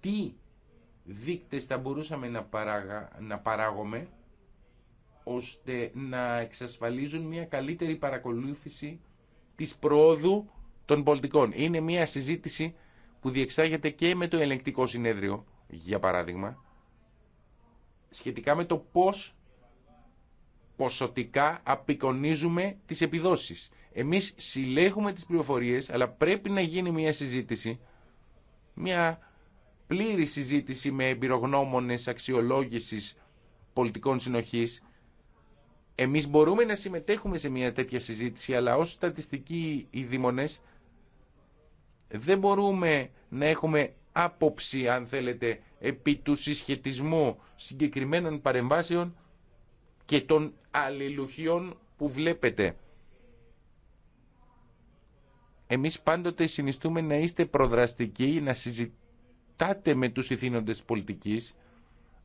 τι δείκτες θα μπορούσαμε να, παράγα, να παράγουμε ώστε να εξασφαλίζουν μια καλύτερη παρακολούθηση της προόδου των πολιτικών. Είναι μια συζήτηση που διεξάγεται και με το ελεγκτικό συνέδριο, για παράδειγμα, σχετικά με το πώς ποσοτικά απεικονίζουμε τις επιδόσεις. Εμείς συλλέγουμε τις πληροφορίες, αλλά πρέπει να γίνει μια συζήτηση, μια πλήρη συζήτηση με εμπειρογνώμονες αξιολόγησης πολιτικών συνοχής. Εμείς μπορούμε να συμμετέχουμε σε μια τέτοια συζήτηση, αλλά ως στατιστικοί οι δεν μπορούμε να έχουμε άποψη, αν θέλετε, επί του συσχετισμού συγκεκριμένων παρεμβάσεων και των αλληλουχιών που βλέπετε. Εμείς πάντοτε συνιστούμε να είστε προδραστικοί, να συζητήσετε συζητάτε με τους ηθήνοντες πολιτικής,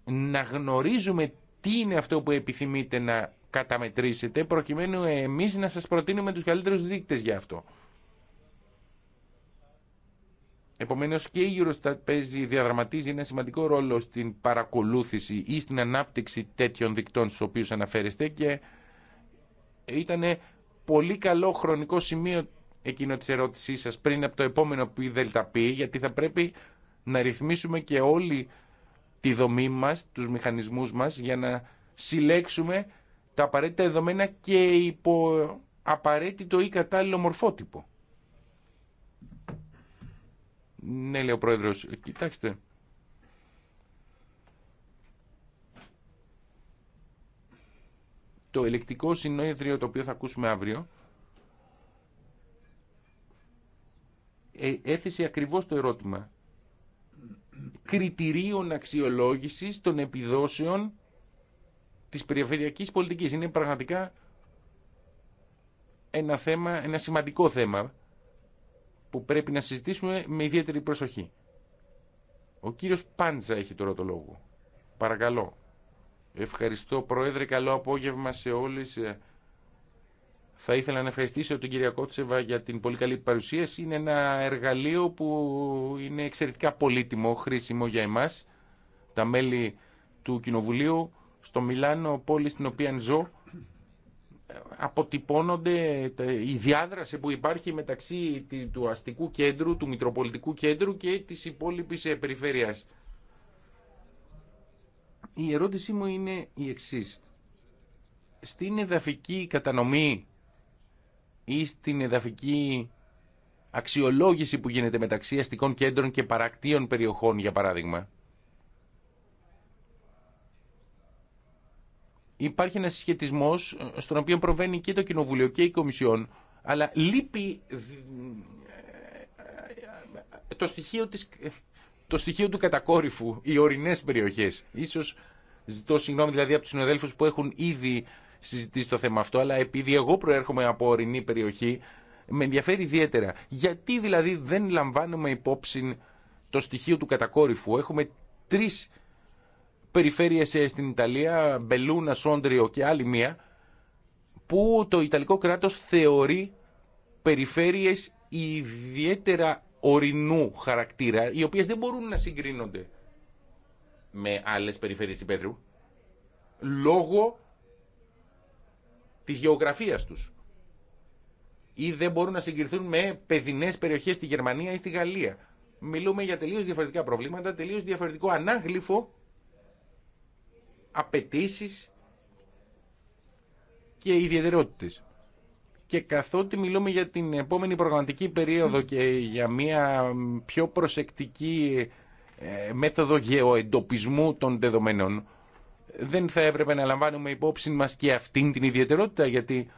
να γνωρίζουμε τι είναι αυτό που επιθυμείτε να καταμετρήσετε, προκειμένου εμείς να σας προτείνουμε τους καλύτερους δείκτες για αυτό. Επομένως και η Eurostat παίζει, διαδραματίζει ένα σημαντικό ρόλο στην παρακολούθηση ή στην ανάπτυξη τέτοιων δικτών στους οποίους αναφέρεστε και ήταν πολύ καλό χρονικό σημείο εκείνο της ερώτησής σας πριν από το επόμενο ΔΕΛΤΑΠΗ γιατί θα πρέπει να ρυθμίσουμε και όλη τη δομή μας, τους μηχανισμούς μας για να συλλέξουμε τα απαραίτητα εδωμένα και υπό απαραίτητο ή κατάλληλο μορφότυπο. Ναι, λέει ο Πρόεδρος, κοιτάξτε. Το ελεκτικό συνόδριο το οποίο θα ακούσουμε αύριο ε, έθεσε ακριβώς το ερώτημα κριτηρίων αξιολόγησης των επιδόσεων της περιφερειακής πολιτικής. Είναι πραγματικά ένα, θέμα, ένα σημαντικό θέμα που πρέπει να συζητήσουμε με ιδιαίτερη προσοχή. Ο κύριος Πάντζα έχει τώρα το λόγο. Παρακαλώ. Ευχαριστώ Πρόεδρε, καλό απόγευμα σε όλες ε, θα ήθελα να ευχαριστήσω τον κυρία Κότσεβα για την πολύ καλή παρουσίαση. Είναι ένα εργαλείο που είναι εξαιρετικά πολύτιμο, χρήσιμο για εμάς, τα μέλη του Κοινοβουλίου, στο Μιλάνο, πόλη στην οποία ζω, αποτυπώνονται η διάδραση που υπάρχει μεταξύ του αστικού κέντρου, του Μητροπολιτικού κέντρου και της υπόλοιπης ε, περιφέρειας. Η ερώτησή μου είναι η εξής. Στην εδαφική κατανομή ή στην εδαφική αξιολόγηση που γίνεται μεταξύ αστικών κέντρων και παρακτήων περιοχών, για παράδειγμα. Υπάρχει ένας σχετισμός ε, στον οποίο προβαίνει και το Κοινοβουλίο και η Κομισιόν, αλλά λείπει ε, ε, το στοιχείο, της, το στοιχείο του κατακόρυφου, οι ορεινές περιοχές. Ίσως ζητώ συγγνώμη δηλαδή από τους συνοδέλφους που έχουν ήδη συζητήσει το θέμα αυτό, αλλά επειδή εγώ προέρχομαι από ορεινή περιοχή, με ενδιαφέρει ιδιαίτερα. Γιατί δηλαδή δεν λαμβάνουμε υπόψη το στοιχείο του κατακόρυφου. Έχουμε τρεις περιφέρειες ε, στην Ιταλία, Μπελούνα, Σόντριο και άλλη μία, που το Ιταλικό κράτος θεωρεί περιφέρειες ιδιαίτερα ορεινού χαρακτήρα, οι οποίε δεν μπορούν να συγκρίνονται με άλλες περιφέρειες υπαίθρου, λόγω της γεωγραφίας τους ή δεν μπορούν να συγκριθούν με παιδινές περιοχές στη Γερμανία ή στη Γαλλία. Μιλούμε για τελείως διαφορετικά προβλήματα, τελείως διαφορετικό ανάγλυφο απαιτήσει και ιδιαιτερότητες. Και καθότι μιλούμε για την επόμενη προγραμματική περίοδο και για μια πιο προσεκτική ε, μέθοδο γεωεντοπισμού των δεδομένων, δεν θα έπρεπε να λαμβάνουμε υπόψη μας και αυτήν την ιδιαιτερότητα γιατί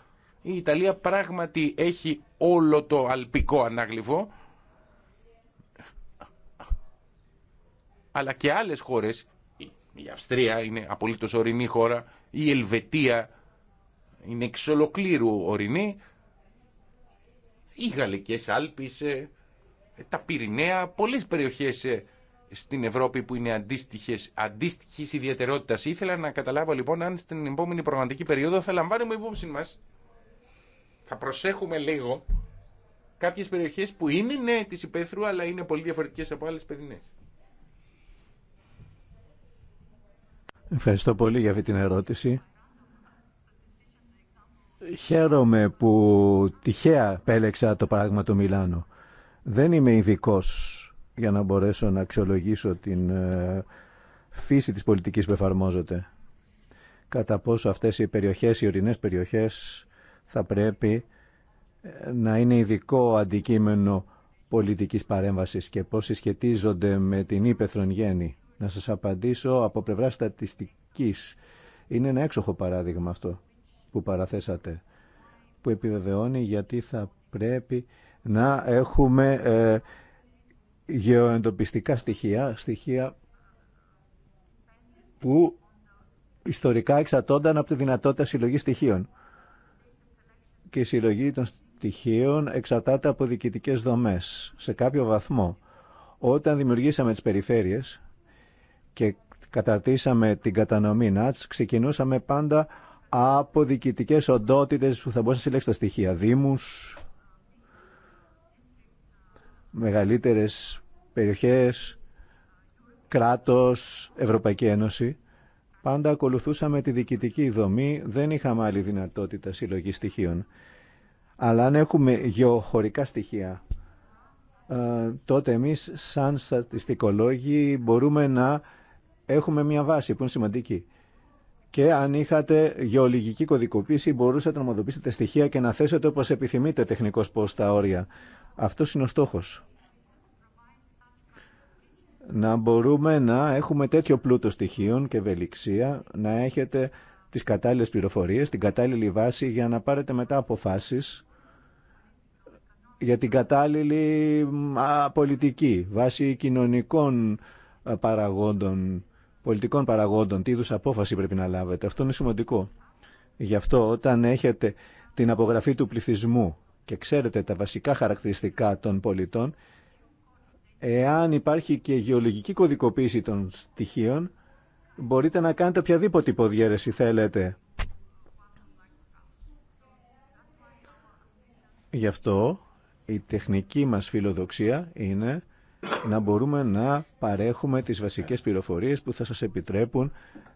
η Ιταλία πράγματι έχει όλο το αλπικό ανάγλυφο αλλά και άλλες χώρες η Αυστρία είναι απολύτως ορεινή χώρα η Ελβετία είναι εξ ολοκλήρου ορεινή οι Γαλλικές Άλπεις ε, τα Πυρηναία πολλές περιοχές ε, στην Ευρώπη που είναι αντίστοιχες, αντίστοιχης ιδιαιτερότητας. Ήθελα να καταλάβω λοιπόν αν στην επόμενη προγραμματική περίοδο θα λαμβάνουμε υπόψη μας, θα προσέχουμε λίγο κάποιες περιοχές που είναι ναι της υπαίθρου αλλά είναι πολύ διαφορετικές από άλλες παιδινές. Ευχαριστώ πολύ για αυτή την ερώτηση. Χαίρομαι που τυχαία πέλεξα το παράδειγμα του Μιλάνου. Δεν είμαι ειδικό για να μπορέσω να αξιολογήσω την ε, φύση της πολιτικής που εφαρμόζεται. Κατά πόσο αυτές οι περιοχές, οι ορεινές περιοχές, θα πρέπει ε, να είναι ειδικό αντικείμενο πολιτικής παρέμβασης και πώς συσχετίζονται με την ύπεθρον γέννη. Να σας απαντήσω από πλευρά στατιστικής. Είναι ένα έξοχο παράδειγμα αυτό που παραθέσατε, που επιβεβαιώνει γιατί θα πρέπει να έχουμε ε, γεωεντοπιστικά στοιχεία, στοιχεία που ιστορικά εξατώνταν από τη δυνατότητα συλλογής στοιχείων. Και η συλλογή των στοιχείων εξαρτάται από διοικητικές δομές, σε κάποιο βαθμό. Όταν δημιουργήσαμε τις περιφέρειες και καταρτήσαμε την κατανομή ΝΑΤΣ, ξεκινούσαμε πάντα από διοικητικές οντότητες που θα μπορούσαν να συλλέξουν τα στοιχεία. Δήμους, μεγαλύτερες περιοχές, κράτος, Ευρωπαϊκή Ένωση. Πάντα ακολουθούσαμε τη διοικητική δομή, δεν είχαμε άλλη δυνατότητα συλλογή στοιχείων. Αλλά αν έχουμε γεωχωρικά στοιχεία, ε, τότε εμείς σαν στατιστικολόγοι μπορούμε να έχουμε μια βάση που είναι σημαντική. Και αν είχατε γεωλογική κωδικοποίηση, μπορούσατε να ομοδοποιήσετε στοιχεία και να θέσετε όπως επιθυμείτε τεχνικώς πώς τα όρια. Αυτός είναι ο στόχος. Να μπορούμε να έχουμε τέτοιο πλούτο στοιχείων και ευελιξία, να έχετε τις κατάλληλες πληροφορίες, την κατάλληλη βάση για να πάρετε μετά αποφάσεις για την κατάλληλη πολιτική, βάση κοινωνικών ε, παραγόντων, πολιτικών παραγόντων, τι είδους απόφαση πρέπει να λάβετε. Αυτό είναι σημαντικό. Γι' αυτό όταν έχετε την απογραφή του πληθυσμού και ξέρετε τα βασικά χαρακτηριστικά των πολιτών, εάν υπάρχει και γεωλογική κωδικοποίηση των στοιχείων, μπορείτε να κάνετε οποιαδήποτε υποδιέρεση θέλετε. Γι' αυτό η τεχνική μας φιλοδοξία είναι να μπορούμε να παρέχουμε τις βασικές πληροφορίες που θα σας επιτρέπουν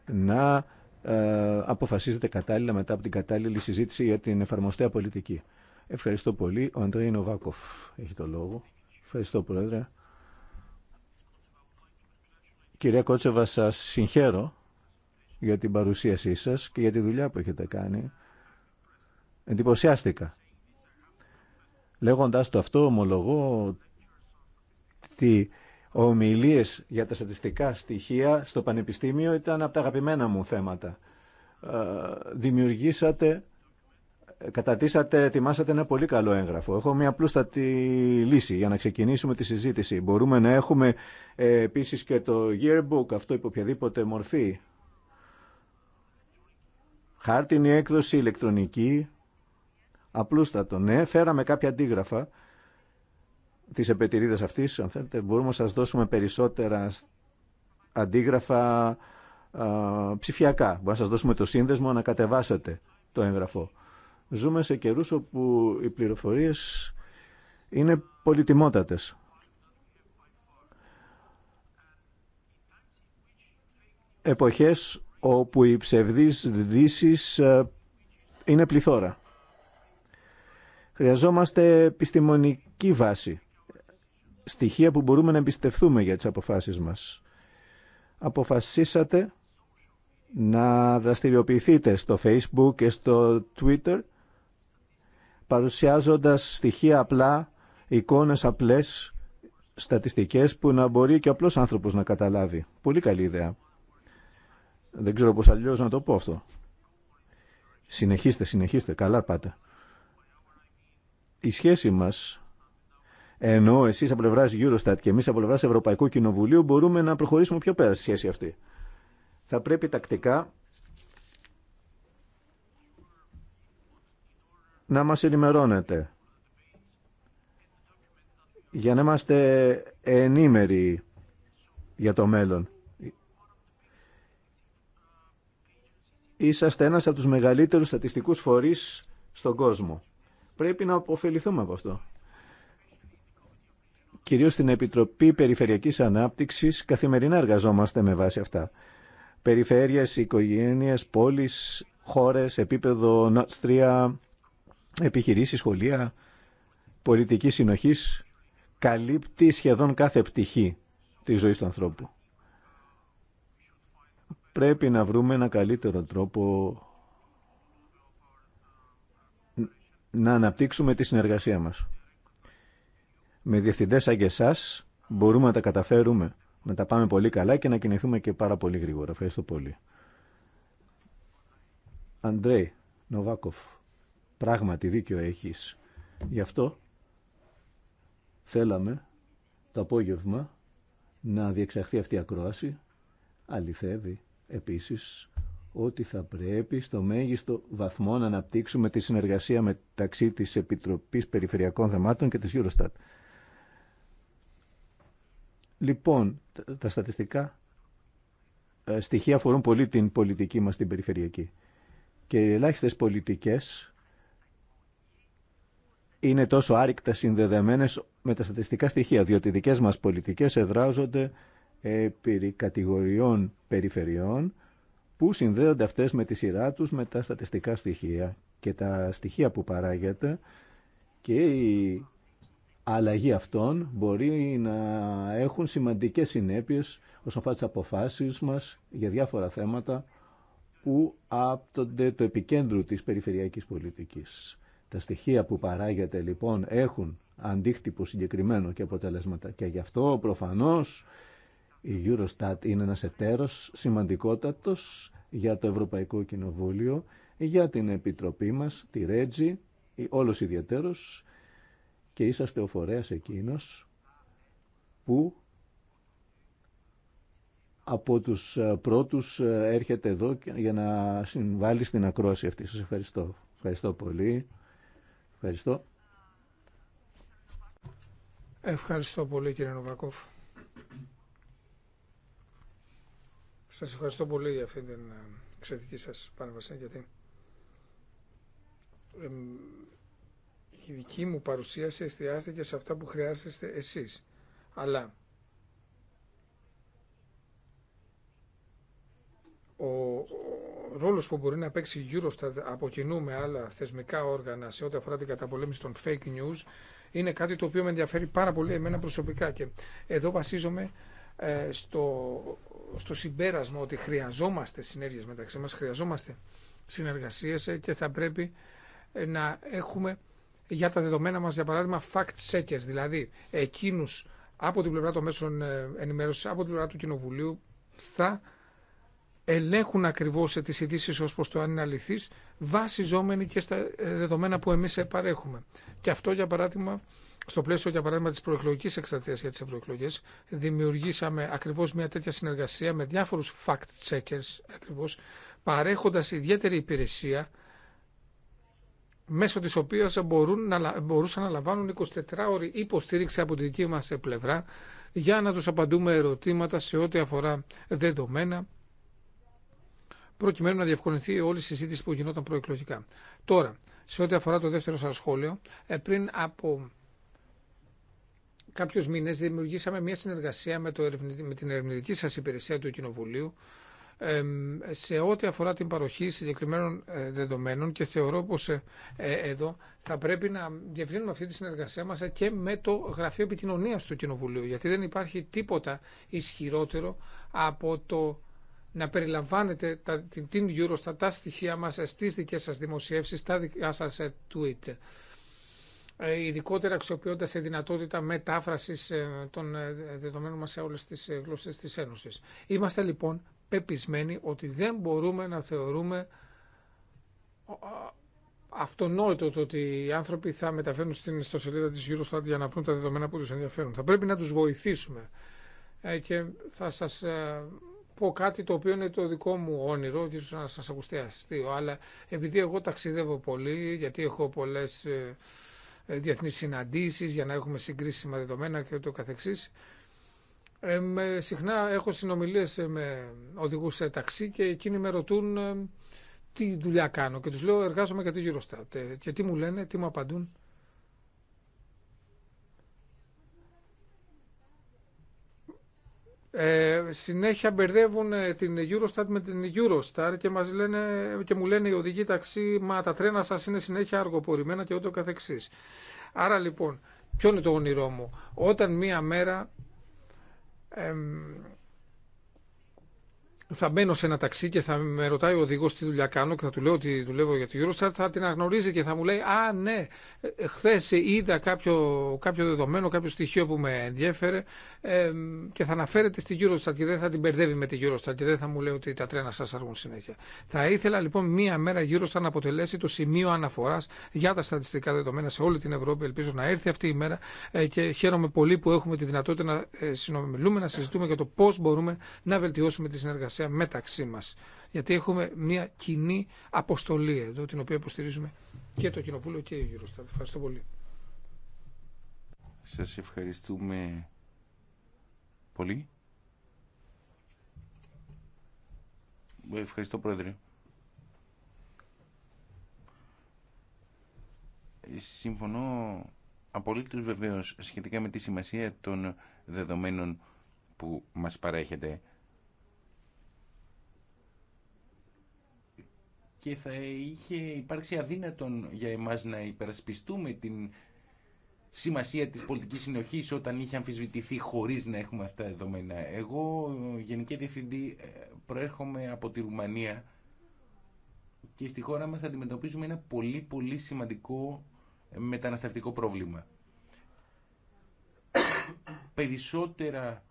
να ε, αποφασίζετε κατάλληλα μετά από την κατάλληλη συζήτηση για την εφαρμοστέα πολιτική. Ευχαριστώ πολύ. Ο Αντρέι Νοβάκοφ έχει το λόγο. Ευχαριστώ, Πρόεδρε. Κυρία Κότσεβα, σας συγχαίρω για την παρουσίασή σας και για τη δουλειά που έχετε κάνει. Εντυπωσιάστηκα. Λέγοντας το αυτό, ομολογώ ότι ομιλίες για τα στατιστικά στοιχεία στο Πανεπιστήμιο ήταν από τα αγαπημένα μου θέματα. Ε, δημιουργήσατε κατατίσατε, ετοιμάσατε ένα πολύ καλό έγγραφο. Έχω μια πλούστατη λύση για να ξεκινήσουμε τη συζήτηση. Μπορούμε να έχουμε ε, επίσης και το yearbook, αυτό υπό οποιαδήποτε μορφή. Χάρτινη έκδοση, ηλεκτρονική, απλούστατο. Ναι, φέραμε κάποια αντίγραφα της επετηρίδας αυτής. Αν θέλετε, μπορούμε να σας δώσουμε περισσότερα αντίγραφα ψηφιακά. Μπορούμε να σας δώσουμε το σύνδεσμο να κατεβάσετε το έγγραφο. Ζούμε σε καιρούς όπου οι πληροφορίες είναι πολυτιμότατες. Εποχές όπου οι ψευδείς δύσεις ε, είναι πληθώρα. Χρειαζόμαστε επιστημονική βάση, στοιχεία που μπορούμε να εμπιστευτούμε για τις αποφάσεις μας. Αποφασίσατε να δραστηριοποιηθείτε στο Facebook και στο Twitter παρουσιάζοντας στοιχεία απλά, εικόνες απλές, στατιστικές που να μπορεί και ο απλός άνθρωπος να καταλάβει. Πολύ καλή ιδέα. Δεν ξέρω πώς αλλιώς να το πω αυτό. Συνεχίστε, συνεχίστε, καλά πάτε. Η σχέση μας, ενώ εσείς από πλευρά Eurostat και εμείς από πλευρά Ευρωπαϊκού Κοινοβουλίου μπορούμε να προχωρήσουμε πιο πέρα στη σχέση αυτή. Θα πρέπει τακτικά να μας ενημερώνετε για να είμαστε ενήμεροι για το μέλλον. Είσαστε ένας από τους μεγαλύτερους στατιστικούς φορείς στον κόσμο. Πρέπει να αποφεληθούμε από αυτό. Κυρίως στην Επιτροπή Περιφερειακής Ανάπτυξης καθημερινά εργαζόμαστε με βάση αυτά. Περιφέρειες, οικογένειες, πόλεις, χώρες, επίπεδο Νότστρια, Επιχειρήσει, σχολεία, πολιτική συνοχής, καλύπτει σχεδόν κάθε πτυχή της ζωή του ανθρώπου. Πρέπει να βρούμε ένα καλύτερο τρόπο να αναπτύξουμε τη συνεργασία μας. Με διευθυντές σαν και εσάς μπορούμε να τα καταφέρουμε, να τα πάμε πολύ καλά και να κινηθούμε και πάρα πολύ γρήγορα. Ευχαριστώ πολύ. Αντρέι Νοβάκοφ. Πράγματι δίκιο έχεις. Γι' αυτό θέλαμε το απόγευμα να διεξαχθεί αυτή η ακρόαση. Αληθεύει επίσης ότι θα πρέπει στο μέγιστο βαθμό να αναπτύξουμε τη συνεργασία μεταξύ της Επιτροπής Περιφερειακών Θεμάτων και της Eurostat. Λοιπόν, τα στατιστικά ε, στοιχεία αφορούν πολύ την πολιτική μας την περιφερειακή. Και οι ελάχιστες πολιτικές είναι τόσο άρρηκτα συνδεδεμένες με τα στατιστικά στοιχεία, διότι οι δικές μας πολιτικές εδράζονται επί κατηγοριών περιφερειών που συνδέονται αυτές με τη σειρά τους με τα στατιστικά στοιχεία και τα στοιχεία που παράγεται και η αλλαγή αυτών μπορεί να έχουν σημαντικές συνέπειες ως αφορά τις αποφάσεις μας για διάφορα θέματα που άπτονται το επικέντρο της περιφερειακής πολιτικής. Τα στοιχεία που παράγεται λοιπόν έχουν αντίκτυπο συγκεκριμένο και αποτελέσματα. Και γι' αυτό προφανώς η Eurostat είναι ένας εταίρος σημαντικότατος για το Ευρωπαϊκό Κοινοβούλιο, για την Επιτροπή μας, τη Ρέτζη, όλος ιδιαίτερος και είσαστε ο φορέας εκείνος που από τους ε, πρώτους ε, έρχεται εδώ για να συμβάλλει στην ακρόαση αυτή. Σας ευχαριστώ. Ευχαριστώ πολύ. Ευχαριστώ. Ευχαριστώ πολύ κύριε Νοβακόφ. Σας ευχαριστώ πολύ για αυτή την ε, εξαιρετική σας πανεβασία γιατί η δική μου παρουσίαση εστιάστηκε σε αυτά που χρειάζεστε εσείς. Αλλά ο, ρόλος που μπορεί να παίξει η Eurostat από κοινού με άλλα θεσμικά όργανα σε ό,τι αφορά την καταπολέμηση των fake news είναι κάτι το οποίο με ενδιαφέρει πάρα πολύ εμένα προσωπικά και εδώ βασίζομαι ε, στο, στο συμπέρασμα ότι χρειαζόμαστε συνέργειες μεταξύ μας, χρειαζόμαστε συνεργασίες ε, και θα πρέπει ε, να έχουμε για τα δεδομένα μας, για παράδειγμα, fact-checkers, δηλαδή εκείνους από την πλευρά των μέσων ενημέρωσης, από την πλευρά του Κοινοβουλίου, θα ελέγχουν ακριβώς τι ειδήσει ω προ το αν είναι αληθή, βασιζόμενοι και στα ε, δεδομένα που εμεί παρέχουμε. Και αυτό, για παράδειγμα, στο πλαίσιο, για παράδειγμα, τη προεκλογική εκστρατεία για τι ευρωεκλογέ, δημιουργήσαμε ακριβώ μια τέτοια συνεργασία με διάφορου fact-checkers, ακριβώ, παρέχοντα ιδιαίτερη υπηρεσία, μέσω της οποίας μπορούσαν να λαμβάνουν 24 ώρες υποστήριξη από τη δική μας πλευρά για να τους απαντούμε ερωτήματα σε ό,τι αφορά δεδομένα προκειμένου να διευκολυνθεί όλη η συζήτηση που γινόταν προεκλογικά. Τώρα, σε ό,τι αφορά το δεύτερο σα σχόλιο, ε, πριν από κάποιους μήνες δημιουργήσαμε μια συνεργασία με, το, με την ερευνητική σας υπηρεσία του Κοινοβουλίου σε ό,τι αφορά την παροχή συγκεκριμένων ε, δεδομένων και θεωρώ πως ε, εδώ θα πρέπει να διευθύνουμε αυτή τη συνεργασία μας και με το Γραφείο Επικοινωνίας του Κοινοβουλίου γιατί δεν υπάρχει τίποτα ισχυρότερο από το να περιλαμβάνετε τα, την, Eurostat, τα στοιχεία μας στις δικές σας δημοσιεύσεις, στα δικά σας ε, tweet. Ε, ειδικότερα αξιοποιώντα τη δυνατότητα μετάφραση ε, των δεδομένων μα σε όλε τι γλώσσε τη Ένωση. Είμαστε λοιπόν πεπισμένοι ότι δεν μπορούμε να θεωρούμε αυτονόητο το ότι οι άνθρωποι θα μεταφέρουν στην ιστοσελίδα τη Eurostat για να βρουν τα δεδομένα που του ενδιαφέρουν. Θα πρέπει να του βοηθήσουμε και θα σας πω κάτι το οποίο είναι το δικό μου όνειρο και ίσως να σας ακουστεί αστείο, αλλά επειδή εγώ ταξιδεύω πολύ, γιατί έχω πολλές ε, ε, διεθνείς συναντήσεις για να έχουμε συγκρίσιμα δεδομένα και ούτω καθεξής, ε, συχνά έχω συνομιλίες ε, με οδηγούς σε ταξί και εκείνοι με ρωτούν τι δουλειά κάνω και τους λέω εργάζομαι για γύρω Eurostat και τι μου λένε, τι μου απαντούν Ε, συνέχεια μπερδεύουν ε, την Eurostat με την Eurostar και, μας λένε, και μου λένε οι οδηγοί ταξί, μα τα τρένα σας είναι συνέχεια αργοπορημένα και ούτω καθεξής. Άρα λοιπόν, ποιο είναι το όνειρό μου. Όταν μία μέρα θα μπαίνω σε ένα ταξί και θα με ρωτάει ο οδηγό τι δουλειά κάνω και θα του λέω ότι δουλεύω για την Eurostat, θα την αγνωρίζει και θα μου λέει Α, ναι, ε, χθε είδα κάποιο, κάποιο δεδομένο, κάποιο στοιχείο που με ενδιέφερε ε, και θα αναφέρεται στην Eurostat και δεν θα την μπερδεύει με την Eurostat και δεν θα μου λέει ότι τα τρένα σα αργούν συνέχεια. Θα ήθελα λοιπόν μία μέρα η Eurostat να αποτελέσει το σημείο αναφορά για τα στατιστικά δεδομένα σε όλη την Ευρώπη. Ελπίζω να έρθει αυτή η μέρα ε, και χαίρομαι πολύ που έχουμε τη δυνατότητα να ε, συνομιλούμε, να συζητούμε για το πώ μπορούμε να βελτιώσουμε τη συνεργασία μεταξύ μα Γιατί έχουμε μια κοινή αποστολή εδώ, την οποία υποστηρίζουμε και το Κοινοβούλιο και η Eurostat. Ευχαριστώ πολύ. Σα ευχαριστούμε πολύ. Ευχαριστώ, Πρόεδρε. Ε, συμφωνώ απολύτως βεβαίως σχετικά με τη σημασία των δεδομένων που μας παρέχεται. και θα είχε υπάρξει αδύνατον για εμάς να υπερασπιστούμε την σημασία της πολιτικής συνοχής όταν είχε αμφισβητηθεί χωρίς να έχουμε αυτά τα δεδομένα. Εγώ, Γενική Διευθυντή, ε, προέρχομαι από τη Ρουμανία και στη χώρα μας αντιμετωπίζουμε ένα πολύ πολύ σημαντικό ε, μεταναστευτικό πρόβλημα. [COUGHS] Περισσότερα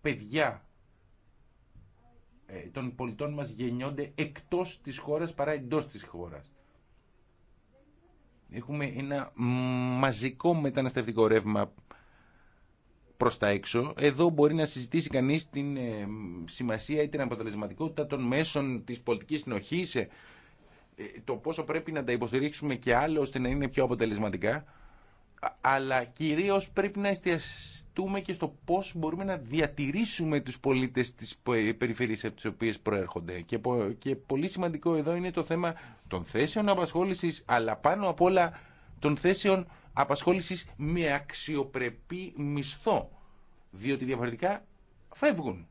παιδιά ε, των πολιτών μας γεννιόνται εκτός της χώρας παρά εντός της χώρας. Έχουμε ένα μαζικό μεταναστευτικό ρεύμα προς τα έξω. Εδώ μπορεί να συζητήσει κανείς την ε, σημασία ή την αποτελεσματικότητα των μέσων της πολιτικής συνοχής, ε, το πόσο πρέπει να τα υποστηρίξουμε και άλλο ώστε να είναι πιο αποτελεσματικά αλλά κυρίως πρέπει να εστιαστούμε και στο πώς μπορούμε να διατηρήσουμε τους πολίτες της περιφερειάς από τις οποίες προέρχονται. Και, πολύ σημαντικό εδώ είναι το θέμα των θέσεων απασχόλησης, αλλά πάνω απ' όλα των θέσεων απασχόλησης με αξιοπρεπή μισθό. Διότι διαφορετικά φεύγουν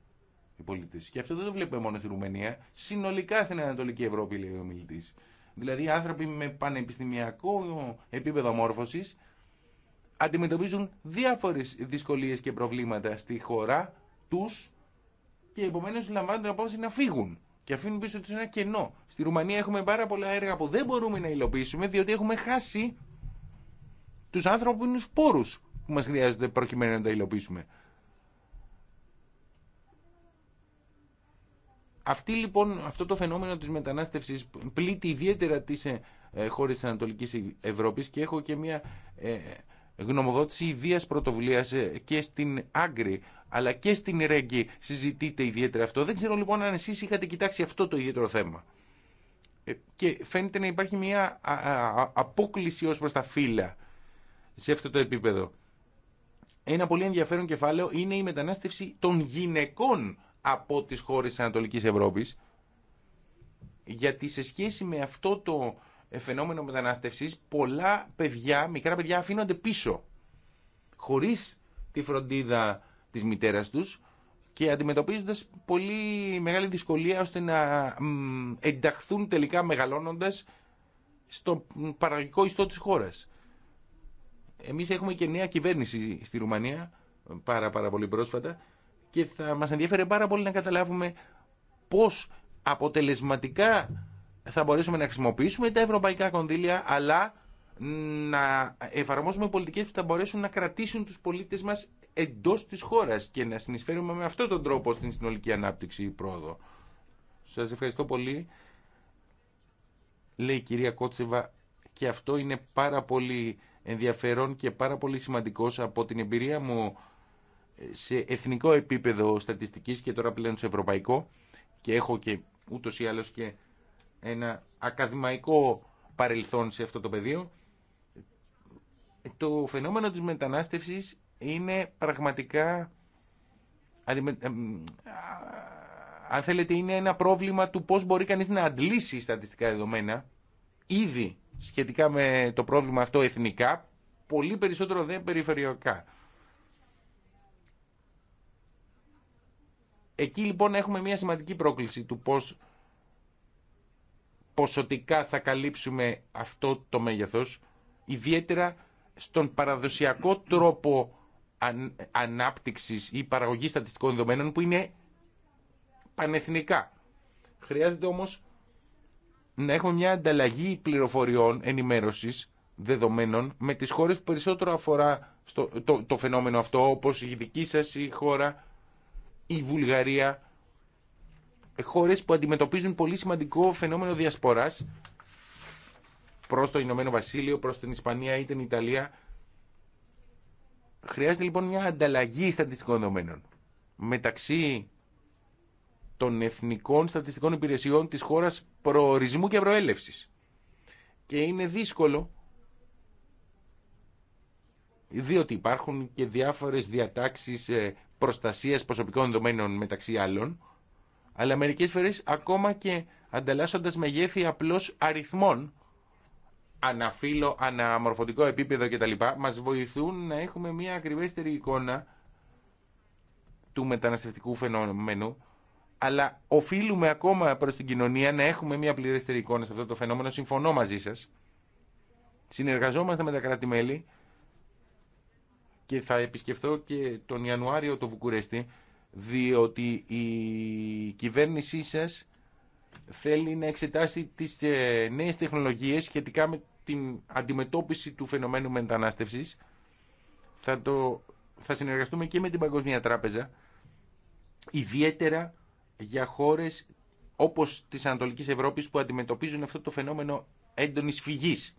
οι πολίτες. Και αυτό δεν το βλέπουμε μόνο στη Ρουμανία, συνολικά στην Ανατολική Ευρώπη λέει ο μιλητής. Δηλαδή άνθρωποι με πανεπιστημιακό επίπεδο μόρφωσης αντιμετωπίζουν διάφορες δυσκολίες και προβλήματα στη χώρα τους και επομένως λαμβάνουν την απόφαση να φύγουν και αφήνουν πίσω τους ένα κενό. Στη Ρουμανία έχουμε πάρα πολλά έργα που δεν μπορούμε να υλοποιήσουμε διότι έχουμε χάσει τους άνθρωπινους πόρους που μας χρειάζονται προκειμένου να τα υλοποιήσουμε. Αυτή λοιπόν, αυτό το φαινόμενο της μετανάστευσης πλήττει ιδιαίτερα τις ε, ε χώρες της Ανατολικής Ευρώπης και έχω και μια ε, γνωμοδότηση ιδίας πρωτοβουλία ε, και στην Άγκρη αλλά και στην Ρέγκη συζητείται ιδιαίτερα αυτό. Δεν ξέρω λοιπόν αν εσεί είχατε κοιτάξει αυτό το ιδιαίτερο θέμα. Ε, και φαίνεται να υπάρχει μια απόκληση ως προς τα φύλλα σε αυτό το επίπεδο. Ένα πολύ ενδιαφέρον κεφάλαιο είναι η μετανάστευση των γυναικών από τις χώρες της Ανατολικής Ευρώπης γιατί σε σχέση με αυτό το ε, φαινόμενο μετανάστευση πολλά παιδιά, μικρά παιδιά αφήνονται πίσω, χωρίς τη φροντίδα τη μητέρα τους και αντιμετωπίζοντα πολύ μεγάλη δυσκολία ώστε να ενταχθούν τελικά μεγαλώνοντα στο παραγωγικό ιστό της χώρας. Εμεί έχουμε και νέα κυβέρνηση στη Ρουμανία, πάρα, πάρα πολύ πρόσφατα, και θα μα ενδιαφέρει πάρα πολύ να καταλάβουμε πώ αποτελεσματικά θα μπορέσουμε να χρησιμοποιήσουμε τα ευρωπαϊκά κονδύλια, αλλά να εφαρμόσουμε πολιτικέ που θα μπορέσουν να κρατήσουν του πολίτε μα εντό τη χώρα και να συνεισφέρουμε με αυτόν τον τρόπο στην συνολική ανάπτυξη ή πρόοδο. Σας ευχαριστώ πολύ. Λέει η προοδο Σα ευχαριστω πολυ Κότσεβα και αυτό είναι πάρα πολύ ενδιαφέρον και πάρα πολύ σημαντικό από την εμπειρία μου σε εθνικό επίπεδο στατιστικής και τώρα πλέον σε ευρωπαϊκό και έχω και ούτως ή άλλως και ένα ακαδημαϊκό παρελθόν σε αυτό το πεδίο, το φαινόμενο της μετανάστευσης είναι πραγματικά, ε, αν θέλετε, είναι ένα πρόβλημα του πώς μπορεί κανείς να αντλήσει στατιστικά δεδομένα, ήδη σχετικά με το πρόβλημα αυτό εθνικά, πολύ περισσότερο δεν περιφερειακά. Εκεί λοιπόν έχουμε μια σημαντική πρόκληση του πώς ποσοτικά θα καλύψουμε αυτό το μέγεθος, ιδιαίτερα στον παραδοσιακό τρόπο ανάπτυξης ή παραγωγής στατιστικών δεδομένων που είναι πανεθνικά. Χρειάζεται όμως να έχουμε μια ανταλλαγή πληροφοριών, ενημέρωσης, δεδομένων με τις χώρες που περισσότερο αφορά το, φαινόμενο αυτό, όπως η δική σας η χώρα, η Βουλγαρία, χώρες που αντιμετωπίζουν πολύ σημαντικό φαινόμενο διασποράς προς το Ηνωμένο Βασίλειο, προς την Ισπανία ή την Ιταλία. Χρειάζεται λοιπόν μια ανταλλαγή στατιστικών δεδομένων μεταξύ των εθνικών στατιστικών υπηρεσιών της χώρας προορισμού και προέλευσης. Και είναι δύσκολο διότι υπάρχουν και διάφορες διατάξεις ε, προστασίας προσωπικών δεδομένων μεταξύ άλλων αλλά μερικές φορές ακόμα και ανταλλάσσοντας μεγέθη απλώς αριθμών, αναφύλλο, αναμορφωτικό επίπεδο κτλ. μας βοηθούν να έχουμε μια ακριβέστερη εικόνα του μεταναστευτικού φαινόμενου, αλλά οφείλουμε ακόμα προς την κοινωνία να έχουμε μια πληρέστερη εικόνα σε αυτό το φαινόμενο. Συμφωνώ μαζί σας. Συνεργαζόμαστε με τα κράτη-μέλη και θα επισκεφθώ και τον Ιανουάριο το Βουκουρέστι διότι η κυβέρνησή σας θέλει να εξετάσει τις ε, νέες τεχνολογίες σχετικά με την αντιμετώπιση του φαινομένου μετανάστευσης. Θα, το, θα συνεργαστούμε και με την Παγκοσμία Τράπεζα, ιδιαίτερα για χώρες όπως της Ανατολικής Ευρώπης που αντιμετωπίζουν αυτό το φαινόμενο έντονης φυγής.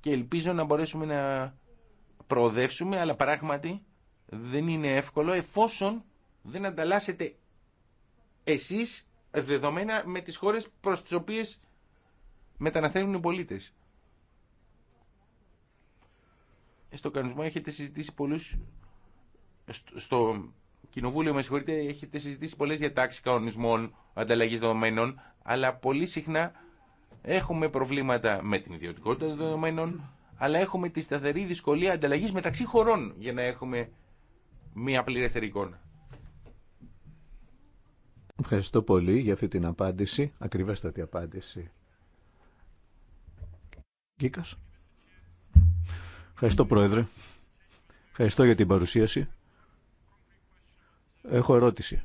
Και ελπίζω να μπορέσουμε να προοδεύσουμε, αλλά πράγματι δεν είναι εύκολο εφόσον δεν ανταλλάσσετε εσείς δεδομένα με τις χώρες προς τις οποίες μεταναστεύουν οι πολίτες. Στο κανονισμό έχετε συζητήσει πολλούς, στο κοινοβούλιο με συγχωρείτε, έχετε συζητήσει πολλές διατάξεις κανονισμών ανταλλαγής δεδομένων, αλλά πολύ συχνά έχουμε προβλήματα με την ιδιωτικότητα των δεδομένων, αλλά έχουμε τη σταθερή δυσκολία ανταλλαγής μεταξύ χωρών για να έχουμε μια πληρέστερη εικόνα. Ευχαριστώ πολύ για αυτή την απάντηση, ακριβέστατη απάντηση. Κίκας. Ευχαριστώ Πρόεδρε. Ευχαριστώ για την παρουσίαση. Έχω ερώτηση.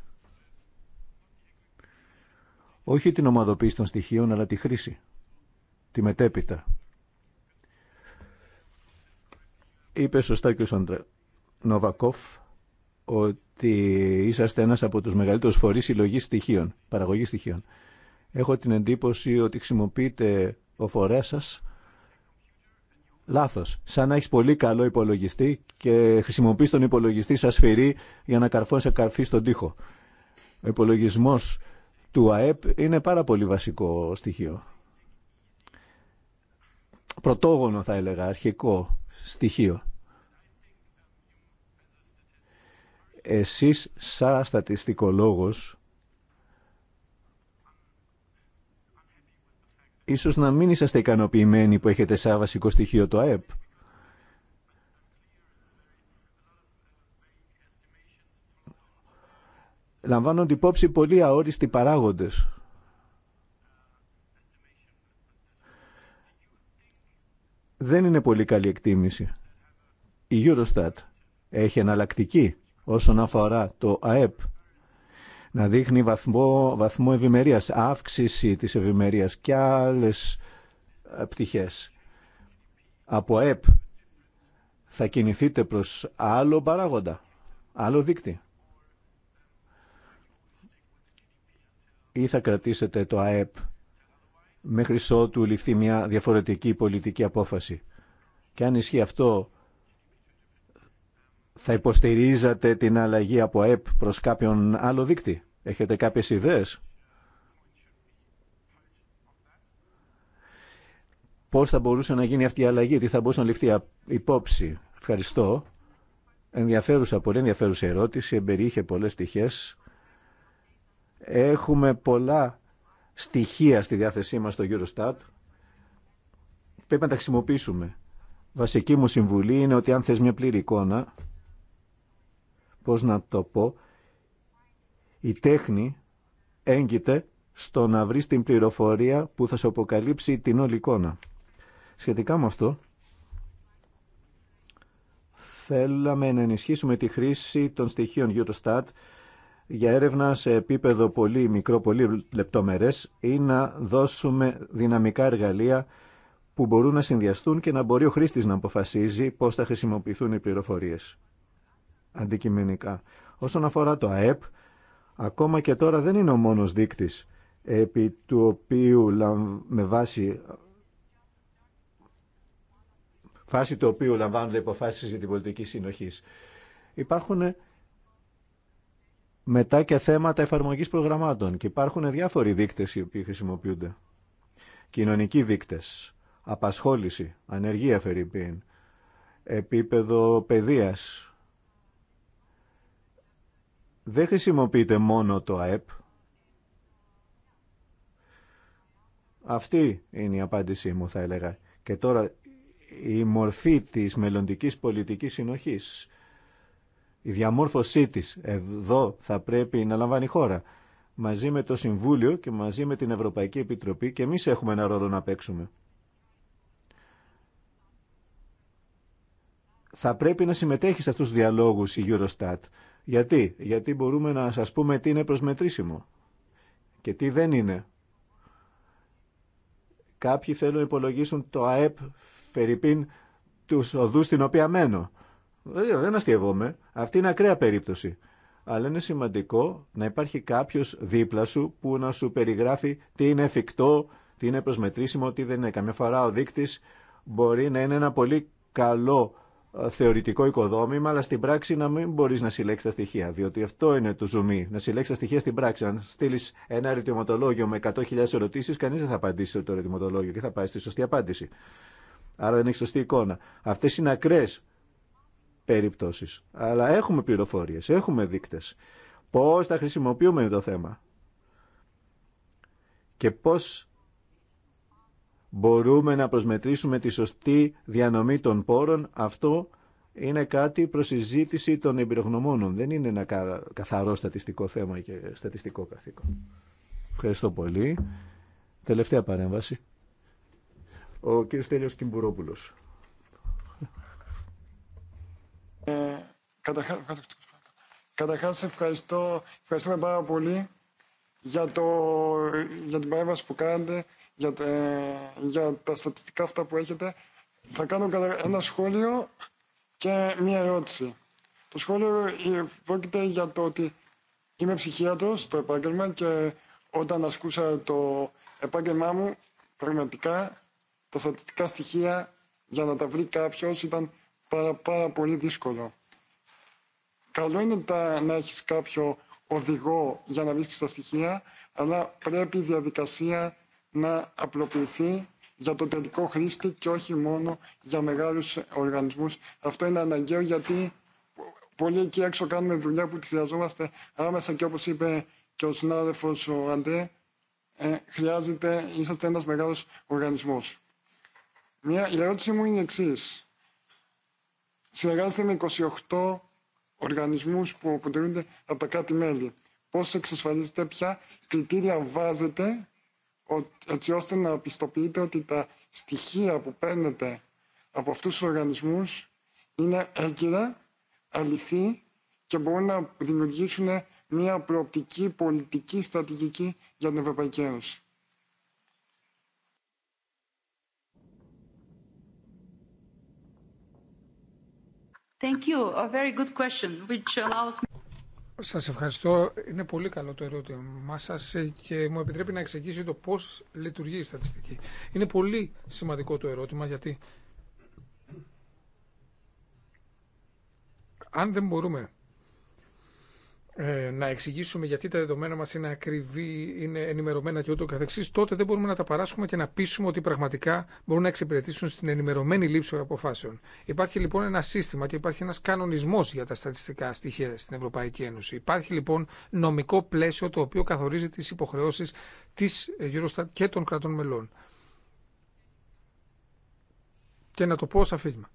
Όχι την ομαδοποίηση των στοιχείων, αλλά τη χρήση. Τη μετέπειτα. Είπε σωστά και ο Σαντρα Νοβακόφ ότι είσαστε ένας από τους μεγαλύτερους φορείς συλλογή στοιχείων, παραγωγής στοιχείων. Έχω την εντύπωση ότι χρησιμοποιείτε ο φορέας σας λάθος. Σαν να έχεις πολύ καλό υπολογιστή και χρησιμοποιείς τον υπολογιστή σας σφυρί για να καρφώνεις καρφί στον τοίχο. Ο υπολογισμός του ΑΕΠ είναι πάρα πολύ βασικό στοιχείο. Πρωτόγωνο θα έλεγα, αρχικό στοιχείο. Εσείς σαν στατιστικολόγος ίσως να μην είσαστε ικανοποιημένοι που έχετε σαν βασικό στοιχείο το ΑΕΠ. Λαμβάνονται υπόψη πολλοί αόριστοι παράγοντες. Δεν είναι πολύ καλή εκτίμηση. Η Eurostat έχει εναλλακτική όσον αφορά το ΑΕΠ να δείχνει βαθμό, βαθμό ευημερίας, αύξηση της ευημερίας και άλλες ε, πτυχές. Από ΑΕΠ θα κινηθείτε προς άλλο παράγοντα, άλλο δίκτυο. Ή θα κρατήσετε το ΑΕΠ μέχρι ότου ληφθεί μια διαφορετική πολιτική απόφαση. Και αν ισχύει αυτό, θα υποστηρίζατε την αλλαγή από ΑΕΠ προς κάποιον άλλο δίκτυ. Έχετε κάποιες ιδέες. Πώς θα μπορούσε να γίνει αυτή η αλλαγή, τι θα μπορούσε να ληφθεί υπόψη. Ευχαριστώ. Ενδιαφέρουσα, πολύ ενδιαφέρουσα ερώτηση, εμπεριείχε πολλές στοιχές. Έχουμε πολλά στοιχεία στη διάθεσή μας στο Eurostat. Πρέπει να τα χρησιμοποιήσουμε. Βασική μου συμβουλή είναι ότι αν θες μια πλήρη εικόνα, πώς να το πω, η τέχνη έγκυται στο να βρεις την πληροφορία που θα σου αποκαλύψει την όλη εικόνα. Σχετικά με αυτό, θέλαμε να ενισχύσουμε τη χρήση των στοιχείων Eurostat για έρευνα σε επίπεδο πολύ μικρό, πολύ λεπτόμερες ή να δώσουμε δυναμικά εργαλεία που μπορούν να συνδυαστούν και να μπορεί ο χρήστης να αποφασίζει πώς θα χρησιμοποιηθούν οι πληροφορίες αντικειμενικά. Όσον αφορά το ΑΕΠ, ακόμα και τώρα δεν είναι ο μόνος δείκτης επί του οποίου με βάση φάση του οποίου λαμβάνονται υποφάσεις για την πολιτική συνοχή. Υπάρχουν μετά και θέματα εφαρμογής προγραμμάτων και υπάρχουν διάφοροι δείκτες οι οποίοι χρησιμοποιούνται. Κοινωνικοί δείκτες, απασχόληση, ανεργία φερρυπίν, επίπεδο παιδείας, δεν χρησιμοποιείται μόνο το ΑΕΠ. Αυτή είναι η απάντησή μου θα έλεγα. Και τώρα η μορφή της μελλοντικής πολιτικής συνοχής, η διαμόρφωσή της εδώ θα πρέπει να λαμβάνει χώρα. Μαζί με το Συμβούλιο και μαζί με την Ευρωπαϊκή Επιτροπή και εμείς έχουμε ένα ρόλο να παίξουμε. Θα πρέπει να συμμετέχει σε αυτούς τους διαλόγους η Eurostat γιατί, γιατί μπορούμε να σας πούμε τι είναι προσμετρήσιμο και τι δεν είναι. Κάποιοι θέλουν να υπολογίσουν το ΑΕΠ Φερρυπίν του οδούς στην οποία μένω. Ε, δεν αστειευόμαι. Αυτή είναι ακραία περίπτωση. Αλλά είναι σημαντικό να υπάρχει κάποιος δίπλα σου που να σου περιγράφει τι είναι εφικτό, τι είναι προσμετρήσιμο, τι δεν είναι. Καμιά φορά ο δείκτης μπορεί να είναι ένα πολύ καλό θεωρητικό οικοδόμημα, αλλά στην πράξη να μην μπορεί να συλλέξει τα στοιχεία. Διότι αυτό είναι το ζουμί. Να συλλέξει τα στοιχεία στην πράξη. Αν στείλει ένα ερωτηματολόγιο με 100.000 ερωτήσει, κανεί δεν θα απαντήσει το ερωτηματολόγιο και θα πάει στη σωστή απάντηση. Άρα δεν έχει σωστή εικόνα. Αυτέ είναι ακραίε περιπτώσει. Αλλά έχουμε πληροφορίε, έχουμε δείκτε. Πώ τα χρησιμοποιούμε το θέμα. Και πώς μπορούμε να προσμετρήσουμε τη σωστή διανομή των πόρων, αυτό είναι κάτι προ συζήτηση των εμπειρογνωμόνων. Δεν είναι ένα καθαρό στατιστικό θέμα και στατιστικό καθήκον. Ευχαριστώ πολύ. Τελευταία παρέμβαση. Ο κύριος Τέλειος Κιμπουρόπουλος. Ε, καταρχάς, ευχαριστώ, ευχαριστούμε πάρα πολύ για, το, για την παρέμβαση που κάνετε για, τα, τα στατιστικά αυτά που έχετε. Θα κάνω ένα σχόλιο και μία ερώτηση. Το σχόλιο ε, πρόκειται για το ότι είμαι ψυχίατρος στο επάγγελμα και όταν ασκούσα το επάγγελμά μου, πραγματικά τα στατιστικά στοιχεία για να τα βρει κάποιο ήταν πάρα, πάρα πολύ δύσκολο. Καλό είναι τα, να έχεις κάποιο οδηγό για να βρίσκεις τα στοιχεία, αλλά πρέπει η διαδικασία να απλοποιηθεί για το τελικό χρήστη και όχι μόνο για μεγάλους οργανισμούς. Αυτό είναι αναγκαίο γιατί πολλοί εκεί έξω κάνουμε δουλειά που τη χρειαζόμαστε άμεσα και όπως είπε και ο συνάδελφος ο Αντρέ, ε, χρειάζεται, είσαστε ένας μεγάλος οργανισμός. Μια, η ερώτησή μου είναι εξή. Συνεργάζεστε με 28 οργανισμούς που αποτελούνται από τα κάτι μελη Πώς εξασφαλίζετε, ποια κριτήρια βάζετε έτσι ώστε να πιστοποιείτε ότι τα στοιχεία που παίρνετε από αυτούς τους οργανισμούς είναι έγκυρα, αληθή και μπορούν να δημιουργήσουν μια προοπτική πολιτική στρατηγική για την Ευρωπαϊκή Ένωση. Thank you. A very good question, which allows σας ευχαριστώ. Είναι πολύ καλό το ερώτημα σας και μου επιτρέπει να εξηγήσω το πώς λειτουργεί η στατιστική. Είναι πολύ σημαντικό το ερώτημα γιατί αν δεν μπορούμε ε, να εξηγήσουμε γιατί τα δεδομένα μας είναι ακριβή, είναι ενημερωμένα και ούτω καθεξής, τότε δεν μπορούμε να τα παράσχουμε και να πείσουμε ότι πραγματικά μπορούν να εξυπηρετήσουν στην ενημερωμένη λήψη αποφάσεων. Υπάρχει λοιπόν ένα σύστημα και υπάρχει ένας κανονισμός για τα στατιστικά στοιχεία στην Ευρωπαϊκή Ένωση. Υπάρχει λοιπόν νομικό πλαίσιο το οποίο καθορίζει τις υποχρεώσεις της Eurostat και των κρατών μελών. Και να το πω ως αφήγημα.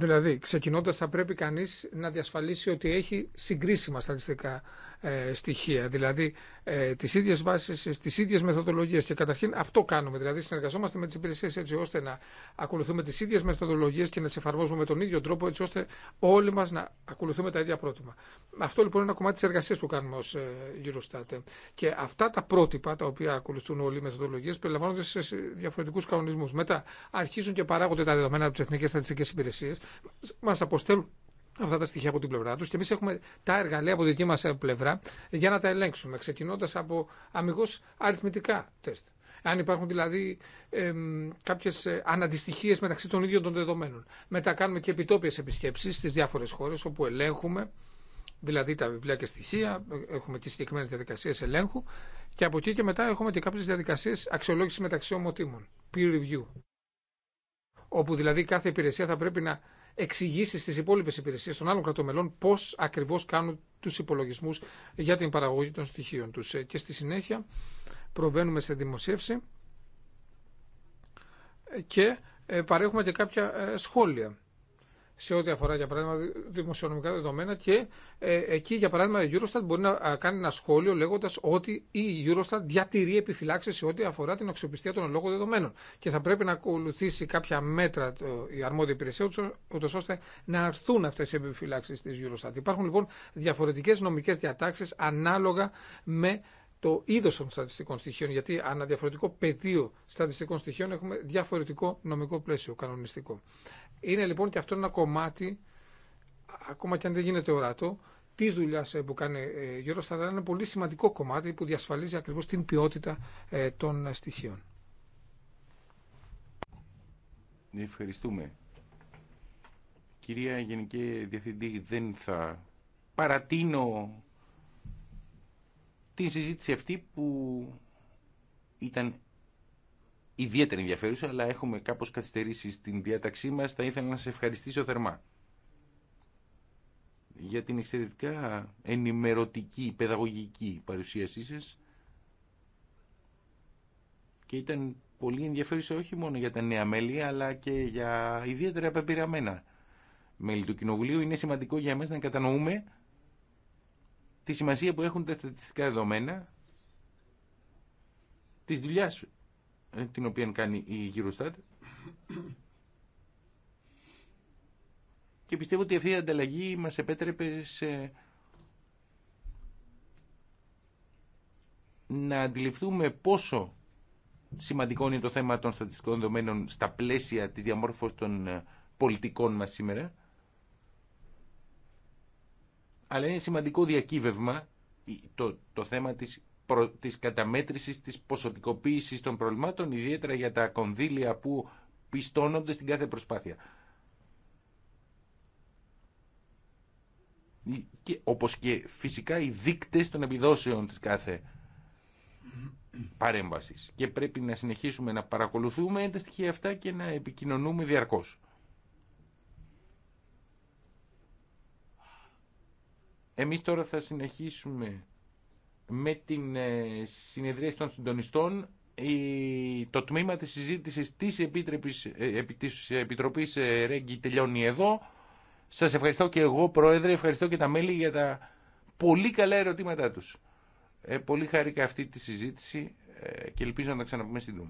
Δηλαδή, ξεκινώντα, θα πρέπει κανείς να διασφαλίσει ότι έχει συγκρίσιμα στατιστικά ε, στοιχεία, δηλαδή ε, τι ίδιε βάσει, τι ίδιε μεθοδολογίε. Και καταρχήν αυτό κάνουμε, δηλαδή συνεργαζόμαστε με τι υπηρεσίε έτσι ώστε να ακολουθούμε τι ίδιε μεθοδολογίε και να τι εφαρμόζουμε με τον ίδιο τρόπο, έτσι ώστε όλοι μα να ακολουθούμε τα ίδια πρότυπα. Αυτό λοιπόν είναι ένα κομμάτι τη εργασία που κάνουμε ω ε, Eurostat. Και αυτά τα πρότυπα τα οποία ακολουθούν όλοι οι μεθοδολογίε περιλαμβάνονται σε διαφορετικού κανονισμού. Μετά αρχίζουν και παράγονται τα δεδομένα από τι Εθνικέ Στατιστικέ Υπηρεσίε, μα αποστέλουν αυτά τα στοιχεία από την πλευρά του και εμεί έχουμε τα εργαλεία από δική μα πλευρά για να τα ελέγξουμε, ξεκινώντα από αμυγό αριθμητικά τεστ. Αν υπάρχουν δηλαδή ε, κάποιε αναντιστοιχίε μεταξύ των ίδιων των δεδομένων. Μετά κάνουμε και επιτόπιε επισκέψει στι διάφορε χώρε όπου ελέγχουμε δηλαδή τα βιβλία και στοιχεία, έχουμε και συγκεκριμένε διαδικασίε ελέγχου και από εκεί και μετά έχουμε και κάποιε διαδικασίε αξιολόγηση μεταξύ ομοτήμων, peer review. Όπου δηλαδή κάθε υπηρεσία θα πρέπει να εξηγήσει στις υπόλοιπες υπηρεσίες των άλλων κρατομελών πώς ακριβώς κάνουν τους υπολογισμούς για την παραγωγή των στοιχείων τους. Ε, και στη συνέχεια προβαίνουμε σε δημοσίευση ε, και ε, παρέχουμε και κάποια σχόλια σε ό,τι αφορά για παράδειγμα δημοσιονομικά δεδομένα και ε, εκεί για παράδειγμα η Eurostat μπορεί να κάνει ένα σχόλιο λέγοντας ότι η Eurostat διατηρεί επιφυλάξεις σε ό,τι αφορά την αξιοπιστία των λόγων δεδομένων και θα πρέπει να ακολουθήσει κάποια μέτρα το, η αρμόδια υπηρεσία ούτω ώστε να αρθούν αυτές οι επιφυλάξεις της Eurostat. Υπάρχουν λοιπόν διαφορετικές νομικές διατάξεις ανάλογα με το είδος των στατιστικών στοιχείων, γιατί ανά διαφορετικό πεδίο στατιστικών στοιχείων έχουμε διαφορετικό νομικό πλαίσιο κανονιστικό. Είναι λοιπόν και αυτό ένα κομμάτι, ακόμα και αν δεν γίνεται ορατό, τη δουλειά ε, που κάνει η ε, Γιώργο, Είναι ένα πολύ σημαντικό κομμάτι που διασφαλίζει ακριβώ την ποιότητα ε, των στοιχείων. Ευχαριστούμε. Κυρία Γενική Διευθυντή, δεν θα παρατείνω την συζήτηση αυτή που ήταν ιδιαίτερη ενδιαφέρουσα, αλλά έχουμε κάπω καθυστερήσει στην διάταξή μα Θα ήθελα να σε ευχαριστήσω θερμά για την εξαιρετικά ενημερωτική, παιδαγωγική παρουσίασή σας και ήταν πολύ ενδιαφέρουσα όχι μόνο για τα νέα μέλη αλλά και για ιδιαίτερα απεπειραμένα μέλη του Κοινοβουλίου. Είναι σημαντικό για εμάς να κατανοούμε τη σημασία που έχουν τα στατιστικά δεδομένα της δουλειάς ε, την οποία κάνει η Eurostat. Και πιστεύω ότι αυτή η ανταλλαγή μας επέτρεπε σε... να αντιληφθούμε πόσο σημαντικό είναι το θέμα των στατιστικών δεδομένων στα πλαίσια της διαμόρφωσης των ε, πολιτικών μας σήμερα. Αλλά είναι σημαντικό διακύβευμα το, το θέμα της προ... της καταμέτρησης της ποσοτικοποίησης των προβλημάτων, ιδιαίτερα για τα κονδύλια που πιστώνονται στην κάθε προσπάθεια. Και, όπως και φυσικά οι δείκτες των επιδόσεων της κάθε παρέμβασης. Και πρέπει να συνεχίσουμε να παρακολουθούμε τα στοιχεία αυτά και να επικοινωνούμε διαρκώς. Εμείς τώρα θα συνεχίσουμε με την ε, συνεδρία των συντονιστών το τμήμα της συζήτησης της, Επιτροπής, ε, της Επιτροπής ε, Ρέγγι τελειώνει εδώ. Σας ευχαριστώ και εγώ Πρόεδρε, ευχαριστώ και τα μέλη για τα πολύ καλά ερωτήματά τους. Ε, πολύ χάρηκα αυτή τη συζήτηση και ελπίζω να τα ξαναπούμε στην